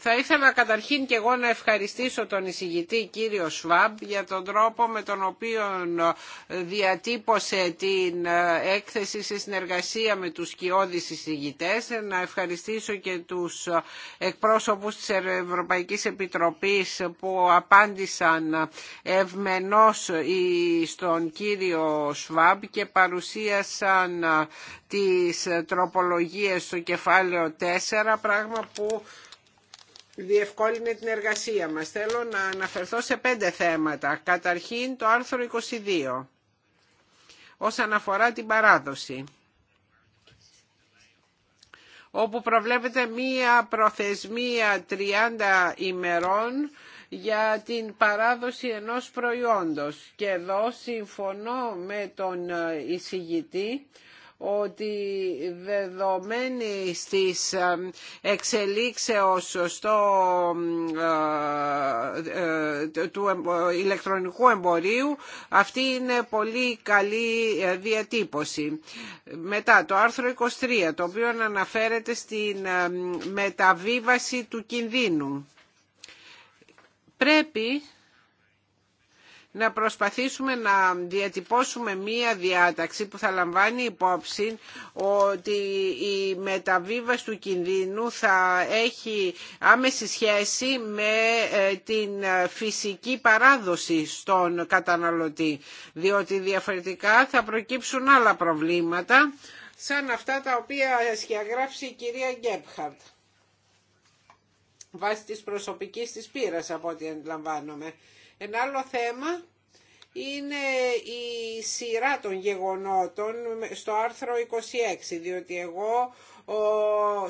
Θα ήθελα καταρχήν και εγώ να ευχαριστήσω τον εισηγητή κύριο Σβάμπ για τον τρόπο με τον οποίο ε, διατύπωσε την ε, έκθεση σε συνεργασία με τους κοιόδης εισηγητές. Να ευχαριστήσω και τους ε, εκπρόσωπους της Ευρωπαϊκής Επιτροπής που απάντησαν ευμενώς στον κύριο Σβάμπ και παρουσίασαν τις τροπολογίες στο κεφάλαιο 4, πράγμα που διευκόλυνε την εργασία μας. Θέλω να αναφερθώ σε πέντε θέματα. Καταρχήν το άρθρο 22 όσον αφορά την παράδοση όπου προβλέπεται μία προθεσμία 30 ημερών για την παράδοση ενός προϊόντος. Και εδώ συμφωνώ με τον εισηγητή ότι δεδομένη στις ε, εξελίξεως στο, ε, ε, του ηλεκτρονικού εμπορίου αυτή είναι πολύ καλή διατύπωση. Μετά το άρθρο 23 το οποίο αναφέρεται στην μεταβίβαση του κινδύνου. Πρέπει να προσπαθήσουμε να διατυπώσουμε μία διάταξη που θα λαμβάνει υπόψη ότι η μεταβίβαση του κινδύνου θα έχει άμεση σχέση με ε, την φυσική παράδοση στον καταναλωτή, διότι διαφορετικά θα προκύψουν άλλα προβλήματα σαν αυτά τα οποία σχεδιαγράφει η κυρία Γκέπχαρτ βάσει της προσωπικής της πείρας από ό,τι αντιλαμβάνομαι. Ένα άλλο θέμα είναι η σειρά των γεγονότων στο άρθρο 26, διότι εγώ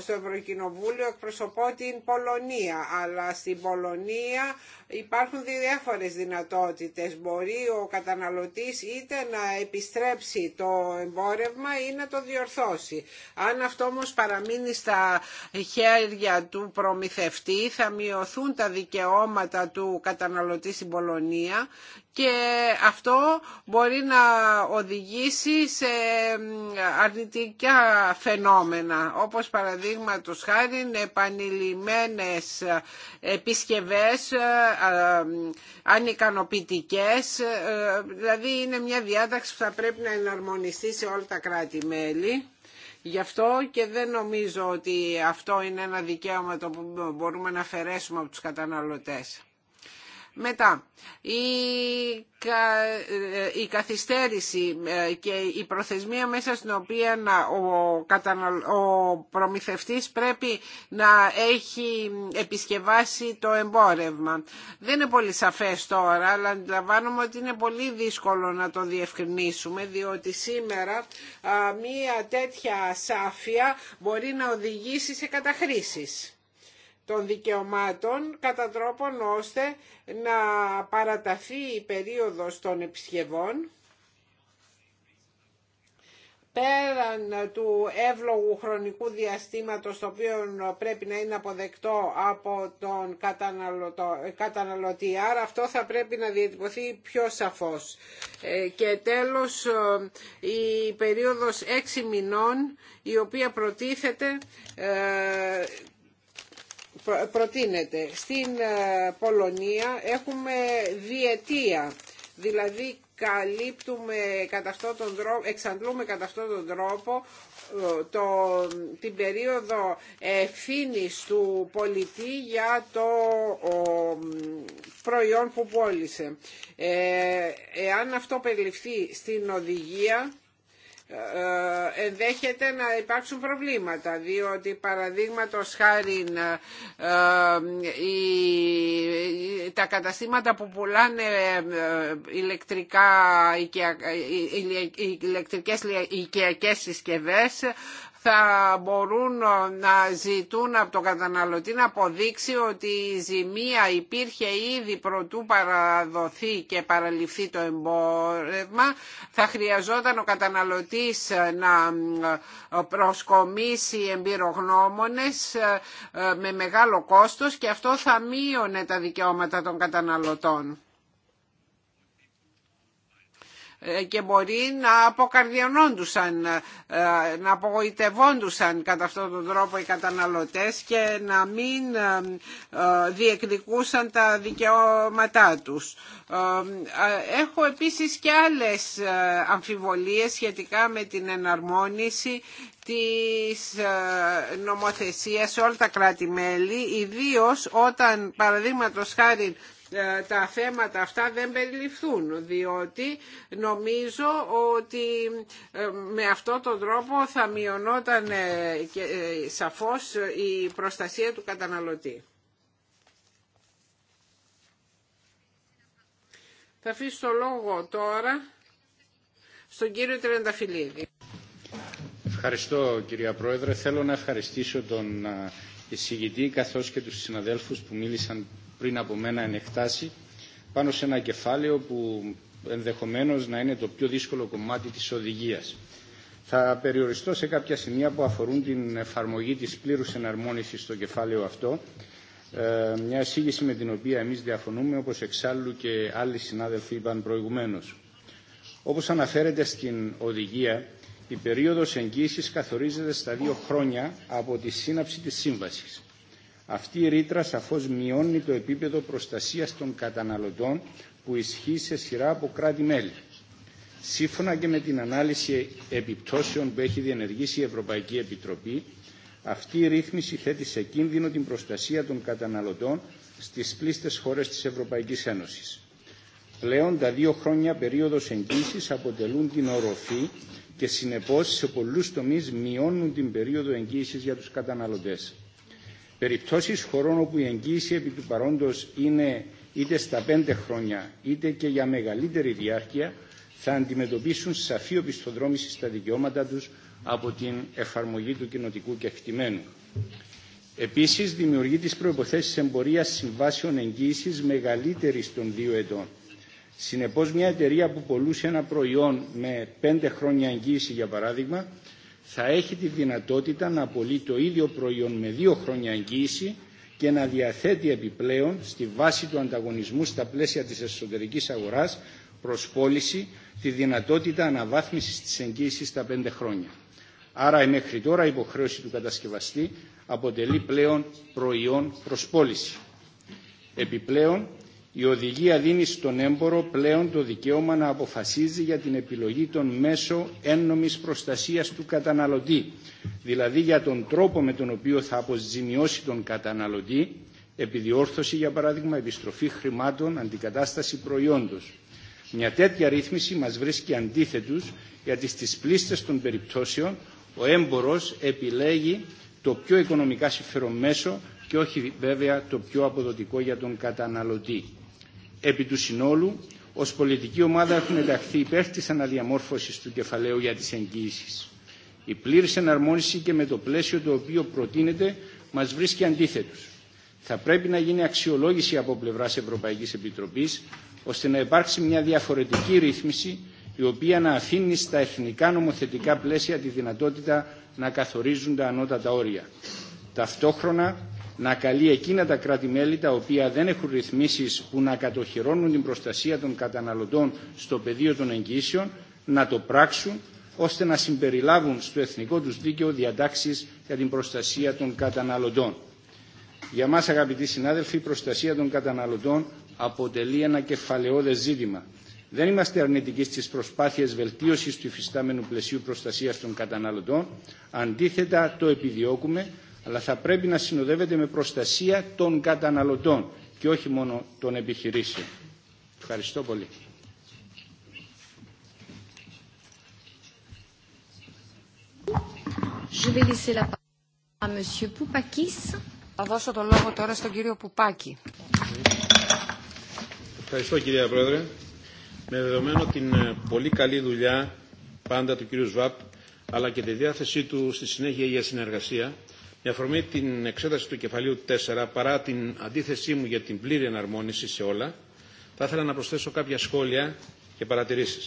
στο Ευρωκοινοβούλιο εκπροσωπώ την Πολωνία, αλλά στην Πολωνία υπάρχουν διάφορες δυνατότητες. Μπορεί ο καταναλωτής είτε να επιστρέψει το εμπόρευμα ή να το διορθώσει. Αν αυτό όμω παραμείνει στα χέρια του προμηθευτή θα μειωθούν τα δικαιώματα του καταναλωτή στην Πολωνία και αυτό μπορεί να οδηγήσει σε αρνητικά φαινόμενα όπως παραδείγματο χάρη επανειλημμένες επισκευές ε, ε, ανικανοποιητικές ε, δηλαδή είναι μια διάταξη που θα πρέπει να εναρμονιστεί σε όλα τα κράτη-μέλη Γι' αυτό και δεν νομίζω ότι αυτό είναι ένα δικαίωμα το που μπορούμε να αφαιρέσουμε από τους καταναλωτές. Μετά, η ε, καθυστέρηση ε, και η προθεσμία μέσα στην οποία ο προμηθευτής πρέπει να έχει επισκευάσει το εμπόρευμα. Δεν είναι πολύ σαφές τώρα, αλλά αντιλαμβάνομαι ότι είναι πολύ δύσκολο να το διευκρινίσουμε, διότι σήμερα μία τέτοια σάφια μπορεί να οδηγήσει σε καταχρήσεις των δικαιωμάτων κατά τρόπον ώστε να παραταθεί η περίοδος των επισκευών πέραν του εύλογου χρονικού διαστήματος το οποίο πρέπει να είναι αποδεκτό από τον καταναλωτή. Άρα αυτό θα πρέπει να διατυπωθεί πιο σαφώς. Ε, και τέλος ε, η περίοδος έξι μηνών η οποία προτίθεται ε, προτείνεται. Στην ε, Πολωνία έχουμε διετία, δηλαδή καλύπτουμε κατά αυτόν τον τρόπο, εξαντλούμε κατά αυτόν τον τρόπο ε, το, την περίοδο ευθύνη του πολιτή για το προϊόν που πώλησε. Ε, εάν αυτό περιληφθεί στην οδηγία ε, ε, ενδέχεται να υπάρξουν προβλήματα διότι παραδείγματος χάρη ε, τα καταστήματα που πουλάνε ηλεκτρικά ηλεκτρικές οικιακές συσκευές θα μπορούν να ζητούν από τον καταναλωτή να αποδείξει ότι η ζημία υπήρχε ήδη προτού παραδοθεί και παραλυφθεί το εμπόρευμα. Θα χρειαζόταν ο καταναλωτής να προσκομίσει εμπειρογνώμονες ε, με μεγάλο κόστος και αυτό θα μείωνε τα δικαιώματα των καταναλωτών και μπορεί να αποκαρδιονόντουσαν, ε, να απογοητευόντουσαν κατά αυτόν τον τρόπο οι καταναλωτές και να μην ε, ε, διεκδικούσαν τα δικαιώματά τους. Έχω επίσης και άλλες αμφιβολίες σχετικά με την εναρμόνιση της νομοθεσίας σε όλα τα κράτη-μέλη, ιδίως όταν παραδείγματος χάρη ε, τα θέματα αυτά δεν περιληφθούν διότι νομίζω ότι ε, με αυτό τον τρόπο θα μειωνόταν ε, σαφώς η προστασία του καταναλωτή. Θα αφήσω το λόγο τώρα στον κύριο Τρενταφυλλίδη. Ευχαριστώ κυρία Πρόεδρε. Θέλω να ευχαριστήσω τον εισηγητή καθώς και τους συναδέλφους που μίλησαν πριν από μένα ενεκτάσει πάνω σε ένα κεφάλαιο που ενδεχομένως να είναι το πιο δύσκολο κομμάτι της οδηγίας. Θα περιοριστώ σε κάποια σημεία που αφορούν την εφαρμογή της πλήρους εναρμόνισης στο κεφάλαιο αυτό, ε, μια εισήγηση με την οποία εμείς διαφωνούμε, όπως εξάλλου και άλλοι συνάδελφοι είπαν προηγουμένως. Όπως αναφέρεται στην οδηγία, η περίοδος εγγύησης καθορίζεται στα δύο χρόνια από τη σύναψη της σύμβασης. Αυτή η ρήτρα σαφώς μειώνει το επίπεδο προστασίας των καταναλωτών που ισχύει σε σειρά από κράτη-μέλη. Σύμφωνα και με την ανάλυση επιπτώσεων που έχει διενεργήσει η Ευρωπαϊκή Επιτροπή, αυτή η ρύθμιση θέτει σε κίνδυνο την προστασία των καταναλωτών στις πλήστες χώρες της Ευρωπαϊκής Ένωσης. Πλέον τα δύο χρόνια περίοδο εγγύησης αποτελούν την οροφή και συνεπώς σε πολλούς τομείς μειώνουν την περίοδο εγγύησης για τους καταναλωτές. Περιπτώσει χωρών όπου η εγγύηση επί του παρόντο είναι είτε στα πέντε χρόνια είτε και για μεγαλύτερη διάρκεια θα αντιμετωπίσουν σαφή οπισθοδρόμηση στα δικαιώματα τους από την εφαρμογή του κοινοτικού κεκτημένου. Επίση, δημιουργεί τι προποθέσει εμπορία συμβάσεων εγγύηση μεγαλύτερη των δύο ετών. Συνεπώ μια εταιρεία που πολλούσε ένα προϊόν με πέντε χρόνια εγγύηση, για παράδειγμα, θα έχει τη δυνατότητα να απολύει το ίδιο προϊόν με δύο χρόνια εγγύηση και να διαθέτει επιπλέον στη βάση του ανταγωνισμού στα πλαίσια της εσωτερικής αγοράς προς πώληση τη δυνατότητα αναβάθμισης της εγγύησης στα πέντε χρόνια. Άρα η μέχρι τώρα η υποχρέωση του κατασκευαστή αποτελεί πλέον προϊόν προς πώληση. Επιπλέον, η οδηγία δίνει στον έμπορο πλέον το δικαίωμα να αποφασίζει για την επιλογή των μέσων έννομης προστασίας του καταναλωτή, δηλαδή για τον τρόπο με τον οποίο θα αποζημιώσει τον καταναλωτή, επιδιόρθωση για παράδειγμα επιστροφή χρημάτων, αντικατάσταση προϊόντος. Μια τέτοια ρύθμιση μας βρίσκει αντίθετους γιατί στις πλήστες των περιπτώσεων ο έμπορος επιλέγει το πιο οικονομικά συμφέρον μέσο και όχι βέβαια το πιο αποδοτικό για τον καταναλωτή. Επί του συνόλου, ω πολιτική ομάδα έχουμε ενταχθεί υπέρ τη αναδιαμόρφωση του κεφαλαίου για τι εγγύησει. Η πλήρη εναρμόνιση και με το πλαίσιο το οποίο προτείνεται μα βρίσκει αντίθετου. Θα πρέπει να γίνει αξιολόγηση από πλευρά Ευρωπαϊκή Επιτροπή ώστε να υπάρξει μια διαφορετική ρύθμιση η οποία να αφήνει στα εθνικά νομοθετικά πλαίσια τη δυνατότητα να καθορίζουν τα ανώτατα όρια. Ταυτόχρονα να καλεί εκείνα τα κράτη-μέλη τα οποία δεν έχουν ρυθμίσει που να κατοχυρώνουν την προστασία των καταναλωτών στο πεδίο των εγγύσεων να το πράξουν ώστε να συμπεριλάβουν στο εθνικό τους δίκαιο διατάξεις για την προστασία των καταναλωτών. Για μας αγαπητοί συνάδελφοι, η προστασία των καταναλωτών αποτελεί ένα κεφαλαιόδες ζήτημα. Δεν είμαστε αρνητικοί στις προσπάθειες βελτίωσης του υφιστάμενου πλαισίου προστασίας των καταναλωτών. Αντίθετα, το επιδιώκουμε αλλά θα πρέπει να συνοδεύεται με προστασία των καταναλωτών και όχι μόνο των επιχειρήσεων. Ευχαριστώ πολύ. Θα δώσω το λόγο τώρα στον κύριο Πουπάκη. Ευχαριστώ κυρία Πρόεδρε. Με δεδομένο την ε, πολύ καλή δουλειά πάντα του κύριου ΣΒΑΠ αλλά και τη διάθεσή του στη συνέχεια για συνεργασία με αφορμή την εξέταση του κεφαλίου 4, παρά την αντίθεσή μου για την πλήρη εναρμόνιση σε όλα, θα ήθελα να προσθέσω κάποια σχόλια και παρατηρήσει.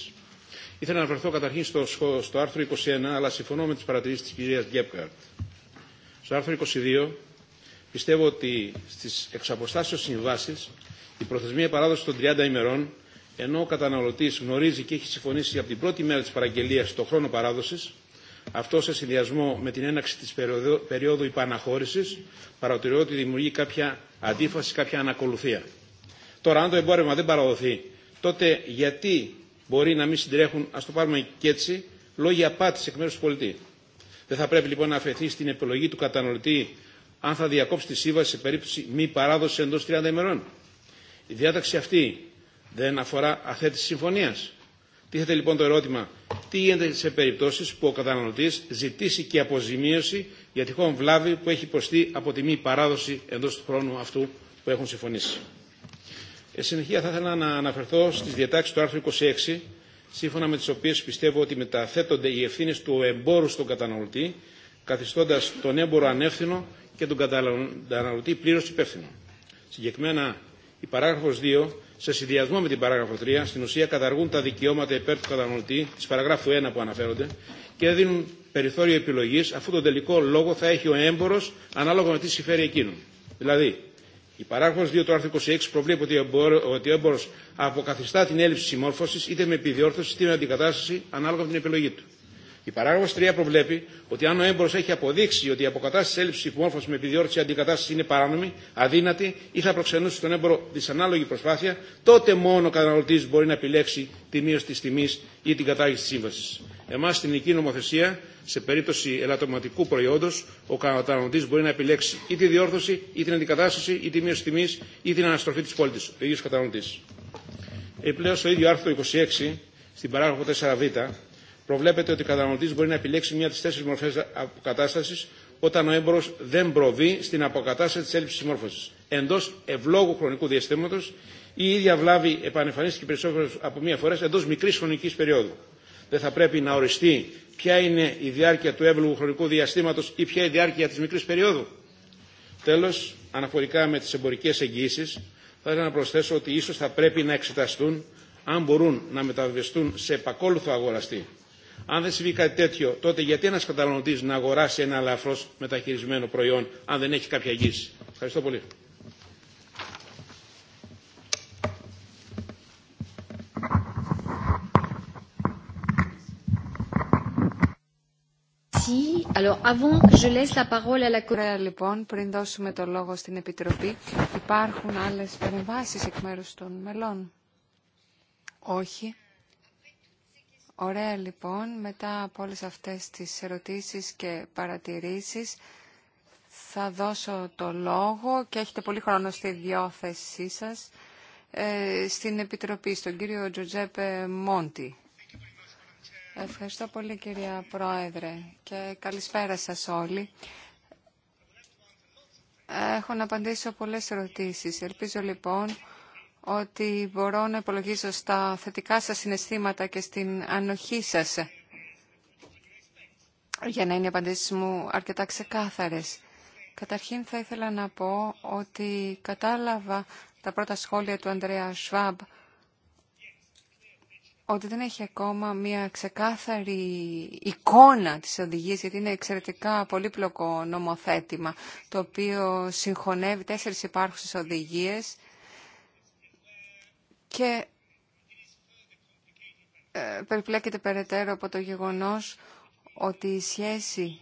Ήθελα να αναφερθώ καταρχήν στο, στο άρθρο 21, αλλά συμφωνώ με τι παρατηρήσει τη κυρία Γκέπκαρτ. Στο άρθρο 22 πιστεύω ότι στι εξαποστάσεω συμβάσει, η προθεσμία παράδοση των 30 ημερών, ενώ ο καταναλωτή γνωρίζει και έχει συμφωνήσει από την πρώτη μέρα τη παραγγελία το χρόνο παράδοση, αυτό σε συνδυασμό με την έναξη της περίοδου υπαναχώρησης παρατηρώ ότι δημιουργεί κάποια αντίφαση, κάποια ανακολουθία. Τώρα, αν το εμπόρευμα δεν παραδοθεί, τότε γιατί μπορεί να μην συντρέχουν, ας το πάρουμε και έτσι, λόγια απάτης εκ μέρους του πολιτή. Δεν θα πρέπει λοιπόν να αφαιθεί στην επιλογή του κατανοητή αν θα διακόψει τη σύμβαση σε περίπτωση μη παράδοση εντό 30 ημερών. Η διάταξη αυτή δεν αφορά αθέτηση συμφωνία. Τίθεται λοιπόν το ερώτημα, τι γίνεται σε περιπτώσεις που ο καταναλωτής ζητήσει και αποζημίωση για τυχόν βλάβη που έχει υποστεί από τη μη παράδοση εντός του χρόνου αυτού που έχουν συμφωνήσει. Ε, συνεχεία θα ήθελα να αναφερθώ στις διατάξεις του άρθρου 26, σύμφωνα με τις οποίες πιστεύω ότι μεταθέτονται οι ευθύνες του εμπόρου στον καταναλωτή, καθιστώντας τον έμπορο ανεύθυνο και τον καταναλωτή πλήρως υπεύθυνο. Συγκεκριμένα, η παράγραφος 2 σε συνδυασμό με την παράγραφο 3, στην ουσία καταργούν τα δικαιώματα υπέρ του καταναλωτή τη παραγράφου 1 που αναφέρονται και δίνουν περιθώριο επιλογή αφού τον τελικό λόγο θα έχει ο έμπορο ανάλογα με τι συμφέρει εκείνον. Δηλαδή, η παράγραφο 2 του άρθρου 26 προβλέπει ότι ο έμπορο αποκαθιστά την έλλειψη συμμόρφωση είτε με επιδιόρθωση είτε με αντικατάσταση ανάλογα με την επιλογή του. Η παράγραφο 3 προβλέπει ότι αν ο έμπορο έχει αποδείξει ότι η αποκατάσταση έλλειψη υπομόρφωση με επιδιόρθωση αντικατάσταση είναι παράνομη, αδύνατη ή θα προξενούσε τον έμπορο δυσανάλογη προσπάθεια, τότε μόνο ο καταναλωτή μπορεί να επιλέξει τη μείωση τη τιμή ή την κατάργηση τη σύμβαση. Εμά στην ελληνική νομοθεσία, σε περίπτωση ελαττωματικού προϊόντο, ο καταναλωτή μπορεί να επιλέξει ή τη διόρθωση, ή την αντικατάσταση, ή τη μείωση τιμή, ή την αναστροφή τη πόλη ο ίδιο καταναλωτή. Επιπλέον, στο ίδιο άρθρο 26, στην παράγραφο 4β, Προβλέπετε ότι ο καταναλωτή μπορεί να επιλέξει μία από τι τέσσερι μορφέ αποκατάσταση όταν ο έμπορο δεν προβεί στην αποκατάσταση τη έλλειψη συμμόρφωση εντό ευλόγου χρονικού διαστήματο ή η ίδια βλάβη επανεμφανίστηκε περισσότερο από μία φορά εντό μικρή χρονική περίοδου. Δεν θα πρέπει να οριστεί ποια είναι η διάρκεια του εύλογου χρονικού διαστήματο ή ποια η διάρκεια τη μικρή περίοδου. Τέλο, αναφορικά με τι εμπορικέ εγγυήσει, θα ήθελα να προσθέσω ότι ίσω θα πρέπει να εξεταστούν αν μπορούν να μεταβιβαστούν σε επακόλουθο αγοραστή αν δεν συμβεί κάτι τέτοιο, τότε γιατί ένα καταναλωτή να αγοράσει ένα ελαφρώ μεταχειρισμένο προϊόν, αν δεν έχει κάποια εγγύηση. Ευχαριστώ πολύ. λοιπόν, πριν δώσουμε το λόγο στην Επιτροπή, υπάρχουν άλλες παρεμβάσεις εκ μέρους των μελών. Όχι. Ωραία λοιπόν, μετά από όλες αυτές τις ερωτήσεις και παρατηρήσεις θα δώσω το λόγο και έχετε πολύ χρόνο στη διόθεσή σας ε, στην Επιτροπή, στον κύριο Τζοτζέπε Μόντι. Ευχαριστώ πολύ κυρία Πρόεδρε και καλησπέρα σας όλοι. Έχω να απαντήσω πολλές ερωτήσεις. Ελπίζω λοιπόν ότι μπορώ να υπολογίσω στα θετικά σας συναισθήματα και στην ανοχή σας για να είναι οι απαντήσεις μου αρκετά ξεκάθαρες. Καταρχήν θα ήθελα να πω ότι κατάλαβα τα πρώτα σχόλια του Ανδρέα Σβάμπ ότι δεν έχει ακόμα μια ξεκάθαρη εικόνα της οδηγίας, γιατί είναι εξαιρετικά πολύπλοκο νομοθέτημα, το οποίο συγχωνεύει τέσσερις υπάρχουσες οδηγίες και ε, περιπλέκεται περαιτέρω από το γεγονός ότι η σχέση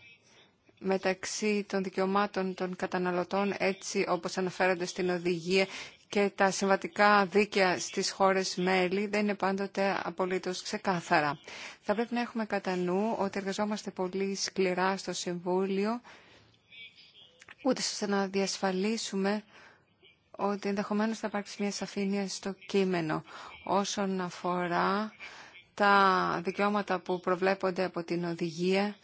μεταξύ των δικαιωμάτων των καταναλωτών έτσι όπως αναφέρονται στην οδηγία και τα συμβατικά δίκαια στις χώρες μέλη δεν είναι πάντοτε απολύτως ξεκάθαρα. Θα πρέπει να έχουμε κατά νου ότι εργαζόμαστε πολύ σκληρά στο Συμβούλιο ούτε ώστε να διασφαλίσουμε ότι ενδεχομένως θα υπάρξει μια σαφήνεια στο κείμενο όσον αφορά τα δικαιώματα που προβλέπονται από την οδηγία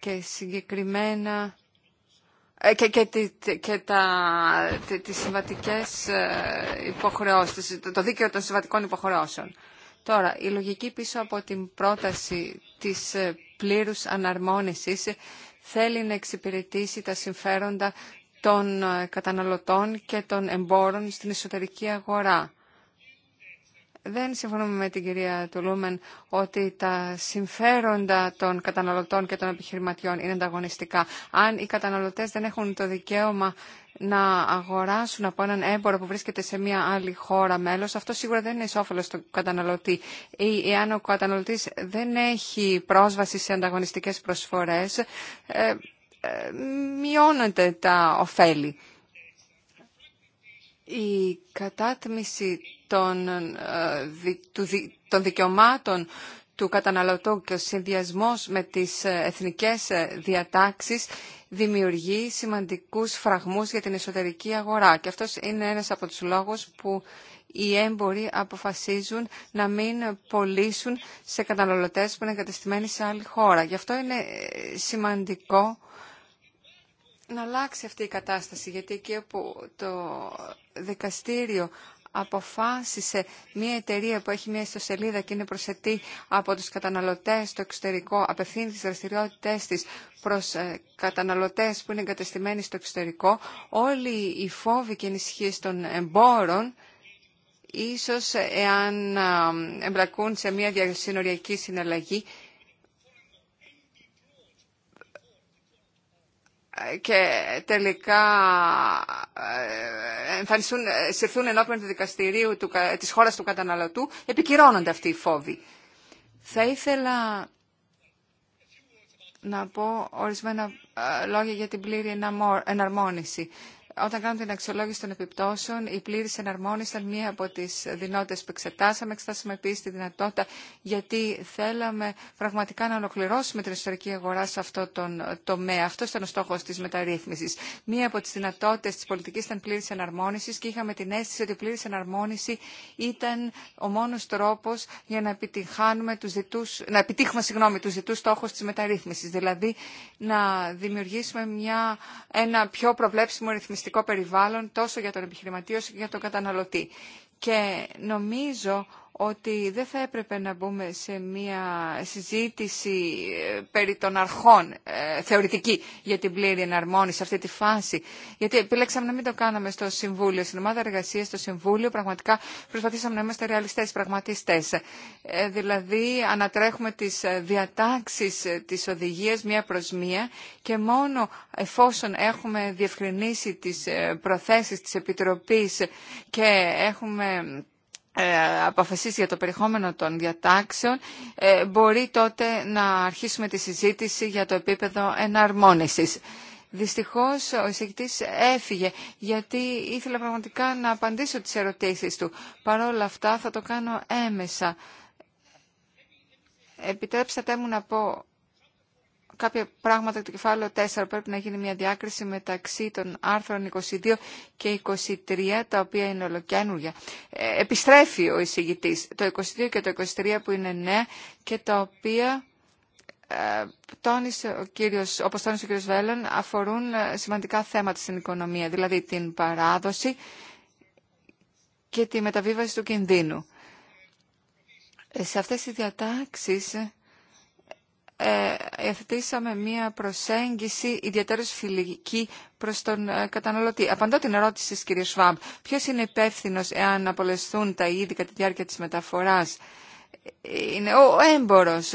και συγκεκριμένα ε, και, και, τα, τις συμβατικές ε, υποχρεώσεις, το δίκαιο των συμβατικών υποχρεώσεων. Τώρα, η λογική πίσω από την πρόταση της ε, πλήρους αναρμόνησης θέλει να εξυπηρετήσει τα συμφέροντα των ε, καταναλωτών και των εμπόρων στην εσωτερική αγορά. Δεν συμφωνούμε με την κυρία Τουλούμεν ότι τα συμφέροντα των καταναλωτών και των επιχειρηματιών είναι ανταγωνιστικά. Αν οι καταναλωτές δεν έχουν το δικαίωμα να αγοράσουν από έναν έμπορο που βρίσκεται σε μια άλλη χώρα μέλος, αυτό σίγουρα δεν είναι ισόφελος του καταναλωτή. Ή εάν ο καταναλωτής δεν έχει πρόσβαση σε ανταγωνιστικές προσφορές, ε, ε, μειώνονται τα ωφέλη. Η κατάτμιση των, ε, των δικαιωμάτων του καταναλωτού και ο συνδυασμός με τις ε, εθνικές διατάξεις δημιουργεί σημαντικούς φραγμούς για την εσωτερική αγορά. Και αυτός είναι ένας από τους λόγους που οι έμποροι αποφασίζουν να μην πωλήσουν σε καταναλωτές που είναι εγκατεστημένοι σε άλλη χώρα. Γι' αυτό είναι σημαντικό να αλλάξει αυτή η κατάσταση, γιατί εκεί όπου το δικαστήριο αποφάσισε μια εταιρεία που έχει μια ιστοσελίδα και είναι προσετή από τους καταναλωτές στο εξωτερικό, απευθύνει τις δραστηριότητές της προς ε, καταναλωτές που είναι εγκατεστημένοι στο εξωτερικό, όλοι οι φόβοι και ενισχύσεις των εμπόρων, ίσως εάν ε, εμπλακούν σε μια διασυνοριακή συναλλαγή, και τελικά ε, συρθούν ενώπιον του δικαστηρίου του, της χώρας του καταναλωτού, επικυρώνονται αυτοί οι φόβοι. Θα ήθελα να πω ορισμένα ε, λόγια για την πλήρη εναρμόνιση όταν κάνουμε την αξιολόγηση των επιπτώσεων, η πλήρη εναρμόνιση ήταν μία από τι δυνότητε που εξετάσαμε. Εξετάσαμε επίση τη δυνατότητα, γιατί θέλαμε πραγματικά να ολοκληρώσουμε την ιστορική αγορά σε αυτό το τομέα. Αυτό ήταν ο στόχο τη μεταρρύθμιση. Μία από τι δυνατότητε τη πολιτική ήταν πλήρη εναρμόνιση και είχαμε την αίσθηση ότι η πλήρη εναρμόνιση ήταν ο μόνο τρόπο για να, επιτυχάνουμε τους ζητούς να επιτύχουμε συγγνώμη, του ζητού στόχου τη μεταρρύθμιση. Δηλαδή να δημιουργήσουμε μια, ένα πιο προβλέψιμο ρυθμιστικό ασφαλιστικό περιβάλλον τόσο για τον επιχειρηματή όσο και για τον καταναλωτή. Και νομίζω ότι δεν θα έπρεπε να μπούμε σε μια συζήτηση ε, περί των αρχών, ε, θεωρητική, για την πλήρη εναρμόνιση σε αυτή τη φάση. Γιατί επιλέξαμε να μην το κάναμε στο Συμβούλιο, στην ομάδα εργασία, στο Συμβούλιο. Πραγματικά προσπαθήσαμε να είμαστε ρεαλιστέ, πραγματιστέ. Ε, δηλαδή, ανατρέχουμε τι διατάξει τη οδηγία μία προ μία και μόνο εφόσον έχουμε διευκρινίσει τι προθέσει τη Επιτροπή και έχουμε ε, αποφασίσει για το περιεχόμενο των διατάξεων, ε, μπορεί τότε να αρχίσουμε τη συζήτηση για το επίπεδο εναρμόνησης. Δυστυχώς ο εισηγητής έφυγε γιατί ήθελα πραγματικά να απαντήσω τις ερωτήσεις του. Παρ' όλα αυτά θα το κάνω έμεσα. Επιτρέψατε μου να πω κάποια πράγματα το κεφάλαιο 4 πρέπει να γίνει μια διάκριση μεταξύ των άρθρων 22 και 23 τα οποία είναι ολοκένουργια. Ε, επιστρέφει ο εισηγητής το 22 και το 23 που είναι νέα και τα οποία ε, τόνισε ο κύριος, όπως τόνισε ο κύριος Βέλλον αφορούν ε, σημαντικά θέματα στην οικονομία δηλαδή την παράδοση και τη μεταβίβαση του κινδύνου. Σε αυτές οι διατάξεις εθετήσαμε μία προσέγγιση ιδιαίτερως φιλική προς τον ε, καταναλωτή. Απαντώ την ερώτηση της κυρίας Σβάμπ. Ποιος είναι υπεύθυνο εάν απολεσθούν τα είδη κατά τη διάρκεια της μεταφοράς. Είναι ο έμπορος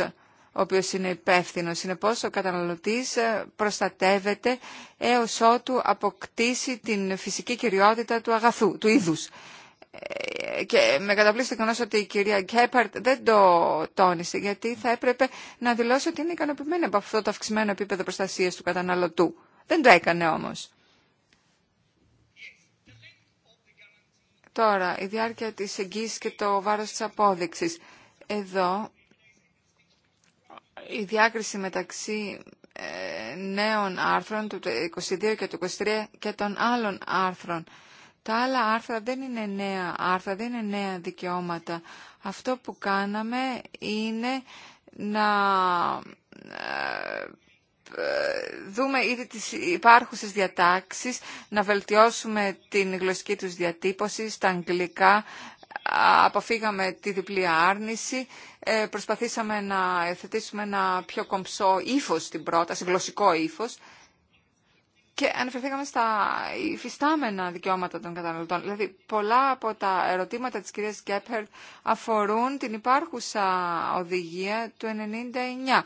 ο οποίος είναι υπεύθυνο. Είναι πώς ο καταναλωτής ε, προστατεύεται έως ότου αποκτήσει την φυσική κυριότητα του αγαθού, του είδους και με καταπλήσει το ότι η κυρία Γκέπαρτ δεν το τόνισε, γιατί θα έπρεπε να δηλώσει ότι είναι ικανοποιημένη από αυτό το αυξημένο επίπεδο προστασίας του καταναλωτού. Δεν το έκανε όμως. Τώρα, η διάρκεια της εγγύησης και το βάρος της απόδειξης. Εδώ, η διάκριση μεταξύ ε, νέων άρθρων του 22 και του 23 και των άλλων άρθρων τα άλλα άρθρα δεν είναι νέα άρθρα, δεν είναι νέα δικαιώματα. Αυτό που κάναμε είναι να ε, δούμε ήδη τις υπάρχουσες διατάξεις, να βελτιώσουμε την γλωσσική τους διατύπωση στα αγγλικά, αποφύγαμε τη διπλή άρνηση, ε, προσπαθήσαμε να εθετήσουμε ένα πιο κομψό ύφος στην πρόταση, γλωσσικό ύφος και αναφερθήκαμε στα υφιστάμενα δικαιώματα των καταναλωτών. Δηλαδή, πολλά από τα ερωτήματα της κυρίας Κέπερ αφορούν την υπάρχουσα οδηγία του 99.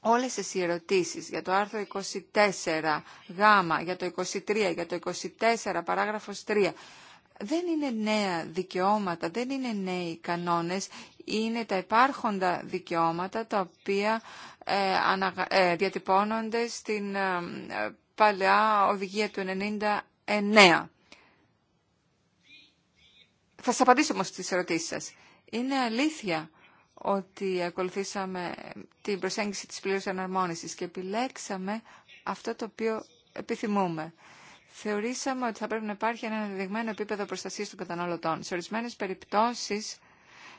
Όλες οι ερωτήσεις για το άρθρο 24, γάμα, για το 23, για το 24, παράγραφος 3, δεν είναι νέα δικαιώματα, δεν είναι νέοι κανόνες, είναι τα υπάρχοντα δικαιώματα τα οποία ε, ε, διατυπώνονται στην ε, παλαιά οδηγία του 99. Θα σας απαντήσω όμως στις ερωτήσεις σας. Είναι αλήθεια ότι ακολουθήσαμε την προσέγγιση της πλήρους εναρμόνισης και επιλέξαμε αυτό το οποίο επιθυμούμε. Θεωρήσαμε ότι θα πρέπει να υπάρχει ένα ενδεδειγμένο επίπεδο προστασίας των καταναλωτών. Σε ορισμένες περιπτώσεις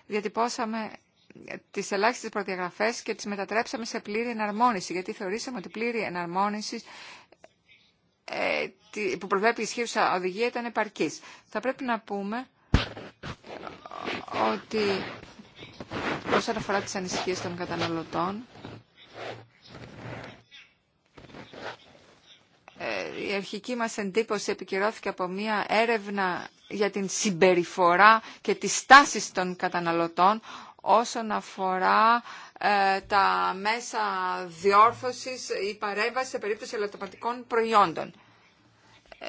διατυπώσαμε τις ελάχιστε προδιαγραφέ και τις μετατρέψαμε σε πλήρη εναρμόνιση, γιατί θεωρήσαμε ότι πλήρη εναρμόνιση ε, που προβλέπει η ισχύουσα οδηγία ήταν επαρκή. Θα πρέπει να πούμε ότι όσον αφορά τι ανησυχίε των καταναλωτών, η αρχική μας εντύπωση επικυρώθηκε από μια έρευνα για την συμπεριφορά και τις στάσεις των καταναλωτών όσον αφορά ε, τα μέσα διόρθωσης ή παρέμβαση σε περίπτωση ελαττωματικών προϊόντων. Ε,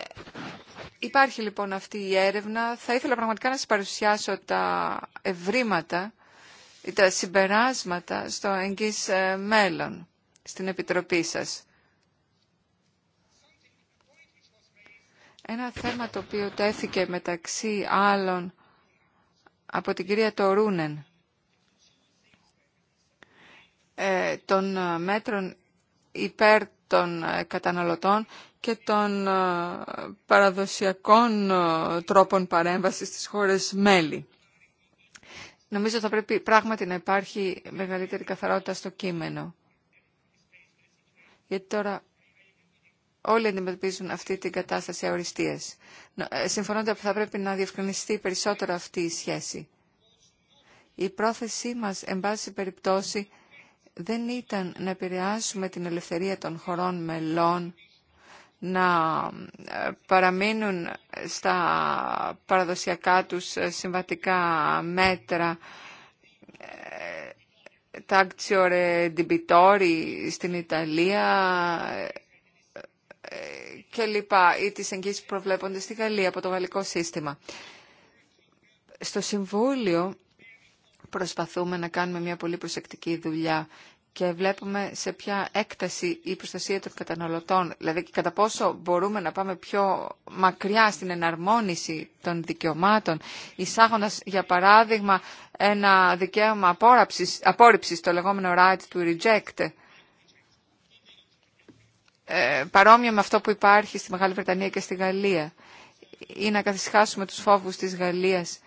υπάρχει λοιπόν αυτή η παρεμβαση σε περιπτωση ελαττωματικων προιοντων υπαρχει λοιπον αυτη η ερευνα Θα ήθελα πραγματικά να σας παρουσιάσω τα ευρήματα ή τα συμπεράσματα στο εγγύς ε, μέλλον στην Επιτροπή σας. Ένα θέμα το οποίο τέθηκε μεταξύ άλλων από την κυρία Τορούνεν ε, των ε, μέτρων υπέρ των ε, καταναλωτών και των παραδοσιακών τρόπων παρέμβασης στις χώρες μέλη. Νομίζω θα πρέπει πράγματι να υπάρχει μεγαλύτερη καθαρότητα στο κείμενο. Γιατί τώρα όλοι αντιμετωπίζουν αυτή την κατάσταση αοριστίας. Ε, Συμφωνώ ότι θα πρέπει να διευκρινιστεί περισσότερο αυτή η σχέση. Η πρόθεσή μας, εν πάση περιπτώσει, δεν ήταν να επηρεάσουμε την ελευθερία των χωρών μελών να ε, παραμείνουν στα παραδοσιακά τους ε, συμβατικά μέτρα τα στην Ιταλία και λοιπά ή τις εγγύσεις που προβλέπονται στη Γαλλία από το γαλλικό σύστημα. Στο Συμβούλιο προσπαθούμε να κάνουμε μια πολύ προσεκτική δουλειά και βλέπουμε σε ποια έκταση η προστασία των καταναλωτών, δηλαδή κατά πόσο μπορούμε να πάμε πιο μακριά στην εναρμόνιση των δικαιωμάτων, εισάγοντας για παράδειγμα ένα δικαίωμα απόρριψης το λεγόμενο right to reject, ε, παρόμοια με αυτό που υπάρχει στη Μεγάλη Βρετανία και στη Γαλλία ή να καθισχάσουμε τους φόβους της Γαλλίας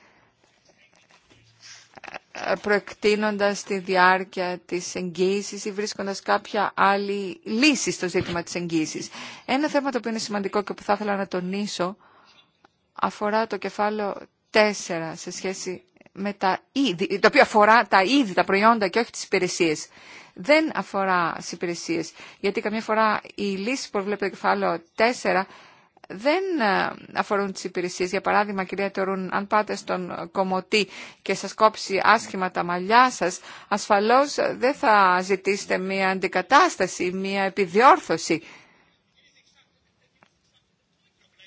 ε, προεκτείνοντας τη διάρκεια της εγγύησης ή βρίσκοντας κάποια άλλη λύση στο ζήτημα της εγγύησης. Ένα θέμα το οποίο είναι σημαντικό και που θα ήθελα να τονίσω αφορά το κεφάλαιο 4 σε σχέση με τα είδη, το οποίο αφορά τα είδη, τα προϊόντα και όχι τις υπηρεσίες. Δεν αφορά τις υπηρεσίες, γιατί καμιά φορά οι λύσεις που βλέπετε το κεφάλαιο 4 δεν ε, αφορούν τις υπηρεσίες. Για παράδειγμα, κυρία Τερούν, αν πάτε στον κομωτή και σας κόψει άσχημα τα μαλλιά σας, ασφαλώς δεν θα ζητήσετε μία αντικατάσταση, μία επιδιόρθωση.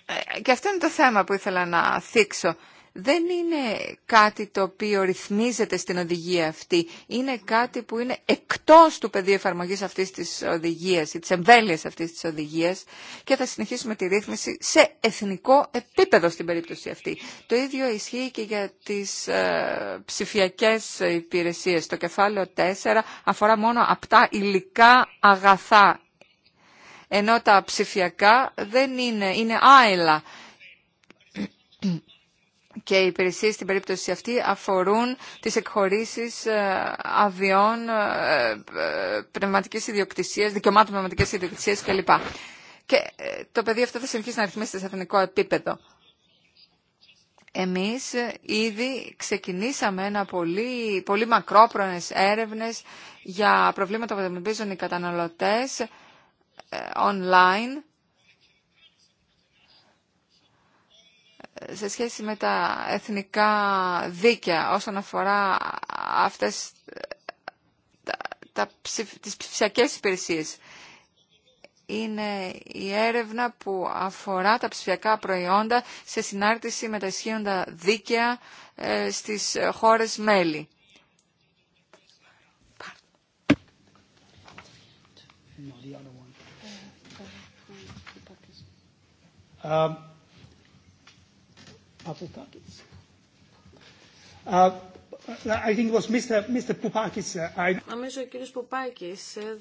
Ε, και αυτό είναι το θέμα που ήθελα να θίξω δεν είναι κάτι το οποίο ρυθμίζεται στην οδηγία αυτή. Είναι κάτι που είναι εκτός του πεδίου εφαρμογής αυτής της οδηγίας ή της εμβέλειας αυτής της οδηγίας και θα συνεχίσουμε τη ρύθμιση σε εθνικό επίπεδο στην περίπτωση αυτή. Το ίδιο ισχύει και για τις ε, ψηφιακές υπηρεσίες. Το κεφάλαιο 4 αφορά μόνο αυτά υλικά αγαθά, ενώ τα ψηφιακά δεν είναι, είναι και οι υπηρεσίες στην περίπτωση αυτή αφορούν τις εκχωρήσεις ε, αδειών ε, ε, πνευματικής ιδιοκτησίας, δικαιωμάτων πνευματικής ιδιοκτησίας κλπ. Και το πεδίο αυτό θα συνεχίσει να ρυθμίσει σε εθνικό επίπεδο. Εμείς ήδη ξεκινήσαμε ένα πολύ, πολύ μακρόπρονες έρευνες για προβλήματα που αντιμετωπίζουν οι καταναλωτές online σε σχέση με τα εθνικά δίκαια όσον αφορά αυτές τα, τα, τις ψηφιακές υπηρεσίες. Είναι η έρευνα που αφορά τα ψηφιακά προϊόντα σε συνάρτηση με τα ισχύοντα δίκαια ε, στις χώρες μέλη. Um, Uh, I think was Mr. Poupakis. Uh, I... Νομίζω ο κύριος Πουπάκης, ε,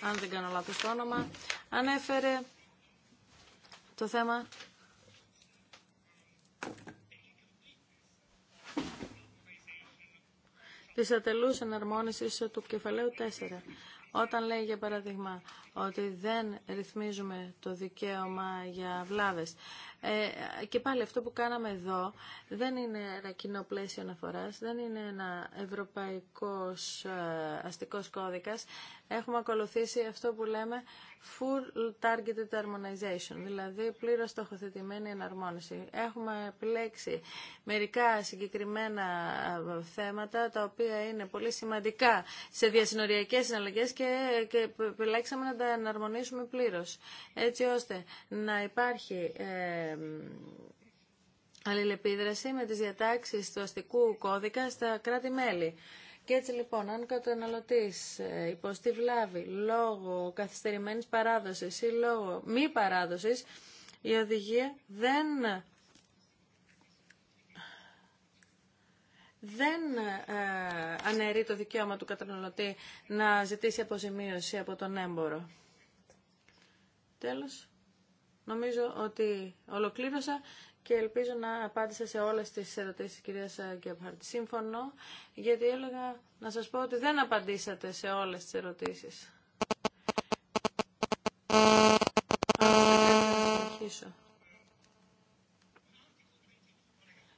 αν δεν κάνω λάθος το όνομα, ανέφερε το θέμα της ατελούς εναρμόνισης του κεφαλαίου 4. Όταν λέει για παράδειγμα ότι δεν ρυθμίζουμε το δικαίωμα για βλάβες, ε, και πάλι αυτό που κάναμε εδώ δεν είναι ένα κοινό πλαίσιο αναφοράς, δεν είναι ένα ευρωπαϊκός ε, αστικός κώδικας. Έχουμε ακολουθήσει αυτό που λέμε full targeted harmonization, δηλαδή πλήρως στοχοθετημένη εναρμόνιση. Έχουμε επιλέξει μερικά συγκεκριμένα ε, θέματα, τα οποία είναι πολύ σημαντικά σε διασυνοριακές συναλλαγές και, και επιλέξαμε να τα εναρμονίσουμε πλήρως, έτσι ώστε να υπάρχει... Ε, αλληλεπίδραση με τις διατάξεις του αστικού κώδικα στα κράτη-μέλη. Και έτσι λοιπόν, αν καταναλωτή ε, υποστεί βλάβη λόγω καθυστερημένης παράδοσης ή λόγω μη παράδοσης, η οδηγία δεν δεν ε, αναιρεί το δικαίωμα του καταναλωτή να ζητήσει αποζημίωση από τον έμπορο. Τέλος. Νομίζω ότι ολοκλήρωσα και ελπίζω να απάντησα σε όλες τις ερωτήσεις της κυρίας Γκέμπχαρτ. Σύμφωνο, γιατί έλεγα να σας πω ότι δεν απαντήσατε σε όλες τις ερωτήσεις.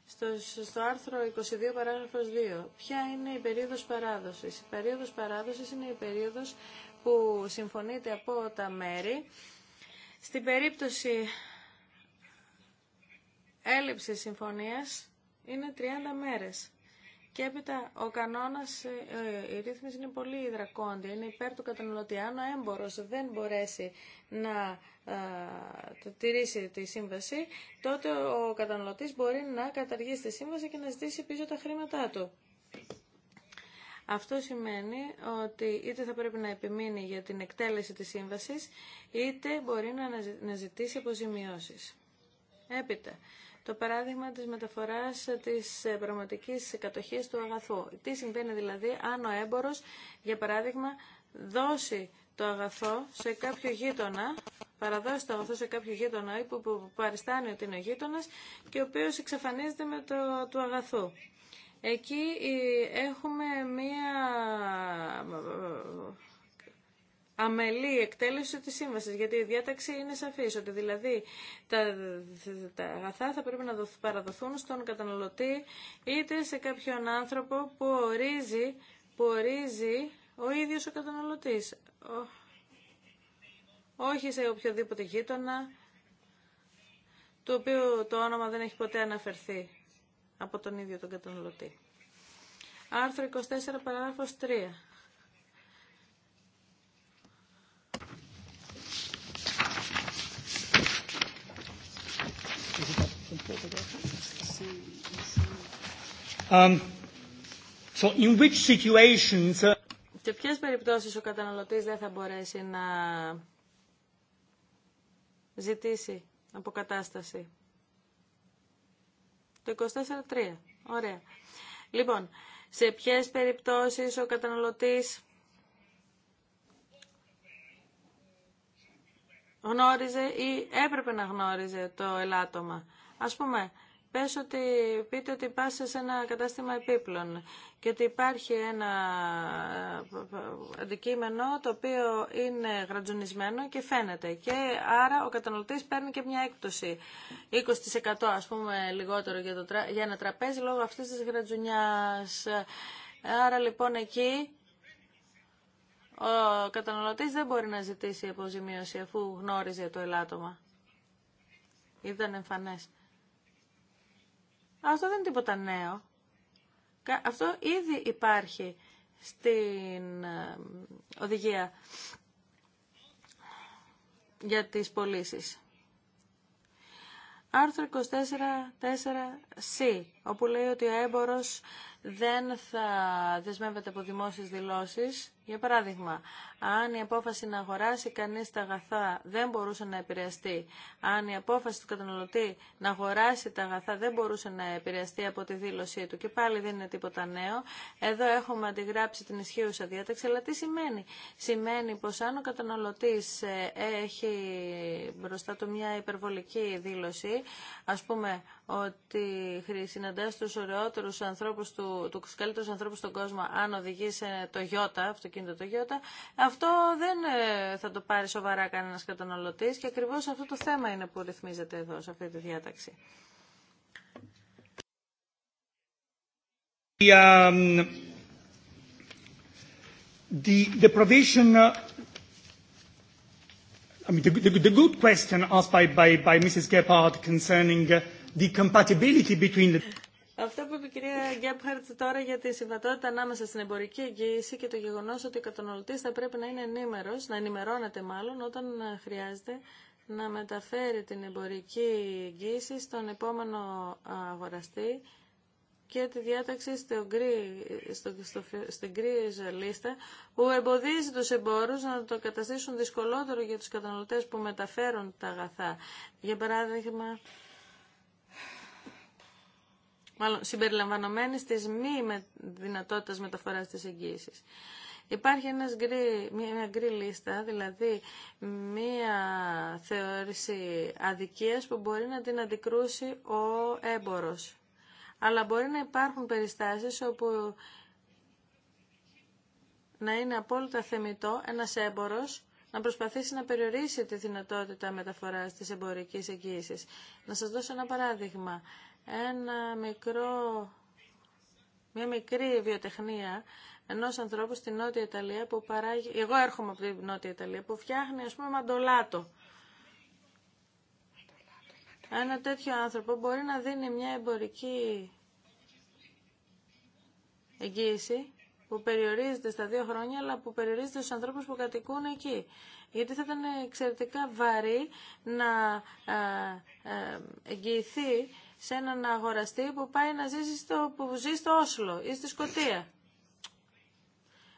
Στο, στο άρθρο 22 παράγραφος 2. Ποια είναι η περίοδος παράδοσης. Η περίοδος παράδοσης είναι η περίοδος που συμφωνείται από τα μέρη στην περίπτωση έλλειψης συμφωνίας είναι 30 μέρες. Και έπειτα ο κανόνας, ε, η ρύθμιση είναι πολύ υδρακόντια. Είναι υπέρ του καταναλωτή. Αν ο έμπορος δεν μπορέσει να ε, τηρήσει τη σύμβαση, τότε ο καταναλωτής μπορεί να καταργήσει τη σύμβαση και να ζητήσει πίσω τα χρήματά του. Αυτό σημαίνει ότι είτε θα πρέπει να επιμείνει για την εκτέλεση της σύμβασης, είτε μπορεί να ζητήσει αποζημιώσεις. Έπειτα, το παράδειγμα της μεταφοράς της πραγματικής κατοχής του αγαθού. Τι συμβαίνει δηλαδή αν ο έμπορος, για παράδειγμα, δώσει το αγαθό σε κάποιο γείτονα, παραδώσει το αγαθό σε κάποιο γείτονα ή που, που, παριστάνει ότι είναι ο γείτονας και ο οποίο εξαφανίζεται με το του αγαθού. Εκεί ε, έχουμε μία ε, αμελή εκτέλεση της σύμβασης, γιατί η διάταξη είναι σαφής, ότι δηλαδή τα, αγαθά θα πρέπει να παραδοθούν στον καταναλωτή είτε σε κάποιον άνθρωπο που ορίζει, που ορίζει ο ίδιος ο καταναλωτής. Όχι σε οποιοδήποτε γείτονα, το οποίο το όνομα δεν έχει ποτέ αναφερθεί από τον ίδιο τον καταναλωτή. Άρθρο 24, παράγραφος 3. Um, in which situations... Uh, Σε ποιες περιπτώσεις ο καταναλωτής δεν θα μπορέσει να ζητήσει αποκατάσταση. Το 24-3. Ωραία. Λοιπόν, σε ποιες περιπτώσεις ο καταναλωτής γνώριζε ή έπρεπε να γνώριζε το ελάττωμα. Ας πούμε, πες ότι, πείτε ότι πας σε ένα κατάστημα επίπλων και ότι υπάρχει ένα ε, αντικείμενο το οποίο είναι γρατζουνισμένο και φαίνεται και άρα ο καταναλωτής παίρνει και μια έκπτωση 20% ας πούμε λιγότερο για, το, για ένα τραπέζι λόγω αυτής της γρατζουνιάς. Άρα λοιπόν εκεί ο καταναλωτής δεν μπορεί να ζητήσει αποζημίωση αφού γνώριζε το ελάττωμα. Ήταν εμφανές. Αυτό δεν είναι τίποτα νέο. Αυτό ήδη υπάρχει στην ε, οδηγία για τις πωλήσει. Άρθρο 24.4c, όπου λέει ότι ο έμπορος δεν θα δεσμεύεται από δημόσιες δηλώσεις για παράδειγμα, αν η απόφαση να αγοράσει κανείς τα αγαθά δεν μπορούσε να επηρεαστεί, αν η απόφαση του καταναλωτή να αγοράσει τα αγαθά δεν μπορούσε να επηρεαστεί από τη δήλωσή του και πάλι δεν είναι τίποτα νέο, εδώ έχουμε αντιγράψει την ισχύουσα διάταξη, αλλά τι σημαίνει. Σημαίνει πως αν ο καταναλωτής ε, έχει μπροστά του μια υπερβολική δήλωση, ας πούμε ότι συναντά τους ωραιότερους ανθρώπους, του, τους καλύτερους ανθρώπους στον κόσμο αν οδηγεί το γιώτα, αυτοκίνητο το αυτό δεν ε, θα το πάρει σοβαρά κανένα καταναλωτή και ακριβώς αυτό το θέμα είναι που ρυθμίζεται εδώ σε αυτή τη διάταξη. The, um, the, provision uh... I mean, the, the, good question asked by, by, by Mrs. Gephardt concerning uh, the compatibility between the είπε η κυρία Γκέπχαρτ τώρα για τη συμβατότητα ανάμεσα στην εμπορική εγγύηση και το γεγονός ότι ο καταναλωτή θα πρέπει να είναι ενήμερος, να ενημερώνεται μάλλον όταν χρειάζεται να μεταφέρει την εμπορική εγγύηση στον επόμενο αγοραστή και τη διάταξη στο γκρι, στο, στο, στην γκρίζα λίστα που εμποδίζει τους εμπόρους να το καταστήσουν δυσκολότερο για τους καταναλωτές που μεταφέρουν τα αγαθά. Για παράδειγμα, μάλλον συμπεριλαμβανομένη της μη με, δυνατότητας μεταφοράς της εγγύησης. Υπάρχει μια γκρι λίστα, δηλαδή μια θεώρηση αδικίας που μπορεί να την αντικρούσει ο έμπορος. Αλλά μπορεί να υπάρχουν περιστάσεις όπου να είναι απόλυτα θεμητό ένας έμπορος να προσπαθήσει να περιορίσει τη δυνατότητα μεταφοράς της εμπορικής εγγύησης. Να σας δώσω ένα παράδειγμα ένα μικρό, μια μικρή βιοτεχνία ενό ανθρώπου στη Νότια Ιταλία που παράγει. Εγώ έρχομαι από τη Νότια Ιταλία που φτιάχνει, α πούμε, μαντολάτο. Ένα τέτοιο άνθρωπο μπορεί να δίνει μια εμπορική εγγύηση που περιορίζεται στα δύο χρόνια, αλλά που περιορίζεται στους ανθρώπους που κατοικούν εκεί. Γιατί θα ήταν εξαιρετικά βαρύ να ε, ε, εγγυηθεί σε έναν αγοραστή που πάει να ζήσει στο, που ζει στο Όσλο ή στη Σκοτία.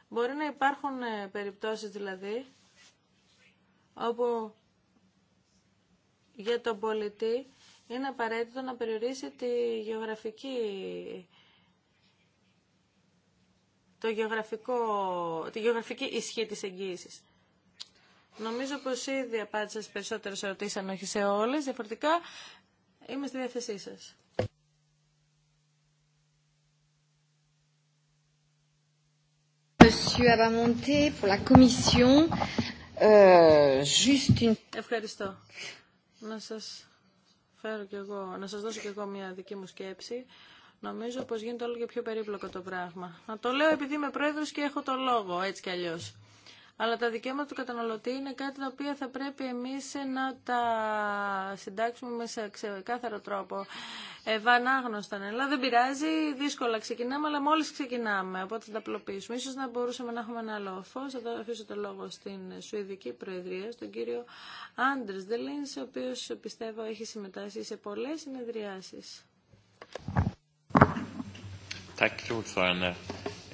Μπορεί να υπάρχουν ε, περιπτώσεις δηλαδή όπου για τον πολιτή είναι απαραίτητο να περιορίσει τη γεωγραφική το γεωγραφικό, τη γεωγραφική ισχύ της εγγύησης. Νομίζω πως ήδη απάντησα σε περισσότερες ερωτήσεις, αν όχι σε όλες. Διαφορετικά, Είμαι στη διάθεσή σας. Euh, Ευχαριστώ. Να σα φέρω εγώ, να σας δώσω κι εγώ μια δική μου σκέψη. Νομίζω πως γίνεται όλο και πιο περίπλοκο το πράγμα. Να το λέω επειδή είμαι πρόεδρος και έχω το λόγο, έτσι κι αλλιώς αλλά τα δικαιώματα του καταναλωτή είναι κάτι τα οποία θα πρέπει εμείς να τα συντάξουμε με σε ξεκάθαρο τρόπο. Ευανάγνωσταν, αλλά δεν πειράζει, δύσκολα ξεκινάμε, αλλά μόλις ξεκινάμε, οπότε θα τα απλοποιήσουμε. Ίσως να μπορούσαμε να έχουμε ένα άλλο φως, θα αφήσω το λόγο στην Σουηδική Προεδρία, στον κύριο Άντρες Δελίνς, ο οποίος πιστεύω έχει συμμετάσχει σε πολλές συνεδριάσεις.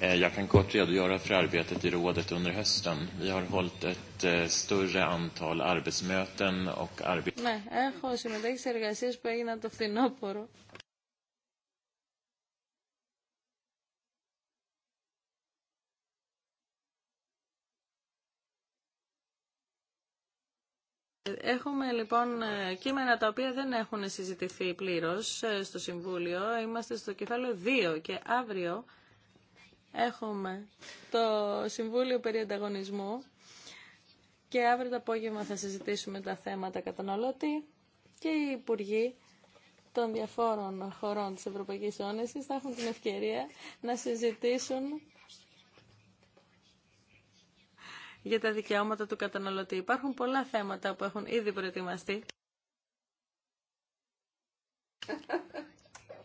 Eh, jag kan kort redogöra för arbetet i rådet under hösten. Vi har hållit ett eh, större antal arbetsmöten och arbete... Ναι, έχω που έγιναν το Έχουμε λοιπόν ε, κείμενα τα οποία δεν έχουν συζητηθεί πλήρως ε, στο Συμβούλιο. Είμαστε στο κεφάλαιο 2 και αύριο έχουμε το Συμβούλιο περί και αύριο το απόγευμα θα συζητήσουμε τα θέματα καταναλωτή και οι υπουργοί των διαφόρων χωρών της Ευρωπαϊκής Ένωσης θα έχουν την ευκαιρία να συζητήσουν για τα δικαιώματα του καταναλωτή. Υπάρχουν πολλά θέματα που έχουν ήδη προετοιμαστεί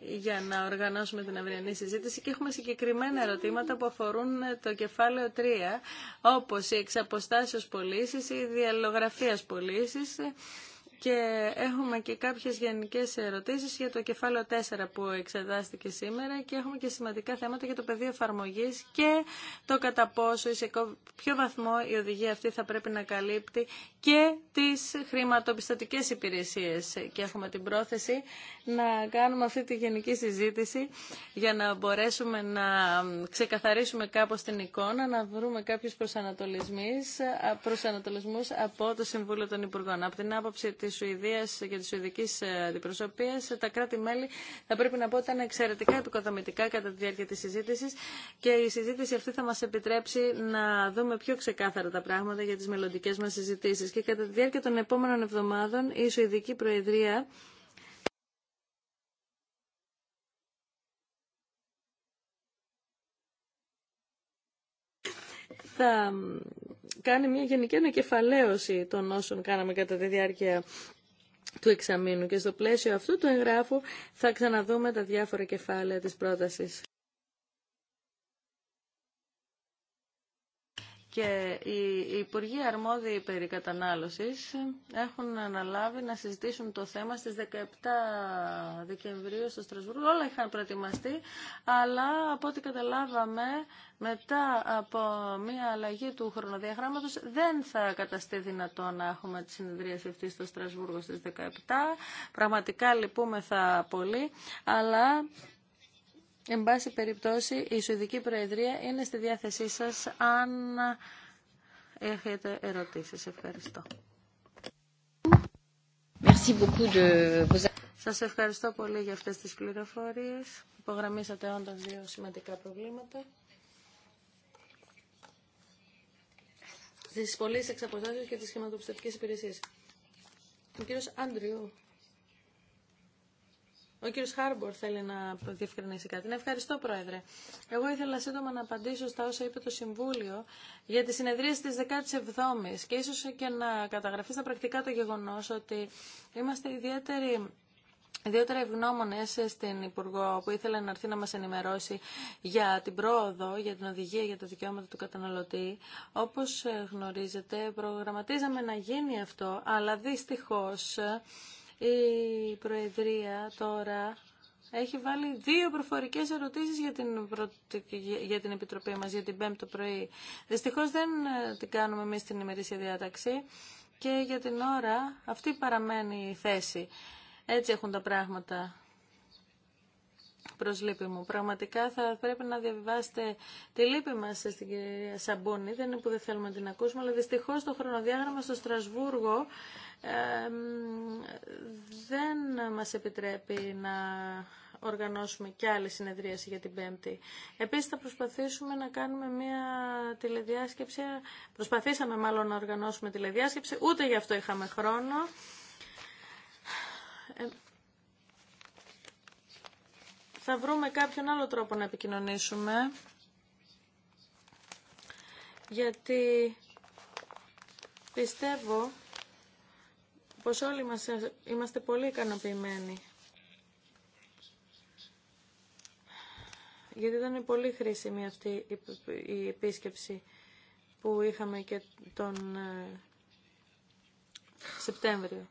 για να οργανώσουμε την αυριανή συζήτηση και έχουμε συγκεκριμένα ερωτήματα που αφορούν ε, το κεφάλαιο 3, όπως η εξαποστάσεως πωλήσει, η διαλογραφίας πωλήσει και έχουμε και κάποιες γενικές ερωτήσεις για το κεφάλαιο 4 που εξετάστηκε σήμερα και έχουμε και σημαντικά θέματα για το πεδίο εφαρμογή και το κατά πόσο ή σε ποιο βαθμό η οδηγία αυτή θα πρέπει να καλύπτει και τις χρηματοπιστωτικές υπηρεσίες. Και έχουμε την πρόθεση να κάνουμε αυτή τη γενική συζήτηση για να μπορέσουμε να ξεκαθαρίσουμε κάπως την εικόνα, να βρούμε κάποιους προσανατολισμούς από το Συμβούλιο των Υπουργών. Από την άποψη της Σουηδίας και της Σουηδικής ε, Αντιπροσωπείας, τα κράτη-μέλη θα πρέπει να πω ήταν εξαιρετικά επικοδομητικά κατά τη διάρκεια της συζήτησης και η συζήτηση αυτή θα μας επιτρέψει να δούμε πιο ξεκάθαρα τα πράγματα για τις μελλοντικές μας συζητήσεις. Και κατά τη διάρκεια των επόμενων εβδομάδων η Σουηδική Προεδρία κάνει μια γενική ανακεφαλαίωση των όσων κάναμε κατά τη διάρκεια του εξαμήνου και στο πλαίσιο αυτού του εγγράφου θα ξαναδούμε τα διάφορα κεφάλαια της πρότασης. και οι Υπουργοί Αρμόδιοι περί κατανάλωσης έχουν αναλάβει να συζητήσουν το θέμα στις 17 Δεκεμβρίου στο Στρασβούργο. Όλα είχαν προετοιμαστεί, αλλά από ό,τι καταλάβαμε μετά από μια αλλαγή του χρονοδιαγράμματος δεν θα καταστεί δυνατό να έχουμε τη συνεδρίαση αυτή στο Στρασβούργο στις 17. Πραγματικά λυπούμεθα πολύ, αλλά Εν πάση περιπτώσει, η Σουηδική Προεδρία είναι στη διάθεσή σας αν έχετε ερωτήσεις. Ευχαριστώ. Merci Σας ευχαριστώ πολύ για αυτές τις πληροφορίες. Υπογραμμίσατε όντως δύο σημαντικά προβλήματα. Στις πολλές εξαποστάσεις και τις χρηματοπιστωτικές υπηρεσίες. Ο κύριος Άντριου ο κύριο Χάρμπορ θέλει να διευκρινίσει κάτι. Ναι, ευχαριστώ, Πρόεδρε. Εγώ ήθελα σύντομα να απαντήσω στα όσα είπε το Συμβούλιο για τη συνεδρίαση τη 17 η και ίσω και να καταγραφεί στα πρακτικά το γεγονό ότι είμαστε ιδιαίτεροι Ιδιαίτερα ευγνώμονε στην Υπουργό που ήθελε να έρθει να μα ενημερώσει για την πρόοδο, για την οδηγία για τα δικαιώματα του καταναλωτή. Όπω γνωρίζετε, προγραμματίζαμε να γίνει αυτό, αλλά δυστυχώ η Προεδρία τώρα έχει βάλει δύο προφορικές ερωτήσεις για την, για την Επιτροπή μας, για την Πέμπτο πρωί. Δυστυχώς δεν ε, την κάνουμε εμείς την ημερήσια διάταξη και για την ώρα αυτή παραμένει η θέση. Έτσι έχουν τα πράγματα προς λύπη μου. Πραγματικά θα πρέπει να διαβιβάσετε τη λύπη μας στην κυρία Σαμπούνη. Δεν είναι που δεν θέλουμε να την ακούσουμε, αλλά δυστυχώς το χρονοδιάγραμμα στο Στρασβούργο δεν μας επιτρέπει να οργανώσουμε και άλλη συνεδρίαση για την Πέμπτη. Επίσης θα προσπαθήσουμε να κάνουμε μια τηλεδιάσκεψη, προσπαθήσαμε μάλλον να οργανώσουμε τηλεδιάσκεψη, ούτε γι' αυτό είχαμε χρόνο. Θα βρούμε κάποιον άλλο τρόπο να επικοινωνήσουμε, γιατί πιστεύω πως όλοι μας είμαστε πολύ ικανοποιημένοι. Γιατί ήταν πολύ χρήσιμη αυτή η επίσκεψη που είχαμε και τον ε, Σεπτέμβριο.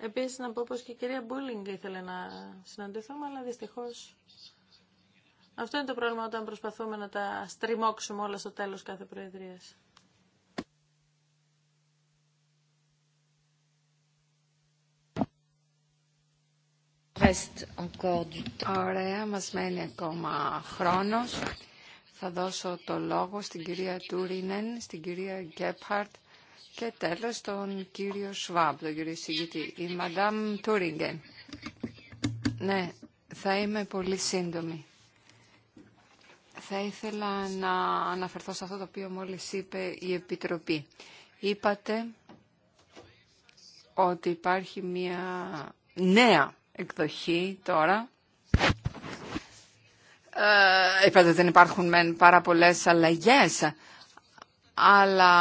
Επίσης να πω πως και η κυρία Μπούλινγκ ήθελε να συναντηθούμε, αλλά δυστυχώς αυτό είναι το πρόβλημα όταν προσπαθούμε να τα στριμώξουμε όλα στο τέλος κάθε προεδρίας. Ωραία, μας μένει ακόμα χρόνος. Θα δώσω το λόγο στην κυρία Τούρινεν, στην κυρία Γκέπχαρτ και τέλος τον κύριο Σβάμπ, τον κύριο Συγγητή, η Μαντάμ Τούρινγκεν. Ναι, θα είμαι πολύ σύντομη. Θα ήθελα να αναφερθώ σε αυτό το οποίο μόλις είπε η Επιτροπή. Είπατε ότι υπάρχει μια νέα εκδοχή τώρα. Ε, είπατε ότι δεν υπάρχουν μεν πάρα πολλές αλλαγές, αλλά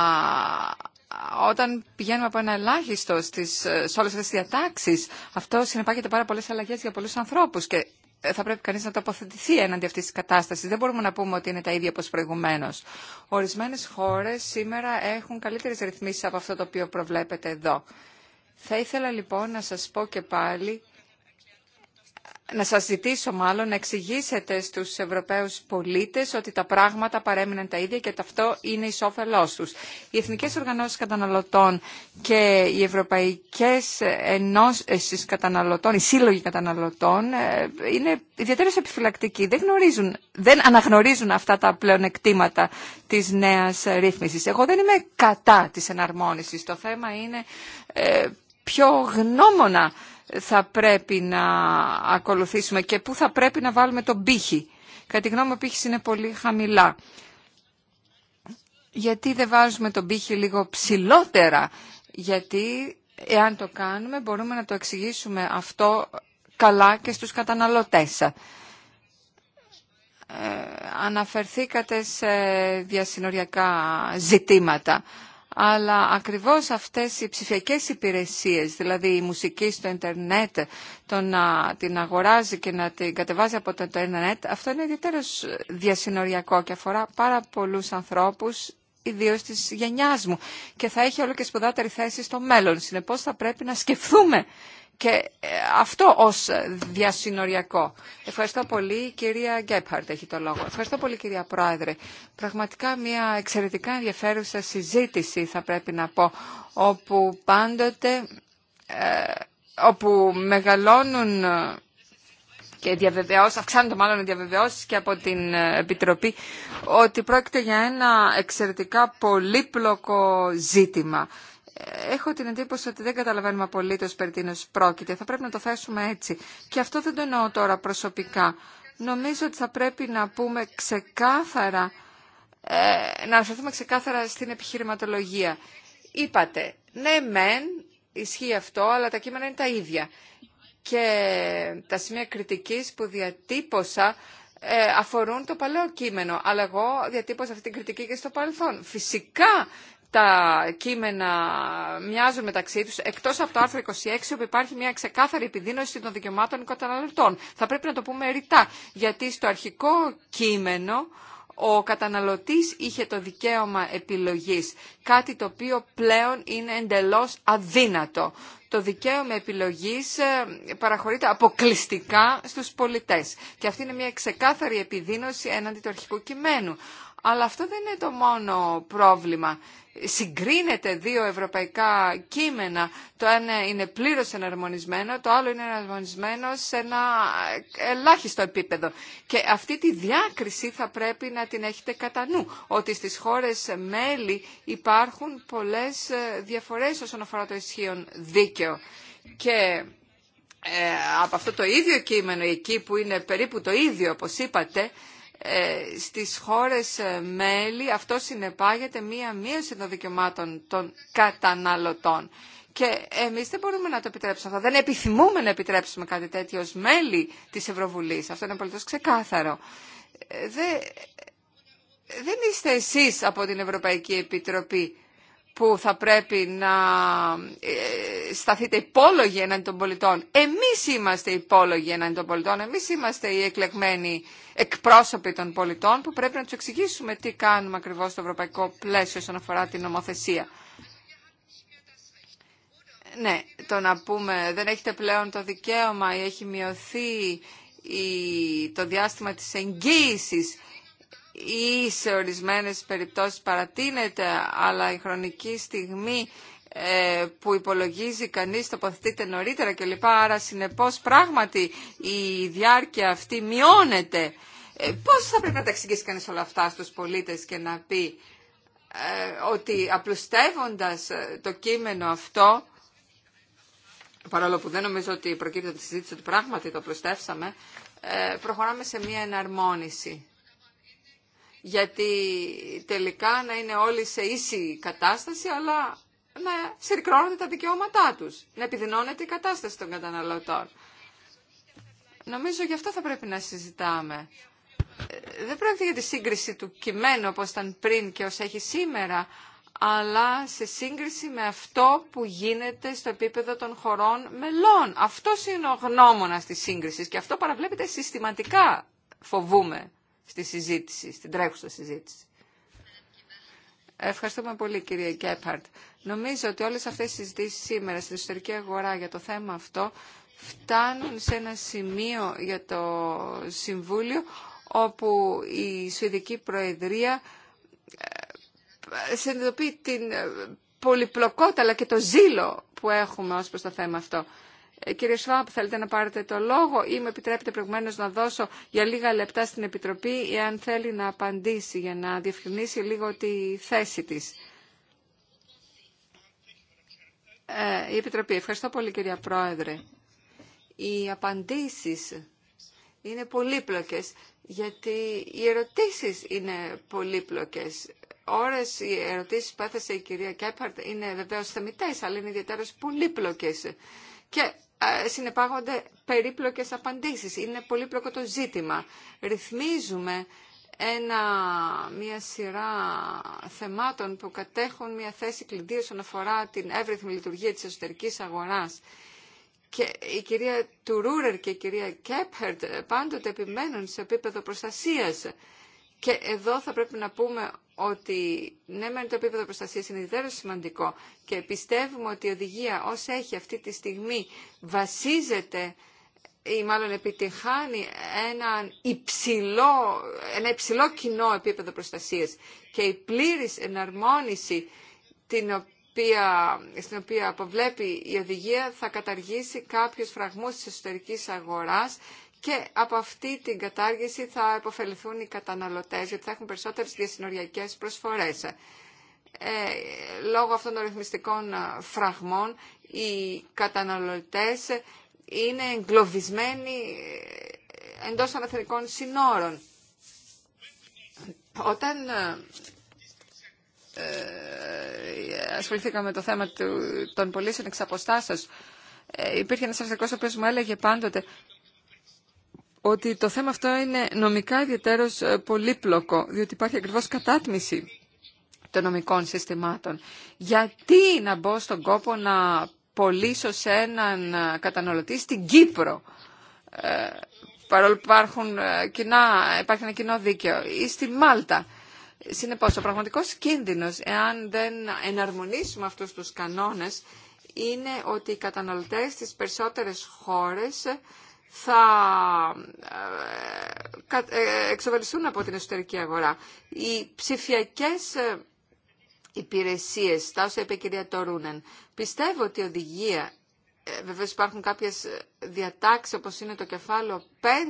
όταν πηγαίνουμε από ένα ελάχιστο στις, σε όλες τις διατάξεις, αυτό συνεπάγεται πάρα πολλές αλλαγές για πολλούς ανθρώπους και θα πρέπει κανείς να τοποθετηθεί έναντι αυτής της κατάστασης. Δεν μπορούμε να πούμε ότι είναι τα ίδια όπως προηγουμένως. Ορισμένες χώρες σήμερα έχουν καλύτερες ρυθμίσεις από αυτό το οποίο προβλέπετε εδώ. Θα ήθελα λοιπόν να σας πω και πάλι να σας ζητήσω μάλλον να εξηγήσετε στους Ευρωπαίους πολίτες ότι τα πράγματα παρέμειναν τα ίδια και αυτό είναι εις τους. Οι Εθνικές Οργανώσεις Καταναλωτών και οι Ευρωπαϊκές Ενώσεις Καταναλωτών, οι Σύλλογοι Καταναλωτών ε, είναι ιδιαίτερα επιφυλακτικοί. Δεν, γνωρίζουν, δεν αναγνωρίζουν αυτά τα πλεονεκτήματα της νέας ρύθμισης. Εγώ δεν είμαι κατά της εναρμόνισης. Το θέμα είναι ε, πιο γνώμονα θα πρέπει να ακολουθήσουμε και πού θα πρέπει να βάλουμε τον πύχη. Κατά τη γνώμη μου, ο πύχης είναι πολύ χαμηλά. Γιατί δεν βάζουμε τον πύχη λίγο ψηλότερα, γιατί εάν το κάνουμε μπορούμε να το εξηγήσουμε αυτό καλά και στους καταναλωτές. Ε, αναφερθήκατε σε διασυνοριακά ζητήματα αλλά ακριβώς αυτές οι ψηφιακές υπηρεσίες, δηλαδή η μουσική στο ίντερνετ, το να την αγοράζει και να την κατεβάζει από το ίντερνετ, αυτό είναι ιδιαίτερο διασυνοριακό και αφορά πάρα πολλούς ανθρώπους, ιδίω τη γενιά μου και θα έχει όλο και σπουδάτερη θέση στο μέλλον. Συνεπώ θα πρέπει να σκεφτούμε και ε, αυτό ως διασυνοριακό. Ευχαριστώ πολύ κυρία Γκέπχαρτ έχει το λόγο. Ευχαριστώ πολύ κυρία Πρόεδρε. Πραγματικά μια εξαιρετικά ενδιαφέρουσα συζήτηση θα πρέπει να πω όπου πάντοτε ε, όπου μεγαλώνουν και διαβεβαιώσει, αυξάνονται μάλλον οι διαβεβαιώσει και από την ε, Επιτροπή ότι πρόκειται για ένα εξαιρετικά πολύπλοκο ζήτημα έχω την εντύπωση ότι δεν καταλαβαίνουμε απολύτως περί τίνος πρόκειται. Θα πρέπει να το θέσουμε έτσι. Και αυτό δεν το εννοώ τώρα προσωπικά. Νομίζω ότι θα πρέπει να πούμε ξεκάθαρα, ε, να αναφερθούμε ξεκάθαρα στην επιχειρηματολογία. Είπατε, ναι μεν, ισχύει αυτό, αλλά τα κείμενα είναι τα ίδια. Και τα σημεία κριτικής που διατύπωσα ε, αφορούν το παλαιό κείμενο. Αλλά εγώ διατύπωσα αυτή την κριτική και στο παρελθόν. Φυσικά τα κείμενα μοιάζουν μεταξύ τους, εκτός από το άρθρο 26 όπου υπάρχει μια ξεκάθαρη επιδείνωση των δικαιωμάτων καταναλωτών. Θα πρέπει να το πούμε ρητά, γιατί στο αρχικό κείμενο ο καταναλωτής είχε το δικαίωμα επιλογής, κάτι το οποίο πλέον είναι εντελώς αδύνατο. Το δικαίωμα επιλογής ε, παραχωρείται αποκλειστικά στου πολιτέ. Και αυτή είναι μια ξεκάθαρη επιδείνωση έναντι του αρχικού κειμένου. Αλλά αυτό δεν είναι το μόνο πρόβλημα. Συγκρίνεται δύο ευρωπαϊκά κείμενα. Το ένα είναι πλήρως εναρμονισμένο, το άλλο είναι εναρμονισμένο σε ένα ελάχιστο επίπεδο. Και αυτή τη διάκριση θα πρέπει να την έχετε κατά νου, ότι στις χώρες μέλη υπάρχουν πολλές ε, διαφορές όσον αφορά το ισχύον δίκαιο. Και ε, από αυτό το ίδιο κείμενο, εκεί που είναι περίπου το ίδιο, όπως είπατε, ε, στις χώρες ε, μέλη αυτό συνεπάγεται μία μείωση των δικαιωμάτων των καταναλωτών. Και εμείς δεν μπορούμε να το επιτρέψουμε αυτό. Δεν επιθυμούμε να επιτρέψουμε κάτι τέτοιο ως μέλη της Ευρωβουλής. Αυτό είναι απολύτως ξεκάθαρο. Ε, δεν, δεν είστε εσείς από την Ευρωπαϊκή Επιτροπή που θα πρέπει να ε, σταθείτε υπόλογοι εναντί των πολιτών. Εμείς είμαστε υπόλογοι εναντί των πολιτών, εμείς είμαστε οι εκλεγμένοι εκπρόσωποι των πολιτών που πρέπει να τους εξηγήσουμε τι κάνουμε ακριβώς στο ευρωπαϊκό πλαίσιο όσον αφορά την νομοθεσία. Ναι, το να πούμε δεν έχετε πλέον το δικαίωμα ή έχει μειωθεί το διάστημα της εγγύησης ή σε ορισμένες περιπτώσεις παρατείνεται, αλλά η χρονική στιγμή ε, που υπολογίζει κανείς τοποθετείται νωρίτερα κλπ. Άρα συνεπώς πράγματι η διάρκεια αυτή μειώνεται. Ε, πώς θα πρέπει να τα εξηγήσει κανείς όλα αυτά στους πολίτες και να πει ε, ότι απλουστεύοντας το κείμενο αυτό, παρόλο που δεν νομίζω ότι προκύπτει από τη συζήτηση ότι πράγματι το απλουστεύσαμε, προχωράμε σε μια εναρμόνιση γιατί τελικά να είναι όλοι σε ίση κατάσταση, αλλά να συρκρώνονται τα δικαιώματά τους, να επιδεινώνεται η κατάσταση των καταναλωτών. Νομίζω γι' αυτό θα πρέπει να συζητάμε. Ε, δεν πρόκειται για τη σύγκριση του κειμένου όπως ήταν πριν και όσα έχει σήμερα, αλλά σε σύγκριση με αυτό που γίνεται στο επίπεδο των χωρών μελών. Αυτό είναι ο γνώμονας της σύγκρισης και αυτό παραβλέπεται συστηματικά, φοβούμε στη συζήτηση, στην τρέχουσα συζήτηση. Ευχαριστούμε πολύ κύριε Κέπαρτ. Νομίζω ότι όλες αυτές οι συζητήσεις σήμερα στην εσωτερική αγορά για το θέμα αυτό φτάνουν σε ένα σημείο για το Συμβούλιο όπου η Σουηδική Προεδρία ε, συνειδητοποιεί την ε, πολυπλοκότητα αλλά και το ζήλο που έχουμε ως προς το θέμα αυτό. Ε, κύριε Σβάμπ, θέλετε να πάρετε το λόγο ή με επιτρέπετε προηγουμένως να δώσω για λίγα λεπτά στην Επιτροπή εάν θέλει να απαντήσει για να διευκρινίσει λίγο τη θέση της. Ε, η Επιτροπή. Ευχαριστώ πολύ κυρία Πρόεδρε. Οι απαντήσεις είναι πολύπλοκες γιατί οι ερωτήσεις είναι πολύπλοκες ώρες οι ερωτήσεις που έθεσε η κυρία Κέπαρτ είναι βεβαίω θεμητέ, αλλά είναι ιδιαίτερα πολύπλοκε. Και ε, συνεπάγονται περίπλοκες απαντήσει. Είναι πολύπλοκο το ζήτημα. Ρυθμίζουμε ένα, μια σειρά θεμάτων που κατέχουν μια θέση κλειδί όσον αφορά την εύρυθμη λειτουργία της εσωτερικής αγοράς. Και η κυρία Τουρούρερ και η κυρία Κέπχερτ πάντοτε επιμένουν σε επίπεδο προστασίας. Και εδώ θα πρέπει να πούμε ότι ναι μεν το επίπεδο προστασία είναι ιδιαίτερα σημαντικό και πιστεύουμε ότι η οδηγία ως έχει αυτή τη στιγμή βασίζεται ή μάλλον επιτυχάνει ένα υψηλό, ένα υψηλό κοινό επίπεδο προστασίας και η πλήρης εναρμόνιση την οποία, στην οποία αποβλέπει η οδηγία θα καταργήσει κάποιους φραγμούς της εσωτερικής αγοράς και από αυτή την κατάργηση θα επωφεληθούν οι καταναλωτές, γιατί θα έχουν περισσότερες διασυνοριακές προσφορές. Ε, λόγω αυτών των ρυθμιστικών ε, φραγμών, οι καταναλωτές είναι εγκλωβισμένοι ε, εντός αναθερικών συνόρων. Όταν ε, ε, ασχοληθήκαμε με το θέμα του, των πωλήσεων εξ υπήρχε ένας αρχικός ο οποίος μου έλεγε πάντοτε ότι το θέμα αυτό είναι νομικά ιδιαίτερος ε, πολύπλοκο, διότι υπάρχει ακριβώς κατάτμιση των νομικών συστημάτων. Γιατί να μπω στον κόπο να πωλήσω σε έναν ε, καταναλωτή στην Κύπρο, ε, παρόλο που υπάρχουν κοινά, υπάρχει ένα κοινό δίκαιο, ή στη Μάλτα. Συνεπώς, ο πραγματικός κίνδυνος, εάν δεν εναρμονίσουμε αυτούς τους κανόνες, είναι ότι οι καταναλωτές στις περισσότερες χώρες θα ε, ε, ε, εξοβαλιστούν από την εσωτερική αγορά. Οι ψηφιακές υπηρεσίες, τα όσα είπε η κυρία Τορούνεν, πιστεύω ότι η οδηγία, βεβαίως υπάρχουν κάποιες διατάξεις όπως είναι το κεφάλαιο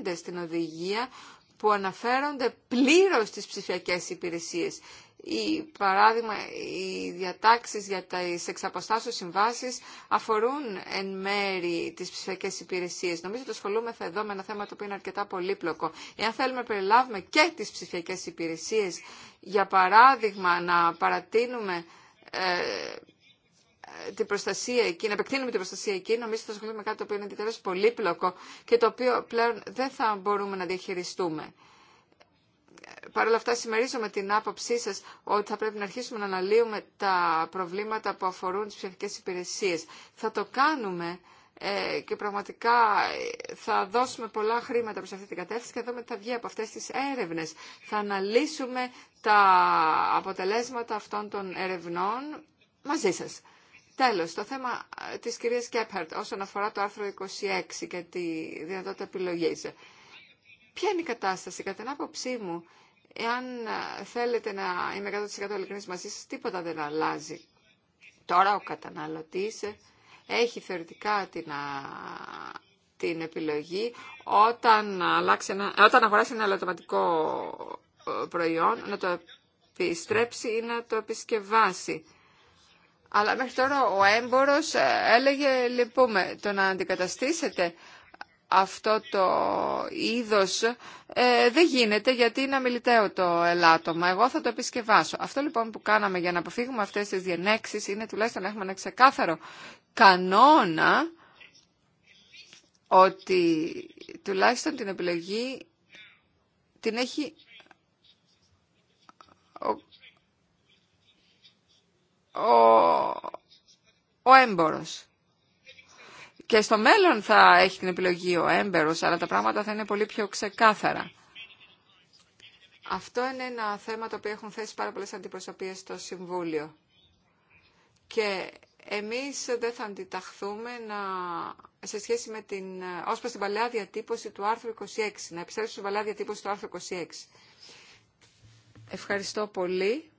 5 στην οδηγία, που αναφέρονται πλήρως στις ψηφιακές υπηρεσίες η, παράδειγμα, οι διατάξεις για τις εξαποστάσεις συμβάσεις αφορούν εν μέρη τις ψηφιακές υπηρεσίες. Νομίζω ότι ασχολούμεθα εδώ με ένα θέμα το οποίο είναι αρκετά πολύπλοκο. Εάν θέλουμε να περιλάβουμε και τις ψηφιακές υπηρεσίες, για παράδειγμα να παρατείνουμε ε, την προστασία εκεί, να επεκτείνουμε την προστασία εκεί, νομίζω ότι θα ασχολούμαι με κάτι το οποίο είναι εντελώ πολύπλοκο και το οποίο πλέον δεν θα μπορούμε να διαχειριστούμε. Παρ' όλα αυτά, συμμερίζομαι την άποψή σα ότι θα πρέπει να αρχίσουμε να αναλύουμε τα προβλήματα που αφορούν τι ψηφιακέ υπηρεσίε. Θα το κάνουμε ε, και πραγματικά ε, θα δώσουμε πολλά χρήματα προ αυτή την κατεύθυνση και θα δούμε τι θα βγει από αυτέ τι έρευνε. Θα αναλύσουμε τα αποτελέσματα αυτών των ερευνών μαζί σα. Τέλο, το θέμα ε, τη κυρία Κέπχαρτ όσον αφορά το άρθρο 26 και τη δυνατότητα επιλογή. Ποια είναι η κατάσταση, κατά την άποψή μου, εάν ε, θέλετε να είμαι 100% ειλικρινής μαζί σας, τίποτα δεν αλλάζει. Τώρα ο καταναλωτής ε, έχει θεωρητικά την, επιλογή όταν, αλλάξει όταν αγοράσει ένα αλλατοματικό ε, προϊόν να το επιστρέψει ή να το επισκευάσει. Αλλά μέχρι τώρα ο έμπορος έλεγε, λυπούμε, λοιπόν, το να αντικαταστήσετε αυτό το είδος ε, δεν γίνεται γιατί είναι αμιλητέο το ελάττωμα. Εγώ θα το επισκευάσω. Αυτό λοιπόν που κάναμε για να αποφύγουμε αυτές τις διενέξεις είναι τουλάχιστον να έχουμε ένα ξεκάθαρο κανόνα ότι τουλάχιστον την επιλογή την έχει ο, ο, ο έμπορος και στο μέλλον θα έχει την επιλογή ο έμπερος, αλλά τα πράγματα θα είναι πολύ πιο ξεκάθαρα. Αυτό είναι ένα θέμα το οποίο έχουν θέσει πάρα πολλές αντιπροσωπείες στο Συμβούλιο. Και εμείς δεν θα αντιταχθούμε να, σε σχέση με την, ως προς την παλαιά διατύπωση του άρθρου 26, να επιστρέψουμε στην παλαιά διατύπωση του άρθρου 26. Ευχαριστώ πολύ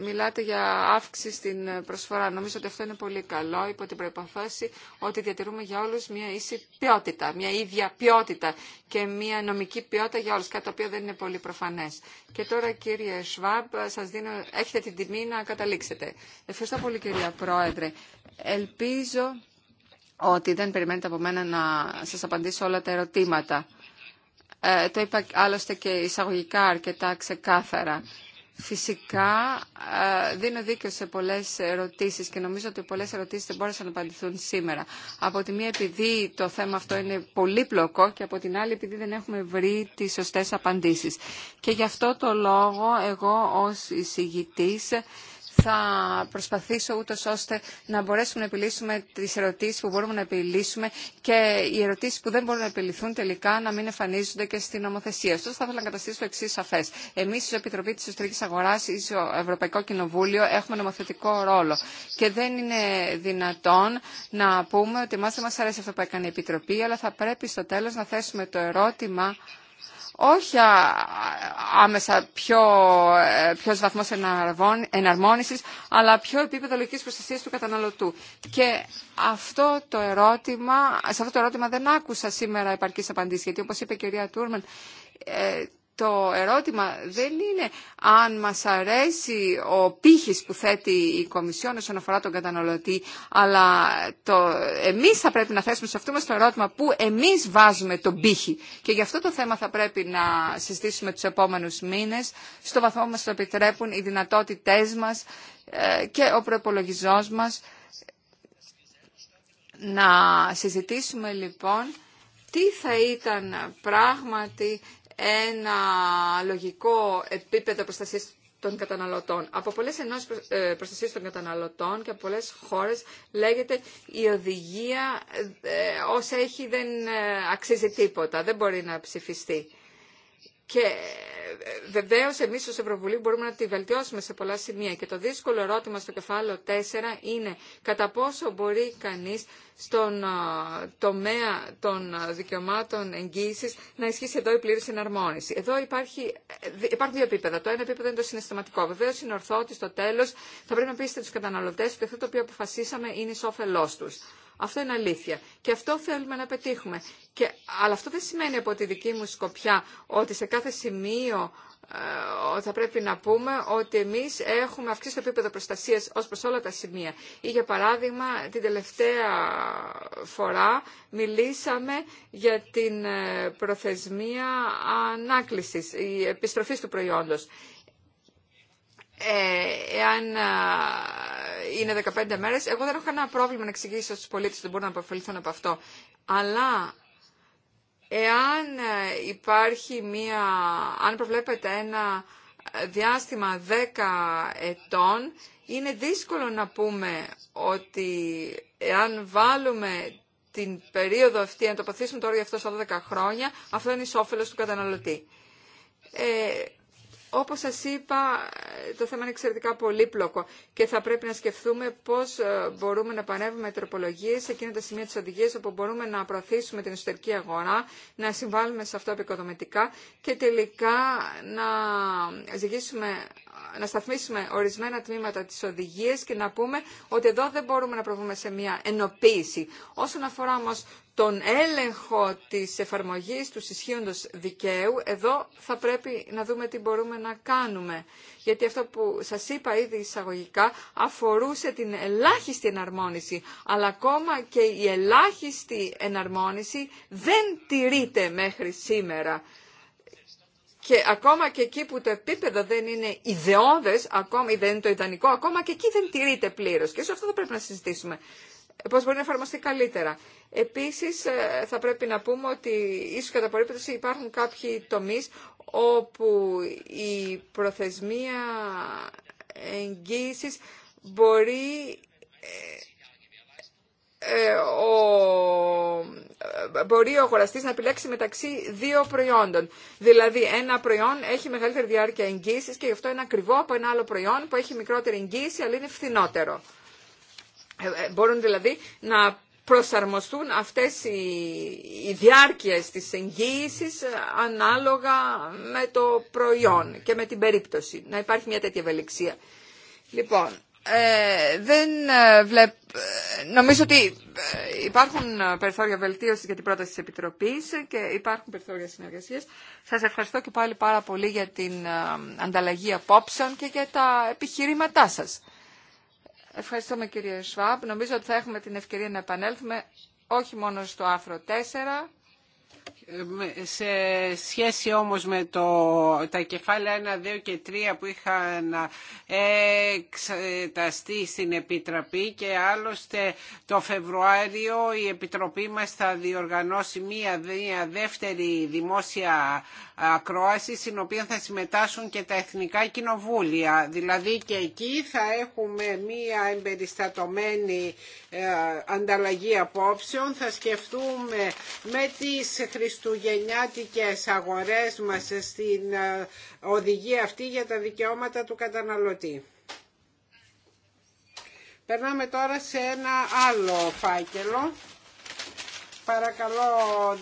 μιλάτε για αύξηση στην προσφορά. Νομίζω ότι αυτό είναι πολύ καλό υπό την προϋπόθεση ότι διατηρούμε για όλους μια ίση ποιότητα, μια ίδια ποιότητα και μια νομική ποιότητα για όλους, κάτι το οποίο δεν είναι πολύ προφανές. Και τώρα κύριε Σβάμπ, σας δίνω, έχετε την τιμή να καταλήξετε. Ευχαριστώ πολύ κυρία Πρόεδρε. Ελπίζω ότι δεν περιμένετε από μένα να σας απαντήσω όλα τα ερωτήματα. Ε, το είπα άλλωστε και εισαγωγικά αρκετά ξεκάθαρα. Φυσικά δίνω δίκιο σε πολλές ερωτήσεις και νομίζω ότι πολλές ερωτήσεις δεν μπόρεσαν να απαντηθούν σήμερα. Από τη μία επειδή το θέμα αυτό είναι πολύ πλοκό και από την άλλη επειδή δεν έχουμε βρει τις σωστές απαντήσεις. Και γι' αυτό το λόγο εγώ ως εισηγητής θα προσπαθήσω ούτω ώστε να μπορέσουμε να επιλύσουμε τι ερωτήσει που μπορούμε να επιλύσουμε και οι ερωτήσει που δεν μπορούν να επιληθούν τελικά να μην εμφανίζονται και στην νομοθεσία. Ωστόσο, θα ήθελα να καταστήσω εξή σαφέ. Εμεί, ω Επιτροπή τη Ιστορική Αγορά ή στο Ευρωπαϊκό Κοινοβούλιο, έχουμε νομοθετικό ρόλο. Και δεν είναι δυνατόν να πούμε ότι εμά δεν μα αρέσει αυτό που έκανε η Επιτροπή, αλλά θα πρέπει στο τέλο να θέσουμε το ερώτημα όχι άμεσα πιο, ποιος βαθμός εναρμόνισης, αλλά ποιο επίπεδο λογικής προστασίας του καταναλωτού. Και αυτό το ερώτημα, σε αυτό το ερώτημα δεν άκουσα σήμερα επαρκής απαντήσεις γιατί όπως είπε η κυρία Τούρμαν, ε, το ερώτημα δεν είναι αν μας αρέσει ο πύχης που θέτει η Κομισιόν όσον αφορά τον καταναλωτή, αλλά το, εμείς θα πρέπει να θέσουμε σε αυτό μας το ερώτημα που εμείς βάζουμε τον πύχη. Και γι' αυτό το θέμα θα πρέπει να συζητήσουμε τους επόμενους μήνες, στο βαθμό που μας το επιτρέπουν οι δυνατότητές μας ε, και ο προπολογισμό μας. Να συζητήσουμε λοιπόν τι θα ήταν πράγματι ένα λογικό επίπεδο προστασίας των καταναλωτών. Από πολλές ενώσεις ε, προστασίας των καταναλωτών και από πολλές χώρες λέγεται η οδηγία όσα ε, ε, έχει δεν αξίζει τίποτα, δεν μπορεί να ψηφιστεί. Και ε, βεβαίω εμεί ω Ευρωβουλή μπορούμε να τη βελτιώσουμε σε πολλά σημεία. Και το δύσκολο ερώτημα στο κεφάλαιο 4 είναι κατά πόσο μπορεί κανεί στον ε, τομέα των ε, δικαιωμάτων εγγύηση να ισχύσει εδώ η πλήρη εναρμόνιση. Εδώ υπάρχει, υπάρχουν δύο επίπεδα. Το ένα επίπεδο είναι το συναισθηματικό. Βεβαίω είναι ορθό ότι στο τέλο θα πρέπει να πείσετε του καταναλωτέ ότι αυτό το οποίο αποφασίσαμε είναι ει όφελό του. Αυτό είναι αλήθεια. Και αυτό θέλουμε να πετύχουμε. Και, αλλά αυτό δεν σημαίνει από τη δική μου σκοπιά ότι σε κάθε σημείο ε, θα πρέπει να πούμε ότι εμείς έχουμε αυξήσει το επίπεδο προστασίας ως προς όλα τα σημεία. Ή για παράδειγμα την τελευταία φορά μιλήσαμε για την ε, προθεσμία ανάκλησης, η επιστροφή του προϊόντος. Ε, εάν είναι 15 μέρες, εγώ δεν έχω κανένα πρόβλημα να εξηγήσω στους πολίτες ότι μπορούν να αποφελθούν από αυτό. Αλλά εάν υπάρχει μία, αν προβλέπετε ένα διάστημα 10 ετών, είναι δύσκολο να πούμε ότι εάν βάλουμε την περίοδο αυτή, αν παθήσουμε τώρα για αυτό στα 12 χρόνια, αυτό είναι εις του καταναλωτή. Ε, όπως σας είπα, το θέμα είναι εξαιρετικά πολύπλοκο και θα πρέπει να σκεφτούμε πώς ε, μπορούμε να πανεύουμε τροπολογίες σε εκείνα τα σημεία της οδηγίας όπου μπορούμε να προωθήσουμε την εσωτερική αγορά, να συμβάλλουμε σε αυτό επικοδομητικά και τελικά να, να σταθμίσουμε ορισμένα τμήματα της οδηγίας και να πούμε ότι εδώ δεν μπορούμε να προβούμε σε μια ενοποίηση. Όσον αφορά όμως τον έλεγχο της εφαρμογής του συσχύοντος δικαίου, εδώ θα πρέπει να δούμε τι μπορούμε να κάνουμε. Γιατί αυτό που σας είπα ήδη εισαγωγικά αφορούσε την ελάχιστη εναρμόνιση, αλλά ακόμα και η ελάχιστη εναρμόνιση δεν τηρείται μέχρι σήμερα. Και ακόμα και εκεί που το επίπεδο δεν είναι ιδεώδες, ακόμα, δεν είναι το ιδανικό, ακόμα και εκεί δεν τηρείται πλήρως. Και σε αυτό θα πρέπει να συζητήσουμε. Ε, πώς μπορεί να εφαρμοστεί καλύτερα. Επίσης, ε, θα πρέπει να πούμε ότι ίσως κατά περίπτωση υπάρχουν κάποιοι τομείς όπου η προθεσμία εγγύησης μπορεί ε, ο, μπορεί ο αγοραστής να επιλέξει μεταξύ δύο προϊόντων. Δηλαδή ένα προϊόν έχει μεγαλύτερη διάρκεια εγγύησης και γι' αυτό είναι ακριβό από ένα άλλο προϊόν που έχει μικρότερη εγγύηση αλλά είναι φθηνότερο. Ε, ε, μπορούν δηλαδή να προσαρμοστούν αυτές οι, οι διάρκειες της ε, ανάλογα με το προϊόν και με την περίπτωση. Να υπάρχει μια τέτοια ευελιξία. Λοιπόν, δεν νομίζω ότι υπάρχουν περιθώρια βελτίωση για την πρόταση της Επιτροπής και υπάρχουν περιθώρια συνεργασίας. Σας ευχαριστώ και πάλι πάρα πολύ για την ανταλλαγή απόψεων και για τα επιχειρήματά σας. Ευχαριστούμε κύριε Σβάπ. Νομίζω ότι θα έχουμε την ευκαιρία να επανέλθουμε όχι μόνο στο άρθρο 4, σε σχέση όμως με το, τα κεφάλαια 1, 2 και 3 που είχαν εξεταστεί στην Επιτροπή και άλλωστε το Φεβρουάριο η Επιτροπή μας θα διοργανώσει μία, δεύτερη δημόσια ακρόαση στην οποία θα συμμετάσχουν και τα Εθνικά Κοινοβούλια. Δηλαδή και εκεί θα έχουμε μία εμπεριστατωμένη ε, ανταλλαγή απόψεων, θα σκεφτούμε με τις χριστουγεννιάτικες αγορές μας στην ε, οδηγία αυτή για τα δικαιώματα του καταναλωτή. Περνάμε τώρα σε ένα άλλο φάκελο. Παρακαλώ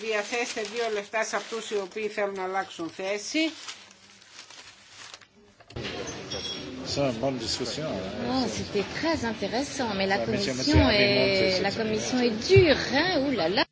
διαθέστε δύο λεφτά σε αυτούς οι οποίοι θέλουν να αλλάξουν θέση. Ça, bonne discussion. Oh, c'était très intéressant, mais la commission est, la commission est dure, hein, Ouh là là.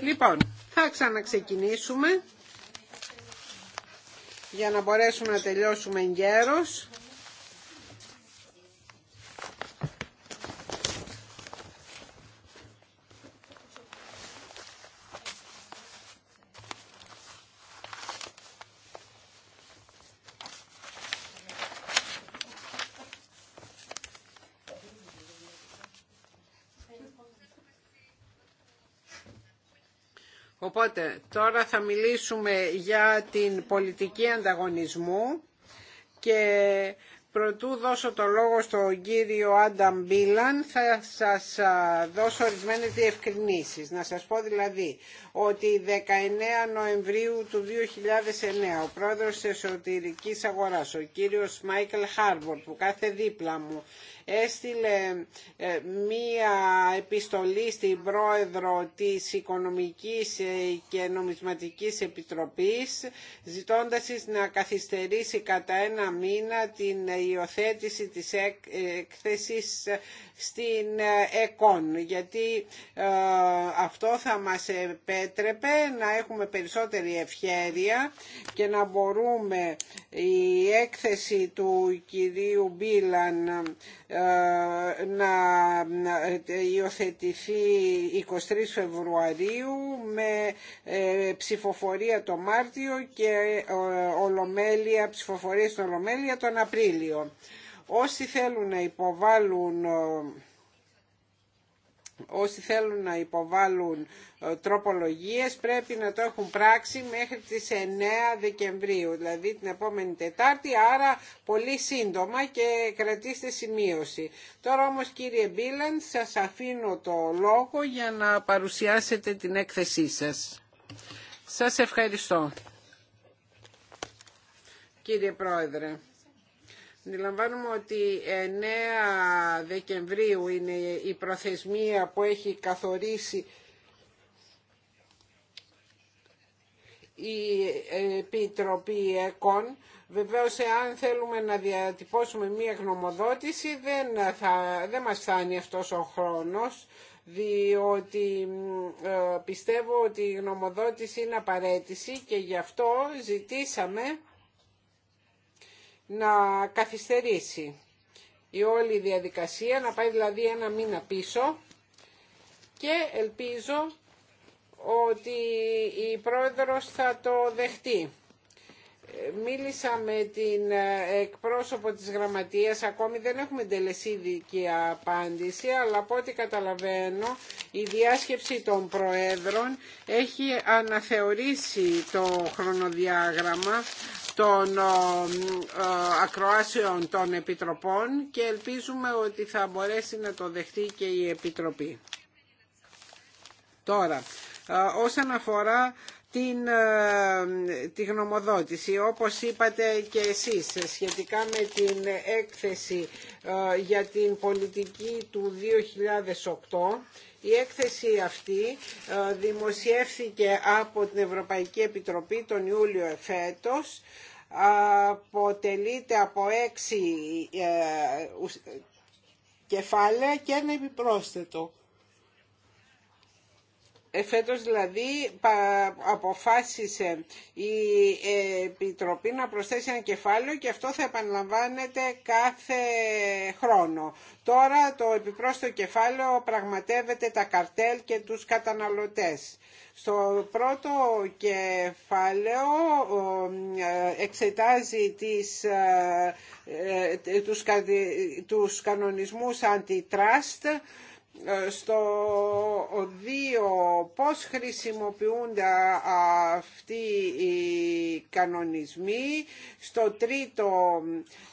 Λοιπόν, θα ξαναξεκινήσουμε για να μπορέσουμε να τελειώσουμε γέρος. Τώρα θα μιλήσουμε για την πολιτική ανταγωνισμού και Προτού δώσω το λόγο στον κύριο Άνταμ Μπίλαν, θα σας δώσω ορισμένες διευκρινήσεις. Να σας πω δηλαδή ότι 19 Νοεμβρίου του 2009 ο πρόεδρος της εσωτερικής αγοράς, ο κύριος Μάικλ Χάρμπορ, που κάθε δίπλα μου έστειλε ε, μία επιστολή στην πρόεδρο της Οικονομικής ε, και Νομισματικής Επιτροπής ζητώντας να καθυστερήσει κατά ένα μήνα την υιοθέτηση της έκθεσης στην ε, ΕΚΟΝ γιατί αυτό θα μας επέτρεπε να έχουμε περισσότερη ευχέρεια και να μπορούμε η έκθεση του κυρίου Μπίλαν ε, να ε, υιοθετηθεί 23 Φεβρουαρίου με ε, ψηφοφορία το Μάρτιο και ολομέλεια, ψηφοφορία στην Ολομέλεια τον Απρίλιο. Όσοι θέλουν να υποβάλουν όσοι θέλουν να υποβάλουν ε, τροπολογίες πρέπει να το έχουν πράξει μέχρι τις 9 Δεκεμβρίου, δηλαδή την επόμενη Τετάρτη, άρα πολύ σύντομα και κρατήστε σημείωση. Τώρα όμως κύριε Μπίλαν σας αφήνω το λόγο για να παρουσιάσετε την έκθεσή σας. Σας ευχαριστώ. Κύριε Πρόεδρε. Αντιλαμβάνουμε ότι 9 Δεκεμβρίου είναι η προθεσμία που έχει καθορίσει η Επιτροπή ΕΚΟΝ. Βεβαίως, εάν θέλουμε να διατυπώσουμε μία γνωμοδότηση, δεν, θα, δεν μας φτάνει αυτός ο χρόνος, διότι ε, πιστεύω ότι η γνωμοδότηση είναι απαραίτηση και γι' αυτό ζητήσαμε να καθυστερήσει η όλη διαδικασία, να πάει δηλαδή ένα μήνα πίσω και ελπίζω ότι η πρόεδρος θα το δεχτεί. Μίλησα με την ε, εκπρόσωπο της γραμματείας, ακόμη δεν έχουμε τελεσίδικη απάντηση, αλλά από ό,τι καταλαβαίνω η διάσκεψη των προέδρων έχει αναθεωρήσει το χρονοδιάγραμμα των ακροάσεων των Επιτροπών και ελπίζουμε ότι θα μπορέσει να το δεχτεί και η Επιτροπή. Τώρα, ε, όσον αφορά την, ε, τη γνωμοδότηση. Όπως είπατε και εσείς σχετικά με την έκθεση ε, για την πολιτική του 2008 η έκθεση αυτή ε, δημοσιεύθηκε από την Ευρωπαϊκή Επιτροπή τον Ιούλιο εφέτος. Αποτελείται από έξι ε, κεφάλαια και ένα επιπρόσθετο. Ε, φέτος δηλαδή αποφάσισε η Επιτροπή να προσθέσει ένα κεφάλαιο και αυτό θα επαναλαμβάνεται κάθε χρόνο. Τώρα το επιπρόσθετο κεφάλαιο πραγματεύεται τα καρτέλ και τους καταναλωτές. Στο πρώτο κεφάλαιο ε, εξετάζει τις, ε, τους, τους κανονισμούς αντιτράστ ε, στο δύο, πώς χρησιμοποιούνται αυτοί οι κανονισμοί, στο τρίτο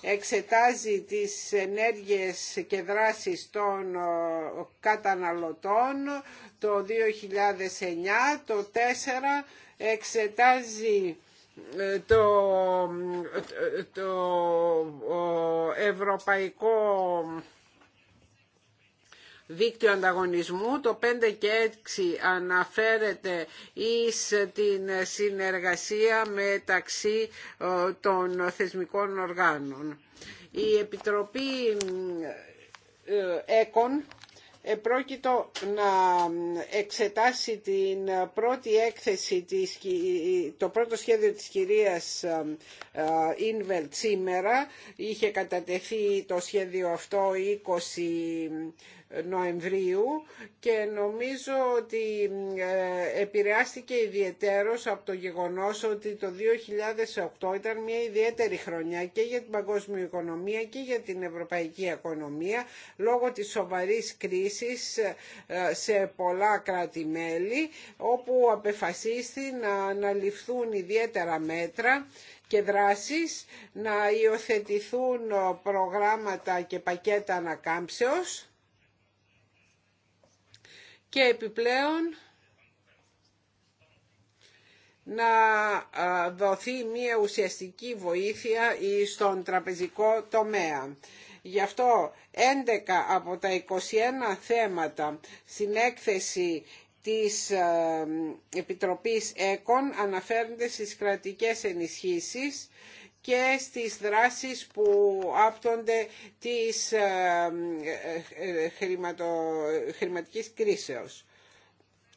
εξετάζει τις ενέργειες και δράσεις των ε, καταναλωτών το 2009, το τέσσερα, εξετάζει ε, το, το ευρωπαϊκό δίκτυο ανταγωνισμού. Το 5 και 6 αναφέρεται εις την συνεργασία μεταξύ ε, των θεσμικών οργάνων. Η Επιτροπή ε, ε, ΕΚΟΝ επρόκειτο να εξετάσει την πρώτη έκθεση, το πρώτο σχέδιο της κυρίας ε, Ινβελτ σήμερα. Είχε κατατεθεί το σχέδιο αυτό 20 Νοεμβρίου και νομίζω ότι ε, επηρεάστηκε ιδιαίτερος από το γεγονός ότι το 2008 ήταν μια ιδιαίτερη χρονιά και για την παγκόσμια οικονομία και για την ευρωπαϊκή οικονομία λόγω της σοβαρής κρίσης ε, σε πολλά κράτη-μέλη όπου απεφασίστη να αναλυφθούν ιδιαίτερα μέτρα και δράσεις, να υιοθετηθούν προγράμματα και πακέτα ανακάμψεως και επιπλέον να δοθεί μια ουσιαστική βοήθεια στον τραπεζικό τομέα. Γι' αυτό 11 από τα 21 θέματα στην έκθεση της ε, Επιτροπής ΕΚΟΝ αναφέρονται στις κρατικές ενισχύσεις και στις δράσεις που άπτονται της ε, ε, χρηματο... χρηματικής κρίσεως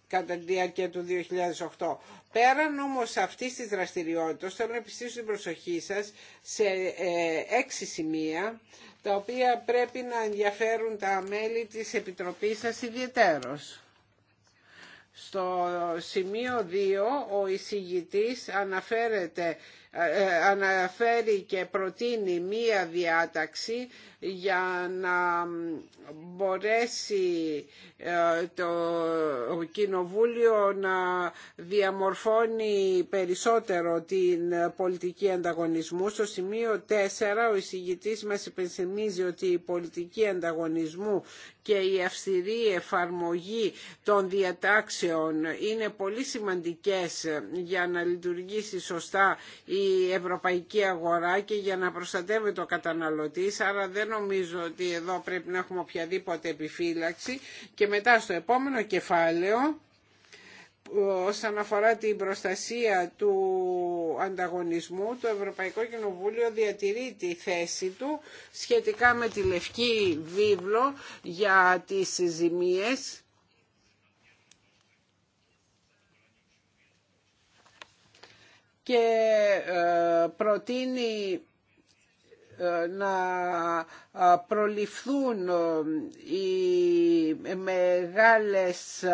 κατά τη διάρκεια του 2008. Πέραν όμως αυτής της δραστηριότητας θέλω να επιστήσω την προσοχή σας σε έξι σημεία τα οποία πρέπει να ενδιαφέρουν τα μέλη της Επιτροπής σας ιδιαιτέρως. Στο σημείο 2 ο εισηγητής αναφέρεται ε, ε, αναφέρει και προτείνει μία διάταξη για να μπορέσει ε, το Κοινοβούλιο να διαμορφώνει περισσότερο την πολιτική ανταγωνισμού. Στο σημείο 4 ο εισηγητής μας υπενθυμίζει ότι η πολιτική ανταγωνισμού και η αυστηρή εφαρμογή των διατάξεων είναι πολύ σημαντικές για να λειτουργήσει σωστά η ευρωπαϊκή αγορά και για να προστατεύει το καταναλωτή, άρα δεν νομίζω ότι εδώ πρέπει να έχουμε οποιαδήποτε επιφύλαξη και μετά στο επόμενο κεφάλαιο όσον αφορά την προστασία του ανταγωνισμού, το Ευρωπαϊκό Κοινοβούλιο διατηρεί τη θέση του σχετικά με τη Λευκή Βίβλο για τις ζημίες και ε, προτείνει ε, να ε, προληφθούν οι μεγάλες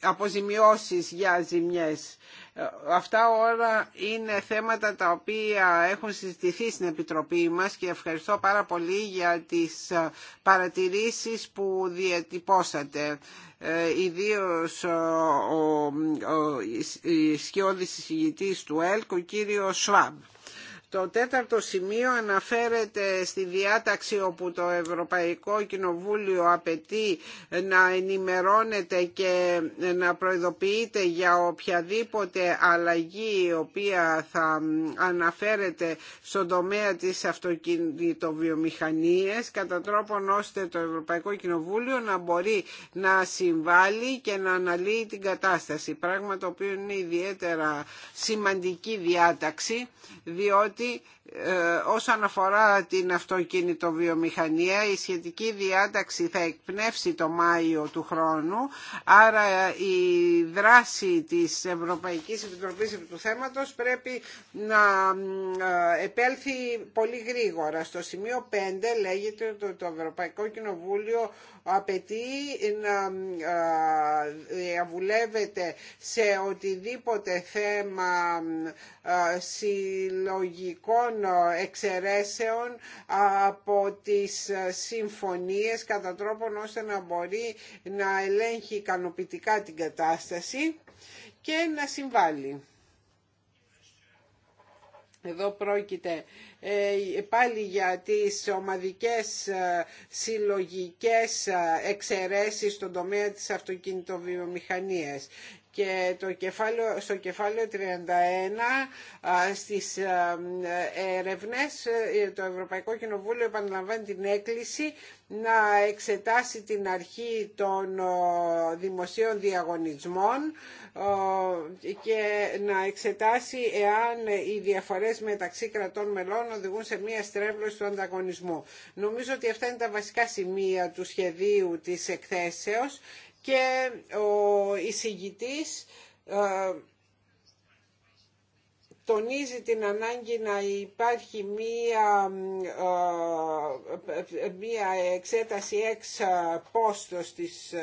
αποζημιώσεις για ζημιές. Αυτά όλα είναι θέματα τα οποία έχουν συζητηθεί στην Επιτροπή μας και ευχαριστώ πάρα πολύ για τις παρατηρήσεις που διατυπώσατε ιδίως ο σκιώδη εισηγητής του ΕΛΚ, ο κύριος Σουάμπ. Το τέταρτο σημείο αναφέρεται στη διάταξη όπου το Ευρωπαϊκό Κοινοβούλιο απαιτεί να ενημερώνεται και να προειδοποιείται για οποιαδήποτε αλλαγή η οποία θα αναφέρεται στον τομέα της αυτοκινητοβιομηχανίας κατά τρόπον ώστε το Ευρωπαϊκό Κοινοβούλιο να μπορεί να συμβάλλει και να αναλύει την κατάσταση. Πράγμα το οποίο είναι ιδιαίτερα σημαντική διάταξη διότι αυτή ε, όσον αφορά την βιομηχανία, η σχετική διάταξη θα εκπνεύσει το Μάιο του χρόνου άρα η δράση της Ευρωπαϊκής Επιτροπής του θέματος πρέπει να ε, επέλθει πολύ γρήγορα. Στο σημείο 5 λέγεται ότι το Ευρωπαϊκό Κοινοβούλιο απαιτεί να ε, διαβουλεύεται σε οτιδήποτε θέμα συλλογικών εξαιρέσεων από τις συμφωνίες κατά τρόπον ώστε να μπορεί να ελέγχει ικανοποιητικά την κατάσταση και να συμβάλλει. Εδώ πρόκειται ε, πάλι για τις ομαδικές ε, συλλογικές ε, εξαιρέσεις στον τομέα της αυτοκινητοβιομηχανίας και το κεφάλαιο, στο κεφάλαιο 31 στις ερευνές ε, το Ευρωπαϊκό Κοινοβούλιο επαναλαμβάνει την έκκληση να εξετάσει την αρχή των δημοσίων διαγωνισμών και να εξετάσει εάν οι διαφορές μεταξύ κρατών μελών οδηγούν σε μία στρέβλωση του ανταγωνισμού. Νομίζω ότι αυτά είναι τα βασικά σημεία του σχεδίου της εκθέσεως και ο εισηγητής ε, τονίζει την ανάγκη να υπάρχει μία, ε, μία εξέταση εξ ε, πόστος στις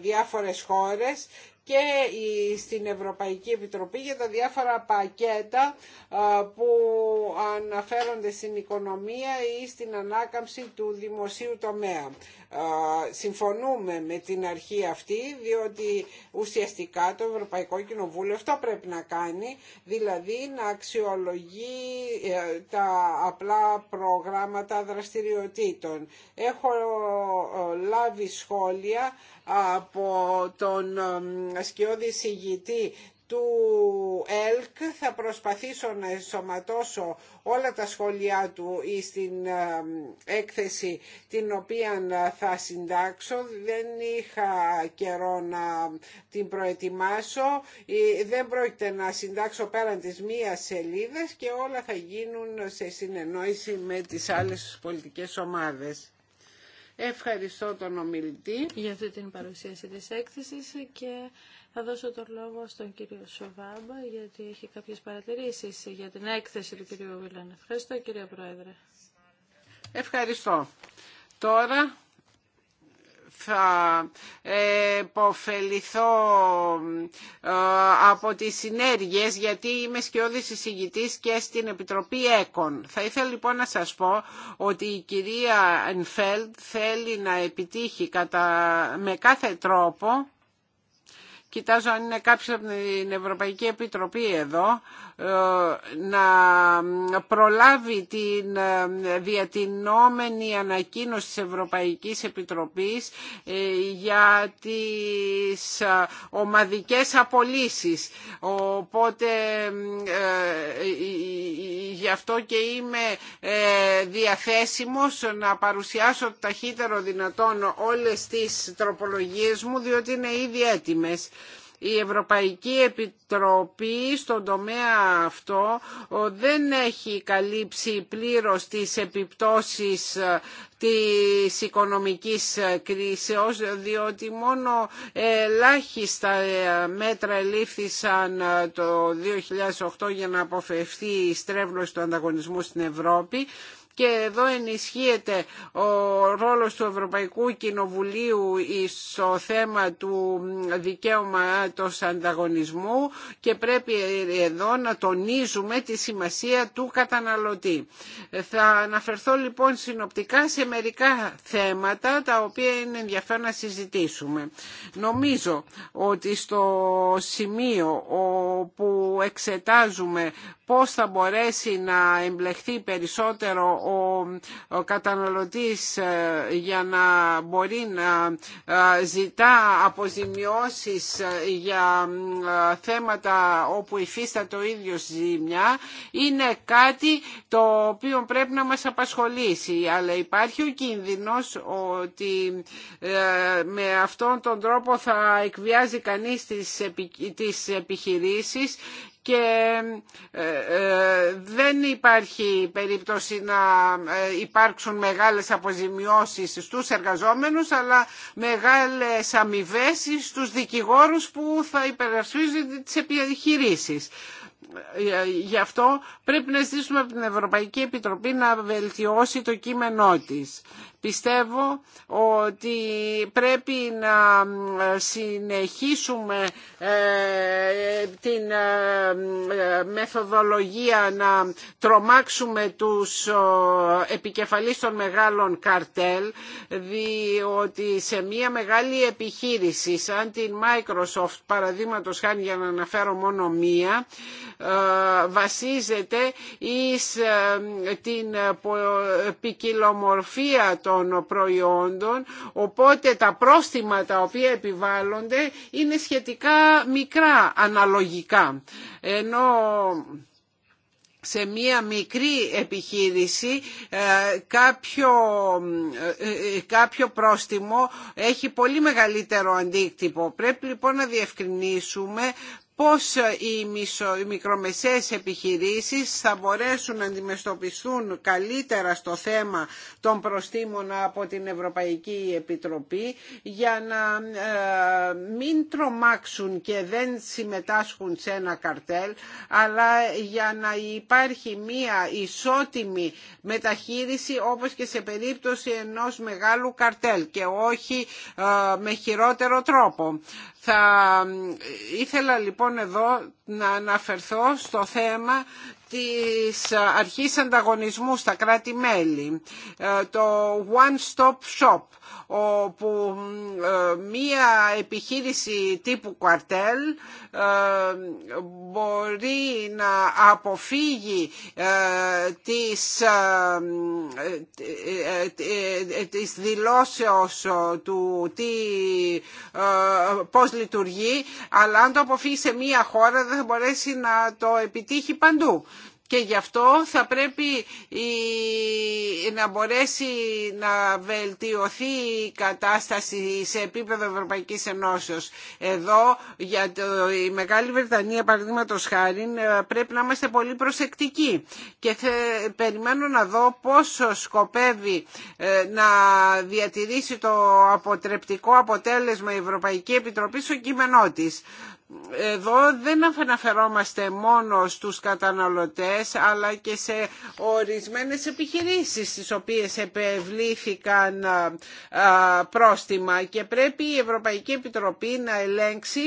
διάφορες χώρες και στην Ευρωπαϊκή Επιτροπή για τα διάφορα πακέτα που αναφέρονται στην οικονομία ή στην ανάκαμψη του δημοσίου τομέα. Συμφωνούμε με την αρχή αυτή διότι ουσιαστικά το Ευρωπαϊκό Κοινοβούλιο αυτό πρέπει να κάνει, δηλαδή να αξιολογεί ε, τα απλά προγράμματα δραστηριοτήτων. Έχω ε, λάβει σχόλια από τον σκιώδη συγητή του ΕΛΚ θα προσπαθήσω να ενσωματώσω όλα τα σχόλιά του ή στην έκθεση την οποία θα συντάξω. Δεν είχα καιρό να την προετοιμάσω. Ε, δεν πρόκειται να συντάξω πέραν της μία σελίδες και όλα θα γίνουν σε συνεννόηση με τις άλλες πολιτικές ομάδες. Ευχαριστώ τον ομιλητή για αυτή την παρουσίαση της έκθεσης και θα δώσω τον λόγο στον κύριο Σοβάμπα γιατί έχει κάποιες παρατηρήσεις για την έκθεση του κύριου Βίλαν. Ευχαριστώ κύριε Πρόεδρε. Ευχαριστώ. Τώρα θα υποφεληθώ ε, από τις συνέργειες γιατί είμαι σκιώδης εισηγητής και στην Επιτροπή ΕΚΟΝ. Θα ήθελα λοιπόν να σας πω ότι η κυρία Ενφέλτ θέλει να επιτύχει κατά, με κάθε τρόπο κοιτάζω αν είναι κάποιος από την Ευρωπαϊκή Επιτροπή εδώ, ε, να προλάβει την ε, διατηνόμενη ανακοίνωση της Ευρωπαϊκής Επιτροπής ε, για τις ομαδικές απολύσεις. Οπότε γι' αυτό και είμαι διαθέσιμος να παρουσιάσω το ταχύτερο δυνατόν όλες τις τροπολογίες μου διότι είναι ήδη έτοιμες η Ευρωπαϊκή Επιτροπή στον τομέα αυτό δεν έχει καλύψει πλήρως τις επιπτώσεις ε, της οικονομικής ε, κρίσεως διότι μόνο ελάχιστα ε, μέτρα ελήφθησαν το 2008 για να αποφευθεί η στρέβλωση του ανταγωνισμού στην Ευρώπη και εδώ ενισχύεται ο ρόλος του Ευρωπαϊκού Κοινοβουλίου στο θέμα του δικαίωματος ανταγωνισμού και πρέπει εδώ να τονίζουμε τη σημασία του καταναλωτή. Θα αναφερθώ λοιπόν συνοπτικά σε μερικά θέματα τα οποία είναι ενδιαφέρον να συζητήσουμε. Νομίζω ότι στο σημείο που εξετάζουμε πώς θα μπορέσει να εμπλεχθεί περισσότερο ο καταναλωτής ε, για να μπορεί να ε, ζητά αποζημιώσεις ε, για θέματα όπου υφίσταται το ίδιος ζημιά είναι κάτι το οποίο πρέπει να μας απασχολήσει αλλά υπάρχει ο κίνδυνος ότι με αυτόν τον τρόπο θα εκβιάζει κανείς τις επιχειρήσεις και ε, ε, δεν υπάρχει περίπτωση να ε, υπάρξουν μεγάλες αποζημιώσεις στους εργαζόμενους αλλά μεγάλες αμοιβέ στους δικηγόρους που θα υπερασπίζονται τις επιχειρήσεις. Γι' αυτό πρέπει να ζητήσουμε από την Ευρωπαϊκή Επιτροπή να βελτιώσει το κείμενό της. Πιστεύω ότι πρέπει να συνεχίσουμε ε, την ε, ε, μεθοδολογία να τρομάξουμε τους επικεφαλείς των μεγάλων καρτέλ διότι σε μια μεγάλη επιχείρηση σαν την Microsoft παραδείγματος χάνει για να αναφέρω μόνο μία βασίζεται εις την ποικιλομορφία των των προϊόντων οπότε τα πρόστιμα τα οποία επιβάλλονται είναι σχετικά μικρά αναλογικά ενώ σε μία μικρή επιχείρηση ε, κάποιο, ε, ε, κάποιο πρόστιμο έχει πολύ μεγαλύτερο αντίκτυπο. Πρέπει λοιπόν να διευκρινίσουμε πώς οι μικρομεσαίες επιχειρήσεις θα μπορέσουν να αντιμετωπιστούν καλύτερα στο θέμα των προστήμων από την Ευρωπαϊκή Επιτροπή για να ε, μην τρομάξουν και δεν συμμετάσχουν σε ένα καρτέλ αλλά για να υπάρχει μία ισότιμη μεταχείριση όπως και σε περίπτωση ενός μεγάλου καρτέλ και όχι ε, με χειρότερο τρόπο. Θα ήθελα λοιπόν εδώ να αναφερθώ στο θέμα της αρχής ανταγωνισμού στα κράτη-μέλη, ε, το one-stop shop όπου ε, μία επιχείρηση τύπου κουαρτέλ ε, μπορεί να αποφύγει ε, τις, τις δηλώσεως του τι, πώς λειτουργεί αλλά αν το αποφύγει σε μία χώρα δεν θα μπορέσει να το επιτύχει παντού και γι' αυτό θα πρέπει να μπορέσει να βελτιωθεί η κατάσταση σε επίπεδο Ευρωπαϊκής Ενώσεως. Εδώ για το, η Μεγάλη Βρετανία παραδείγματο χάρη ε, πρέπει να είμαστε πολύ προσεκτικοί και θε, περιμένω να δω πόσο σκοπεύει ε, να διατηρήσει το αποτρεπτικό αποτέλεσμα η Ευρωπαϊκή Επιτροπή στο κείμενό της εδώ δεν αναφερόμαστε μόνο στους καταναλωτές αλλά και σε ορισμένες επιχειρήσεις στις οποίες επευλήθηκαν πρόστιμα και πρέπει η Ευρωπαϊκή Επιτροπή να ελέγξει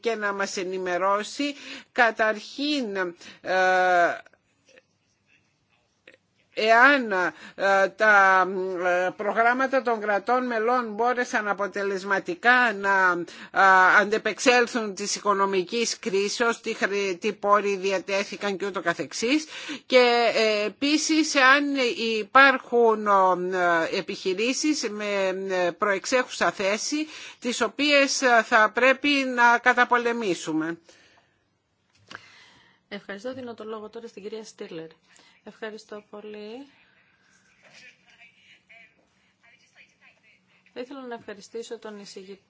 και να μας ενημερώσει καταρχήν εάν ε, τα ε, προγράμματα των κρατών μελών μπόρεσαν αποτελεσματικά να ε, αντεπεξέλθουν της οικονομικής κρίσεως, τι, τι πόροι διατέθηκαν και ούτω καθεξής και επίσης αν υπάρχουν επιχειρήσεις με προεξέχουσα θέση τις οποίες θα πρέπει να καταπολεμήσουμε. Ευχαριστώ. Δίνω το λόγο τώρα στην κυρία Στήλερ. Ευχαριστώ πολύ. Θα ήθελα να ευχαριστήσω τον, εισηγη...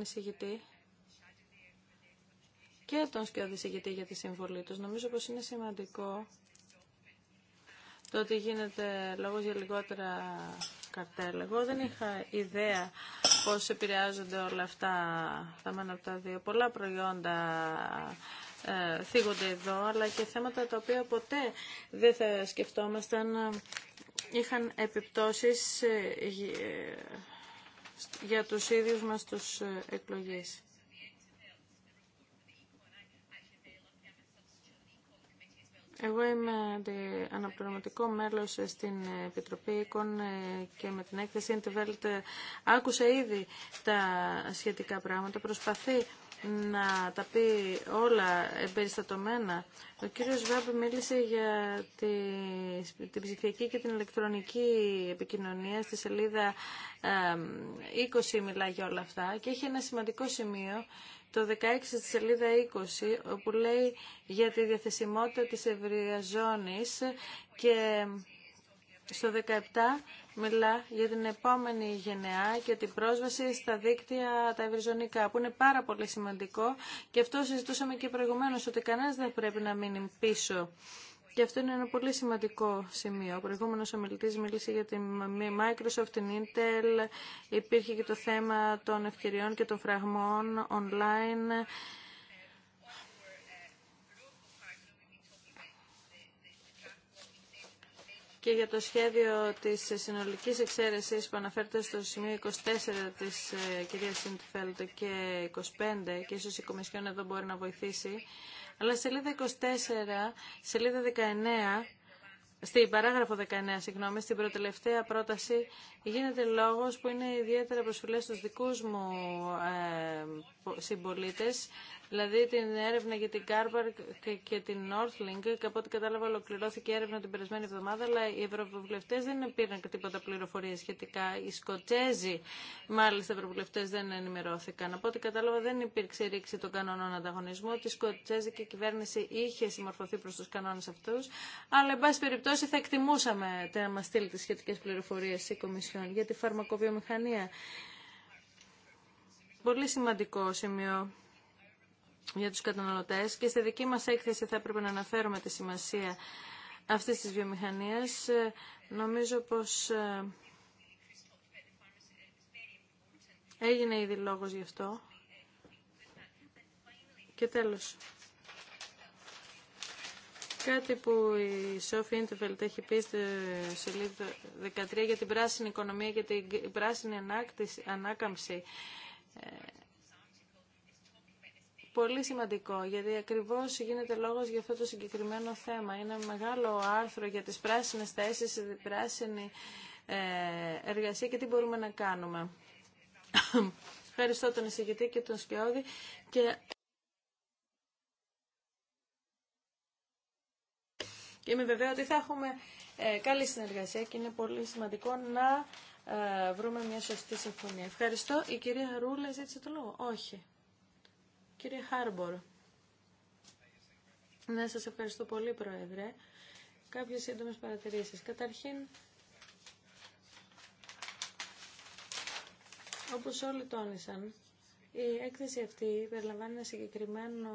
εισηγητή και τον σκιώδη εισηγητή για τη συμβολή τους. Νομίζω πως είναι σημαντικό το ότι γίνεται λόγος για λιγότερα καρτέλ. Εγώ δεν είχα ιδέα πώς επηρεάζονται όλα αυτά τα μένα από τα δύο. Πολλά προϊόντα ε, θίγονται εδώ, αλλά και θέματα τα οποία ποτέ δεν θα σκεφτόμασταν ε, είχαν επιπτώσεις ε, για τους ίδιους μας τους εκλογές. Εγώ είμαι αναπληρωματικό μέλος στην Επιτροπή Οίκων και με την έκθεση άκουσε άκουσα ήδη τα σχετικά πράγματα. Προσπαθεί να τα πει όλα εμπεριστατωμένα. Ο κύριος Βάμπ μίλησε για τη, την ψηφιακή και την ηλεκτρονική επικοινωνία. Στη σελίδα 20 μιλά για όλα αυτά και έχει ένα σημαντικό σημείο το 16 στη σελίδα 20 όπου λέει για τη διαθεσιμότητα της ευρεία και στο 17 μιλά για την επόμενη γενεά και την πρόσβαση στα δίκτυα τα ευρυζωνικά, που είναι πάρα πολύ σημαντικό και αυτό συζητούσαμε και προηγουμένως, ότι κανένας δεν πρέπει να μείνει πίσω. Και αυτό είναι ένα πολύ σημαντικό σημείο. Ο προηγούμενος ομιλητής μίλησε για την Microsoft, την Intel, υπήρχε και το θέμα των ευκαιριών και των φραγμών online και για το σχέδιο της συνολικής εξαίρεσης που αναφέρεται στο σημείο 24 της ε, κυρίας Σιντφέλτ και 25 και ίσως η Κομισιόν εδώ μπορεί να βοηθήσει. Αλλά σελίδα 24, σελίδα 19, στην παράγραφο 19, συγγνώμη, στην προτελευταία πρόταση γίνεται λόγος που είναι ιδιαίτερα προσφυλές στους δικούς μου ε, συμπολίτες Δηλαδή την έρευνα για την Κάρπαρ και την Northlink, και από ό,τι κατάλαβα ολοκληρώθηκε η έρευνα την περασμένη εβδομάδα, αλλά οι ευρωβουλευτέ δεν πήραν τίποτα πληροφορία σχετικά. Οι Σκοτσέζοι, μάλιστα, ευρωβουλευτέ δεν ενημερώθηκαν. Από ό,τι κατάλαβα δεν υπήρξε ρήξη των κανόνων ανταγωνισμού, ότι η Σκοτσέζικη κυβέρνηση είχε συμμορφωθεί προ του κανόνε αυτού, αλλά εν πάση περιπτώσει θα εκτιμούσαμε να μα στείλει τι σχετικέ πληροφορίε η Κομισιόν για τη φαρμακοβιομηχανία. Πολύ σημαντικό σημείο για τους καταναλωτές και στη δική μας έκθεση θα έπρεπε να αναφέρουμε τη σημασία αυτής της βιομηχανίας. Ε, νομίζω πως ε, έγινε ήδη λόγος γι' αυτό. Και τέλος. Κάτι που η Σόφη Ιντεφελτ έχει πει στη σελίδα 13 για την πράσινη οικονομία και την πράσινη ανάκαμψη. Ε, πολύ σημαντικό, γιατί ακριβώς γίνεται λόγος για αυτό το συγκεκριμένο θέμα. Είναι μεγάλο άρθρο για τις πράσινες θέσεις, την πράσινη ε, εργασία και τι μπορούμε να κάνουμε. Ευχαριστώ τον εισηγητή και τον Σκιώδη. Και... και είμαι βεβαία ότι θα έχουμε ε, καλή συνεργασία και είναι πολύ σημαντικό να ε, βρούμε μια σωστή συμφωνία. Ευχαριστώ. Η κυρία Ρούλα ζήτησε το λόγο. Όχι. Κύριε Χάρμπορ. Ναι, σας ευχαριστώ πολύ, Πρόεδρε. Κάποιες σύντομες παρατηρήσεις. Καταρχήν, όπως όλοι τόνισαν, η έκθεση αυτή περιλαμβάνει ένα συγκεκριμένο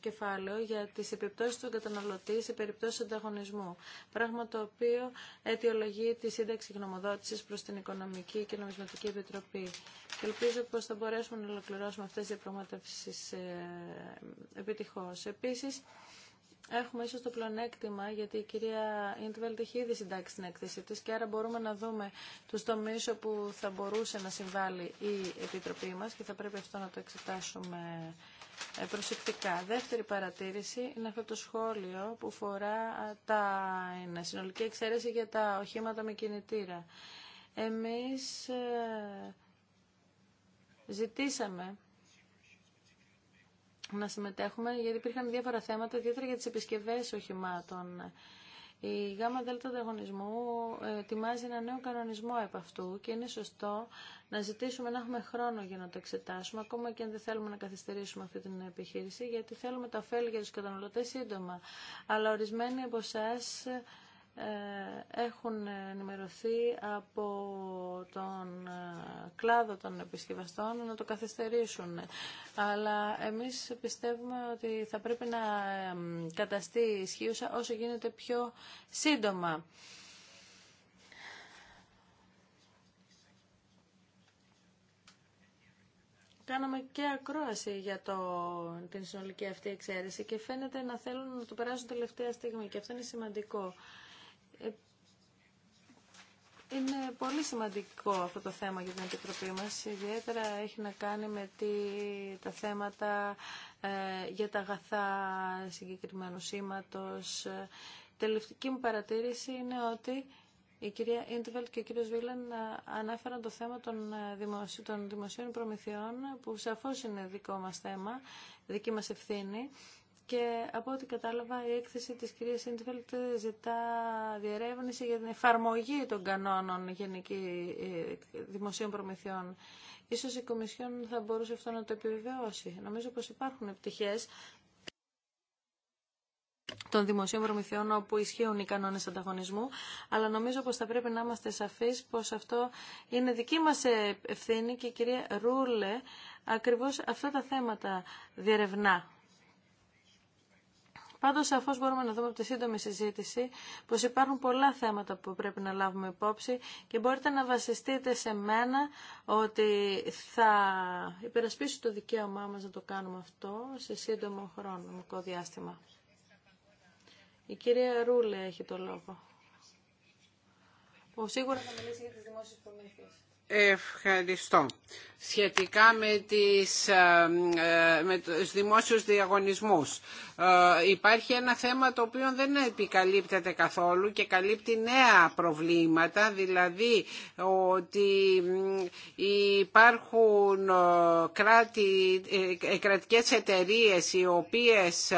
κεφάλαιο για τις επιπτώσεις του καταναλωτή σε περιπτώσει ανταγωνισμού, πράγμα το οποίο αιτιολογεί τη σύνταξη γνωμοδότηση προ την Οικονομική και Νομισματική Επιτροπή. Ελπίζω πω θα μπορέσουμε να ολοκληρώσουμε αυτές τις διαπραγματεύσεις ε, επιτυχώς. Επίσης, έχουμε ίσως το πλονέκτημα, γιατί η κυρία Ιντβέλτ έχει ήδη συντάξει την έκθεσή της και άρα μπορούμε να δούμε τους τομείς όπου θα μπορούσε να συμβάλλει η Επιτροπή μας και θα πρέπει αυτό να το εξετάσουμε ε, προσεκτικά. Δεύτερη παρατήρηση είναι αυτό το σχόλιο που φορά τα είναι συνολική εξαίρεση για τα οχήματα με κινητήρα. Εμείς ε, ζητήσαμε να συμμετέχουμε, γιατί υπήρχαν διάφορα θέματα, ιδιαίτερα για τις επισκευές οχημάτων. Η ΓΑΜΑ ΔΕΛΤΑ ανταγωνισμού ε, ετοιμάζει ένα νέο κανονισμό επ' αυτού και είναι σωστό να ζητήσουμε να έχουμε χρόνο για να το εξετάσουμε, ακόμα και αν δεν θέλουμε να καθυστερήσουμε αυτή την επιχείρηση, γιατί θέλουμε τα ωφέλη για τους καταναλωτές σύντομα. Αλλά ορισμένοι από εσά ε, έχουν ενημερωθεί από τον ε, κλάδο των επισκευαστών να το καθυστερήσουν. Αλλά εμείς πιστεύουμε ότι θα πρέπει να ε, καταστεί ισχύουσα όσο γίνεται πιο σύντομα. κάναμε και ακρόαση για το, την συνολική αυτή εξαίρεση και φαίνεται να θέλουν να το περάσουν τελευταία στιγμή και αυτό είναι σημαντικό. Ε, είναι πολύ σημαντικό αυτό το θέμα για την Επιτροπή μας. Ιδιαίτερα έχει να κάνει με τι, τα θέματα ε, για τα αγαθά συγκεκριμένου σήματος. Ε, Τελευταία μου παρατήρηση είναι ότι η κυρία Ιντβελτ και ο κύριος Βίλεν ε, ανέφεραν το θέμα των, των δημοσίων προμηθειών που σαφώς είναι δικό μας θέμα, δική μας ευθύνη και από ό,τι κατάλαβα, η έκθεση της κυρίας Σίντφελτ ζητά διερεύνηση για την εφαρμογή των κανόνων γενική ε, δημοσίων προμηθειών. Ίσως η Κομισιόν θα μπορούσε αυτό να το επιβεβαιώσει. Νομίζω πως υπάρχουν πτυχές των δημοσίων προμηθειών όπου ισχύουν οι κανόνες ανταγωνισμού, αλλά νομίζω πως θα πρέπει να είμαστε σαφείς πως αυτό είναι δική μας ευθύνη και η κυρία Ρούλε ακριβώς αυτά τα θέματα διερευνά. Πάντω σαφώς μπορούμε να δούμε από τη σύντομη συζήτηση πως υπάρχουν πολλά θέματα που πρέπει να λάβουμε υπόψη και μπορείτε να βασιστείτε σε μένα ότι θα υπερασπίσει το δικαίωμά μας να το κάνουμε αυτό σε σύντομο χρονικό διάστημα. Η κυρία Ρούλε έχει το λόγο. Που σίγουρα θα μιλήσει για τις δημόσιες προμήθειες. Ευχαριστώ. Σχετικά με, τις, ε, ε, με τους δημόσιους διαγωνισμούς. Ε, υπάρχει ένα θέμα το οποίο δεν επικαλύπτεται καθόλου και καλύπτει νέα προβλήματα, δηλαδή ότι υπάρχουν κράτη, κρατικές εταιρείες οι οποίες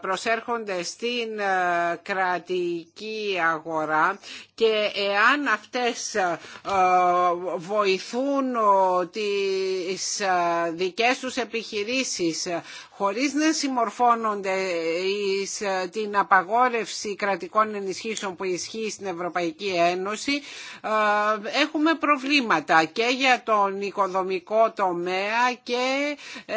προσέρχονται στην κρατική αγορά και εάν αυτές βοηθούν ε, τις ε, δικές τους επιχειρήσεις χωρίς να συμμορφώνονται εις ε, την απαγόρευση κρατικών ενισχύσεων που ισχύει στην Ευρωπαϊκή Ένωση ε, έχουμε προβλήματα και για τον οικοδομικό τομέα και ε,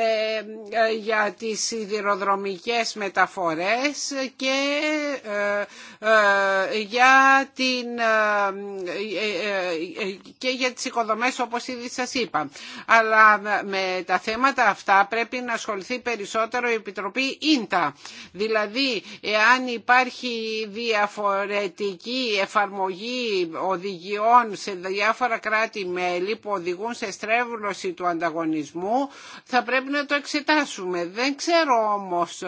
για τις σιδηροδρομικές μεταφορές και για, την, και για τις οικοδομές όπως ήδη σας είπα. Αλλά με τα θέματα αυτά πρέπει να ασχοληθεί περισσότερο περισσότερο η Επιτροπή Ίντα. Δηλαδή, εάν υπάρχει διαφορετική εφαρμογή οδηγιών σε διάφορα κράτη-μέλη που οδηγούν σε στρέβλωση του ανταγωνισμού, θα πρέπει να το εξετάσουμε. Δεν ξέρω όμως, ε,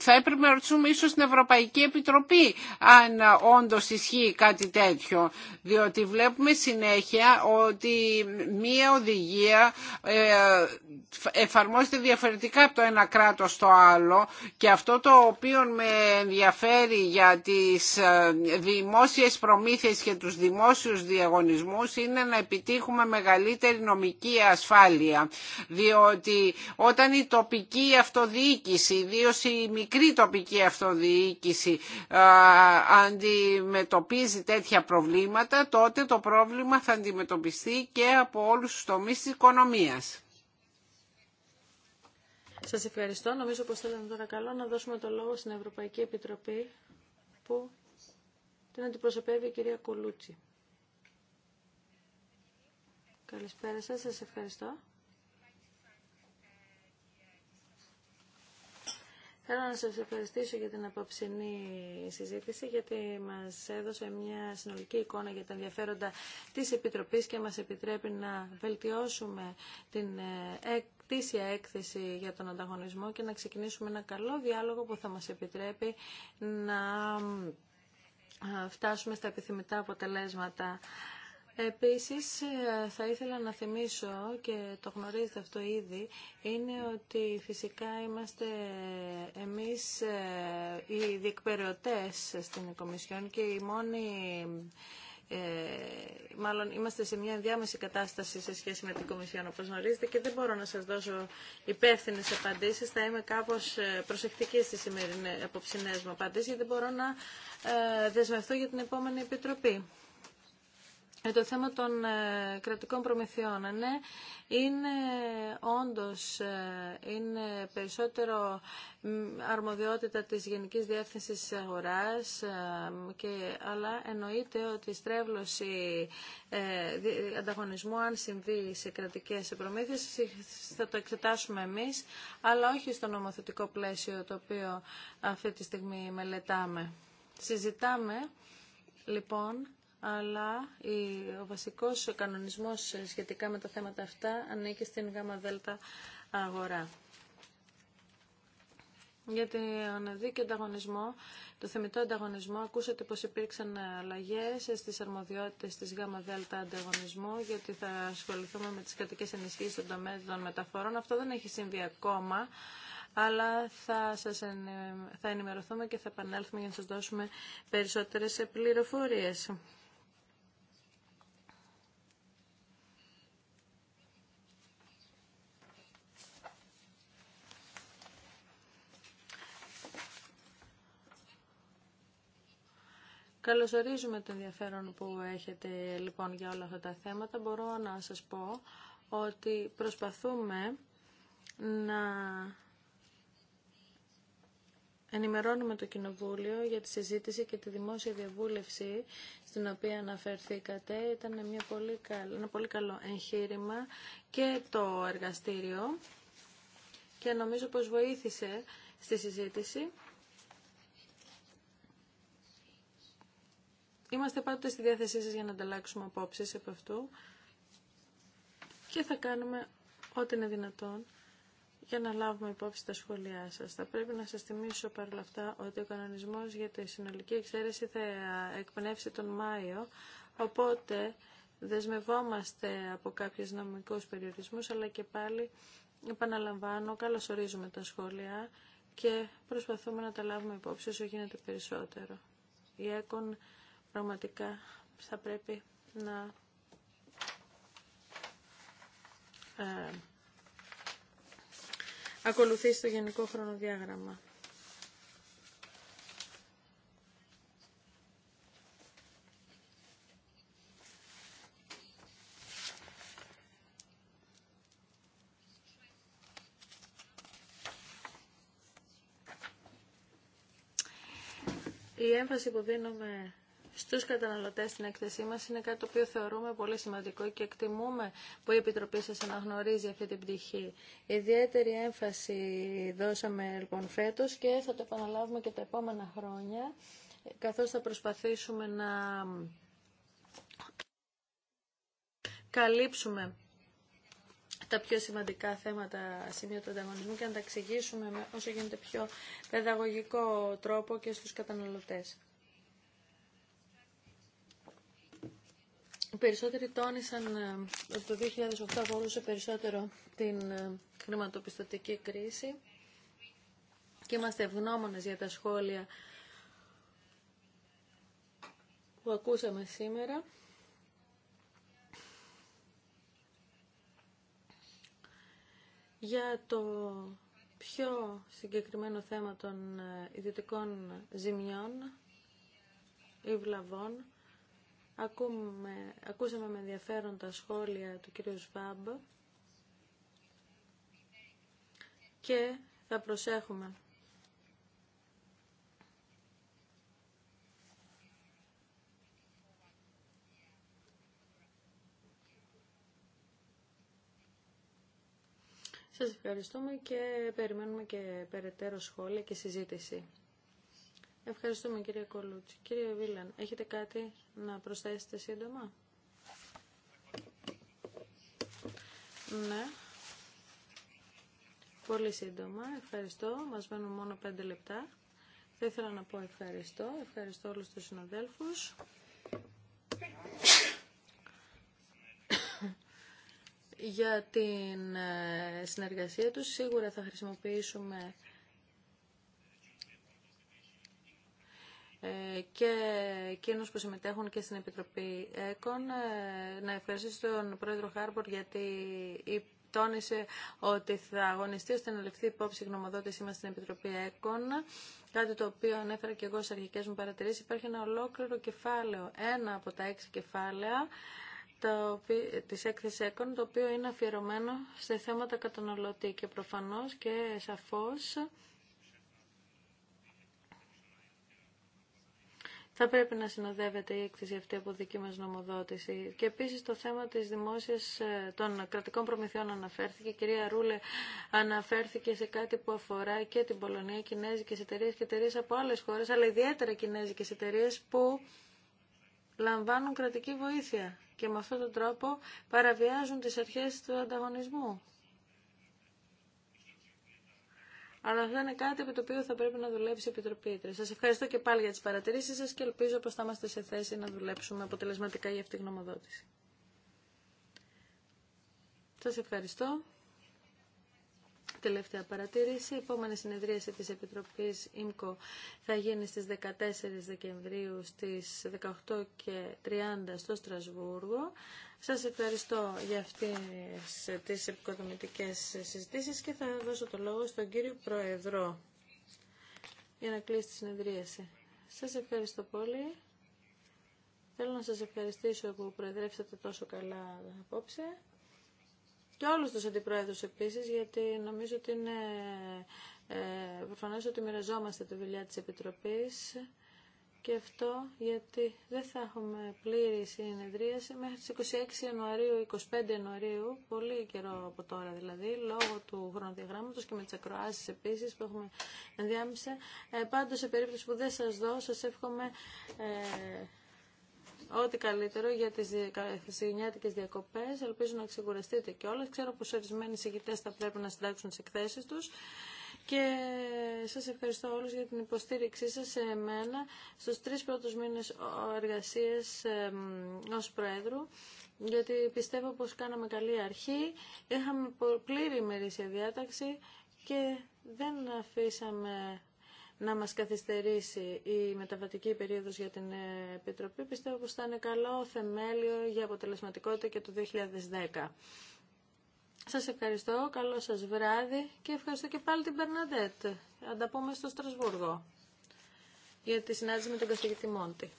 θα έπρεπε να ρωτήσουμε ίσως στην Ευρωπαϊκή Επιτροπή αν όντως ισχύει κάτι τέτοιο, διότι βλέπουμε συνέχεια ότι μία οδηγία ε, εφαρμόζεται διαφορετικά διαφορετικά από το ένα κράτος στο άλλο και αυτό το οποίο με ενδιαφέρει για τις ε, δημόσιες προμήθειες και τους δημόσιους διαγωνισμούς είναι να επιτύχουμε μεγαλύτερη νομική ασφάλεια διότι όταν η τοπική αυτοδιοίκηση, ιδίω η μικρή τοπική αυτοδιοίκηση ε, αντιμετωπίζει τέτοια προβλήματα τότε το πρόβλημα θα αντιμετωπιστεί και από όλους τους τομείς της οικονομίας. Σας ευχαριστώ. Νομίζω πως θα τώρα καλό να δώσουμε το λόγο στην Ευρωπαϊκή Επιτροπή που την αντιπροσωπεύει η κυρία Κουλούτσι. Καλησπέρα σας. Σας ευχαριστώ. Θέλω να σας ευχαριστήσω για την απόψινή συζήτηση γιατί μας έδωσε μια συνολική εικόνα για τα ενδιαφέροντα της Επιτροπής και μας επιτρέπει να βελτιώσουμε την ε, κτίσια έκθεση για τον ανταγωνισμό και να ξεκινήσουμε ένα καλό διάλογο που θα μας επιτρέπει να φτάσουμε στα επιθυμητά αποτελέσματα. Επίσης, θα ήθελα να θυμίσω, και το γνωρίζετε αυτό ήδη, είναι ότι φυσικά είμαστε εμείς ε, οι διεκπαιρεωτές στην Κομισιόν και οι μόνοι ε, μάλλον είμαστε σε μια ενδιάμεση κατάσταση σε σχέση με την Κομισιόν, όπως γνωρίζετε, και δεν μπορώ να σας δώσω υπεύθυνες απαντήσεις. Θα είμαι κάπως ε, προσεκτική στις σημερινές απόψινές μου απαντήσεις, γιατί δεν μπορώ να ε, δεσμευτώ για την επόμενη Επιτροπή. Ε, το θέμα των ε, κρατικών προμηθειών, ε, ναι, είναι όντως είναι περισσότερο αρμοδιότητα της Γενικής Διεύθυνσης Αγοράς, και, αλλά εννοείται ότι η στρέβλωση ανταγωνισμού, αν συμβεί σε κρατικές προμήθειες, θα το εξετάσουμε εμείς, αλλά όχι στο νομοθετικό πλαίσιο το οποίο αυτή τη στιγμή μελετάμε. Συζητάμε, λοιπόν, αλλά ο βασικός κανονισμός σχετικά με τα θέματα αυτά ανήκει στην ΓΔ αγορά. Για τον δίκαιο ανταγωνισμό, το θεμητό ανταγωνισμό, ακούσατε πως υπήρξαν αλλαγές στις αρμοδιότητες της ΓΔ ανταγωνισμού, γιατί θα ασχοληθούμε με τις κρατικές ενισχύσεις των τομέα των μεταφορών. Αυτό δεν έχει συμβεί ακόμα αλλά θα, σας θα ενημερωθούμε και θα επανέλθουμε για να σας δώσουμε περισσότερες πληροφορίες. Καλωσορίζουμε το ενδιαφέρον που έχετε λοιπόν για όλα αυτά τα θέματα. Μπορώ να σας πω ότι προσπαθούμε να ενημερώνουμε το Κοινοβούλιο για τη συζήτηση και τη δημόσια διαβούλευση στην οποία αναφερθήκατε. Ήταν μια πολύ καλ... ένα πολύ καλό εγχείρημα και το εργαστήριο και νομίζω πως βοήθησε στη συζήτηση. Είμαστε πάντοτε στη διάθεσή σας για να ανταλλάξουμε απόψεις από αυτού και θα κάνουμε ό,τι είναι δυνατόν για να λάβουμε υπόψη τα σχόλιά σας. Θα πρέπει να σας θυμίσω παρ' αυτά ότι ο κανονισμός για τη συνολική εξαίρεση θα εκπνεύσει τον Μάιο, οπότε δεσμευόμαστε από κάποιους νομικούς περιορισμούς, αλλά και πάλι επαναλαμβάνω, καλωσορίζουμε τα σχόλια και προσπαθούμε να τα λάβουμε υπόψη όσο γίνεται περισσότερο. Η ΕΚΟΝ Πραγματικά θα πρέπει να ε, ακολουθήσει το γενικό χρονοδιάγραμμα. Η έμφαση που δίνουμε στους καταναλωτές στην έκθεσή μας είναι κάτι το οποίο θεωρούμε πολύ σημαντικό και εκτιμούμε που η Επιτροπή σας αναγνωρίζει αυτή την πτυχή. Ιδιαίτερη έμφαση δώσαμε λοιπόν φέτος και θα το επαναλάβουμε και τα επόμενα χρόνια καθώς θα προσπαθήσουμε να καλύψουμε τα πιο σημαντικά θέματα σημεία του ανταγωνισμού και να τα εξηγήσουμε με όσο γίνεται πιο παιδαγωγικό τρόπο και στους καταναλωτές. περισσότεροι τόνισαν ε, ότι το 2008 αφορούσε περισσότερο την ε, χρηματοπιστωτική κρίση και είμαστε ευγνώμονες για τα σχόλια που ακούσαμε σήμερα. Για το πιο συγκεκριμένο θέμα των ε, ιδιωτικών ζημιών ή βλαβών, ακούσαμε με ενδιαφέρον τα σχόλια του κύριου Σβάμπ και θα προσέχουμε. Σας ευχαριστούμε και περιμένουμε και περαιτέρω σχόλια και συζήτηση. Ευχαριστούμε κύριε Κολούτσι. Κύριε Βίλαν, έχετε κάτι να προσθέσετε σύντομα. Ναι. Πολύ σύντομα. Ευχαριστώ. Μας μένουν μόνο πέντε λεπτά. Θα ήθελα να πω ευχαριστώ. Ευχαριστώ όλους τους συναδέλφους. για την ε, συνεργασία τους. Σίγουρα θα χρησιμοποιήσουμε Ε, και εκείνους που συμμετέχουν και στην Επιτροπή ΕΚΟΝ. Ε, να ευχαριστήσω τον Πρόεδρο Χάρμπορ γιατί τόνισε ότι θα αγωνιστεί ώστε να ληφθεί υπόψη η γνωμοδότησή μας στην Επιτροπή ΕΚΟΝ. Κάτι το οποίο ανέφερα και εγώ στι αρχικέ μου παρατηρήσει. Υπάρχει ένα ολόκληρο κεφάλαιο, ένα από τα έξι κεφάλαια τη έκθεση ΕΚΟΝ, το οποίο είναι αφιερωμένο σε θέματα καταναλωτή και προφανώς και σαφώς θα πρέπει να συνοδεύεται η έκθεση αυτή από δική μας νομοδότηση. Και επίσης το θέμα της δημόσιας ε, των κρατικών προμηθειών αναφέρθηκε. Η κυρία Ρούλε αναφέρθηκε σε κάτι που αφορά και την Πολωνία, κινέζικες εταιρείες και εταιρείες από άλλες χώρες, αλλά ιδιαίτερα κινέζικες εταιρείες που λαμβάνουν κρατική βοήθεια και με αυτόν τον τρόπο παραβιάζουν τις αρχές του ανταγωνισμού. Αλλά αυτό είναι κάτι επί το οποίο θα πρέπει να δουλέψει η Επιτροπή Σα ευχαριστώ και πάλι για τι παρατηρήσει σα και ελπίζω πω θα είμαστε σε θέση να δουλέψουμε αποτελεσματικά για αυτή τη γνωμοδότηση. Σα ευχαριστώ. Τελευταία παρατήρηση. Η επόμενη συνεδρίαση της Επιτροπής ΙΜΚΟ θα γίνει στις 14 Δεκεμβρίου στις 18.30 στο Στρασβούργο. Σας ευχαριστώ για αυτές τις επικοδομητικές συζητήσεις και θα δώσω το λόγο στον κύριο Προεδρό για να κλείσει τη συνεδρίαση. Σας ευχαριστώ πολύ. Θέλω να σας ευχαριστήσω που προεδρεύσατε τόσο καλά απόψε και όλους τους αντιπρόεδρους επίσης, γιατί νομίζω ότι είναι ε, προφανώς ότι μοιραζόμαστε τη δουλειά της Επιτροπής. Και αυτό γιατί δεν θα έχουμε πλήρη συνεδρίαση μέχρι τις 26 Ιανουαρίου, 25 Ιανουαρίου, πολύ καιρό από τώρα δηλαδή, λόγω του χρονοδιαγράμματος και με τις ακροάσεις επίσης που έχουμε ενδιάμεσα. Ε, πάντως, σε περίπτωση που δεν σας δω, σας εύχομαι... Ε, Ό,τι καλύτερο για τις χριστουγεννιάτικες διακοπές. Ελπίζω να ξεκουραστείτε κιόλας. Ξέρω πως ορισμένοι συγκητές θα πρέπει να συντάξουν τις εκθέσεις τους και σας ευχαριστώ όλους για την υποστήριξή σας σε εμένα στους τρεις πρώτους μήνες εργασίας ως Πρόεδρου γιατί πιστεύω πως κάναμε καλή αρχή, είχαμε πλήρη ημερήσια διάταξη και δεν αφήσαμε να μας καθυστερήσει η μεταβατική περίοδος για την ε, Επιτροπή. Πιστεύω πως θα είναι καλό θεμέλιο για αποτελεσματικότητα και το 2010. Σας ευχαριστώ, καλό σας βράδυ και ευχαριστώ και πάλι την Περναντέτ. Αν στο Στρασβούργο για τη συνάντηση με τον καθηγητή Μόντι.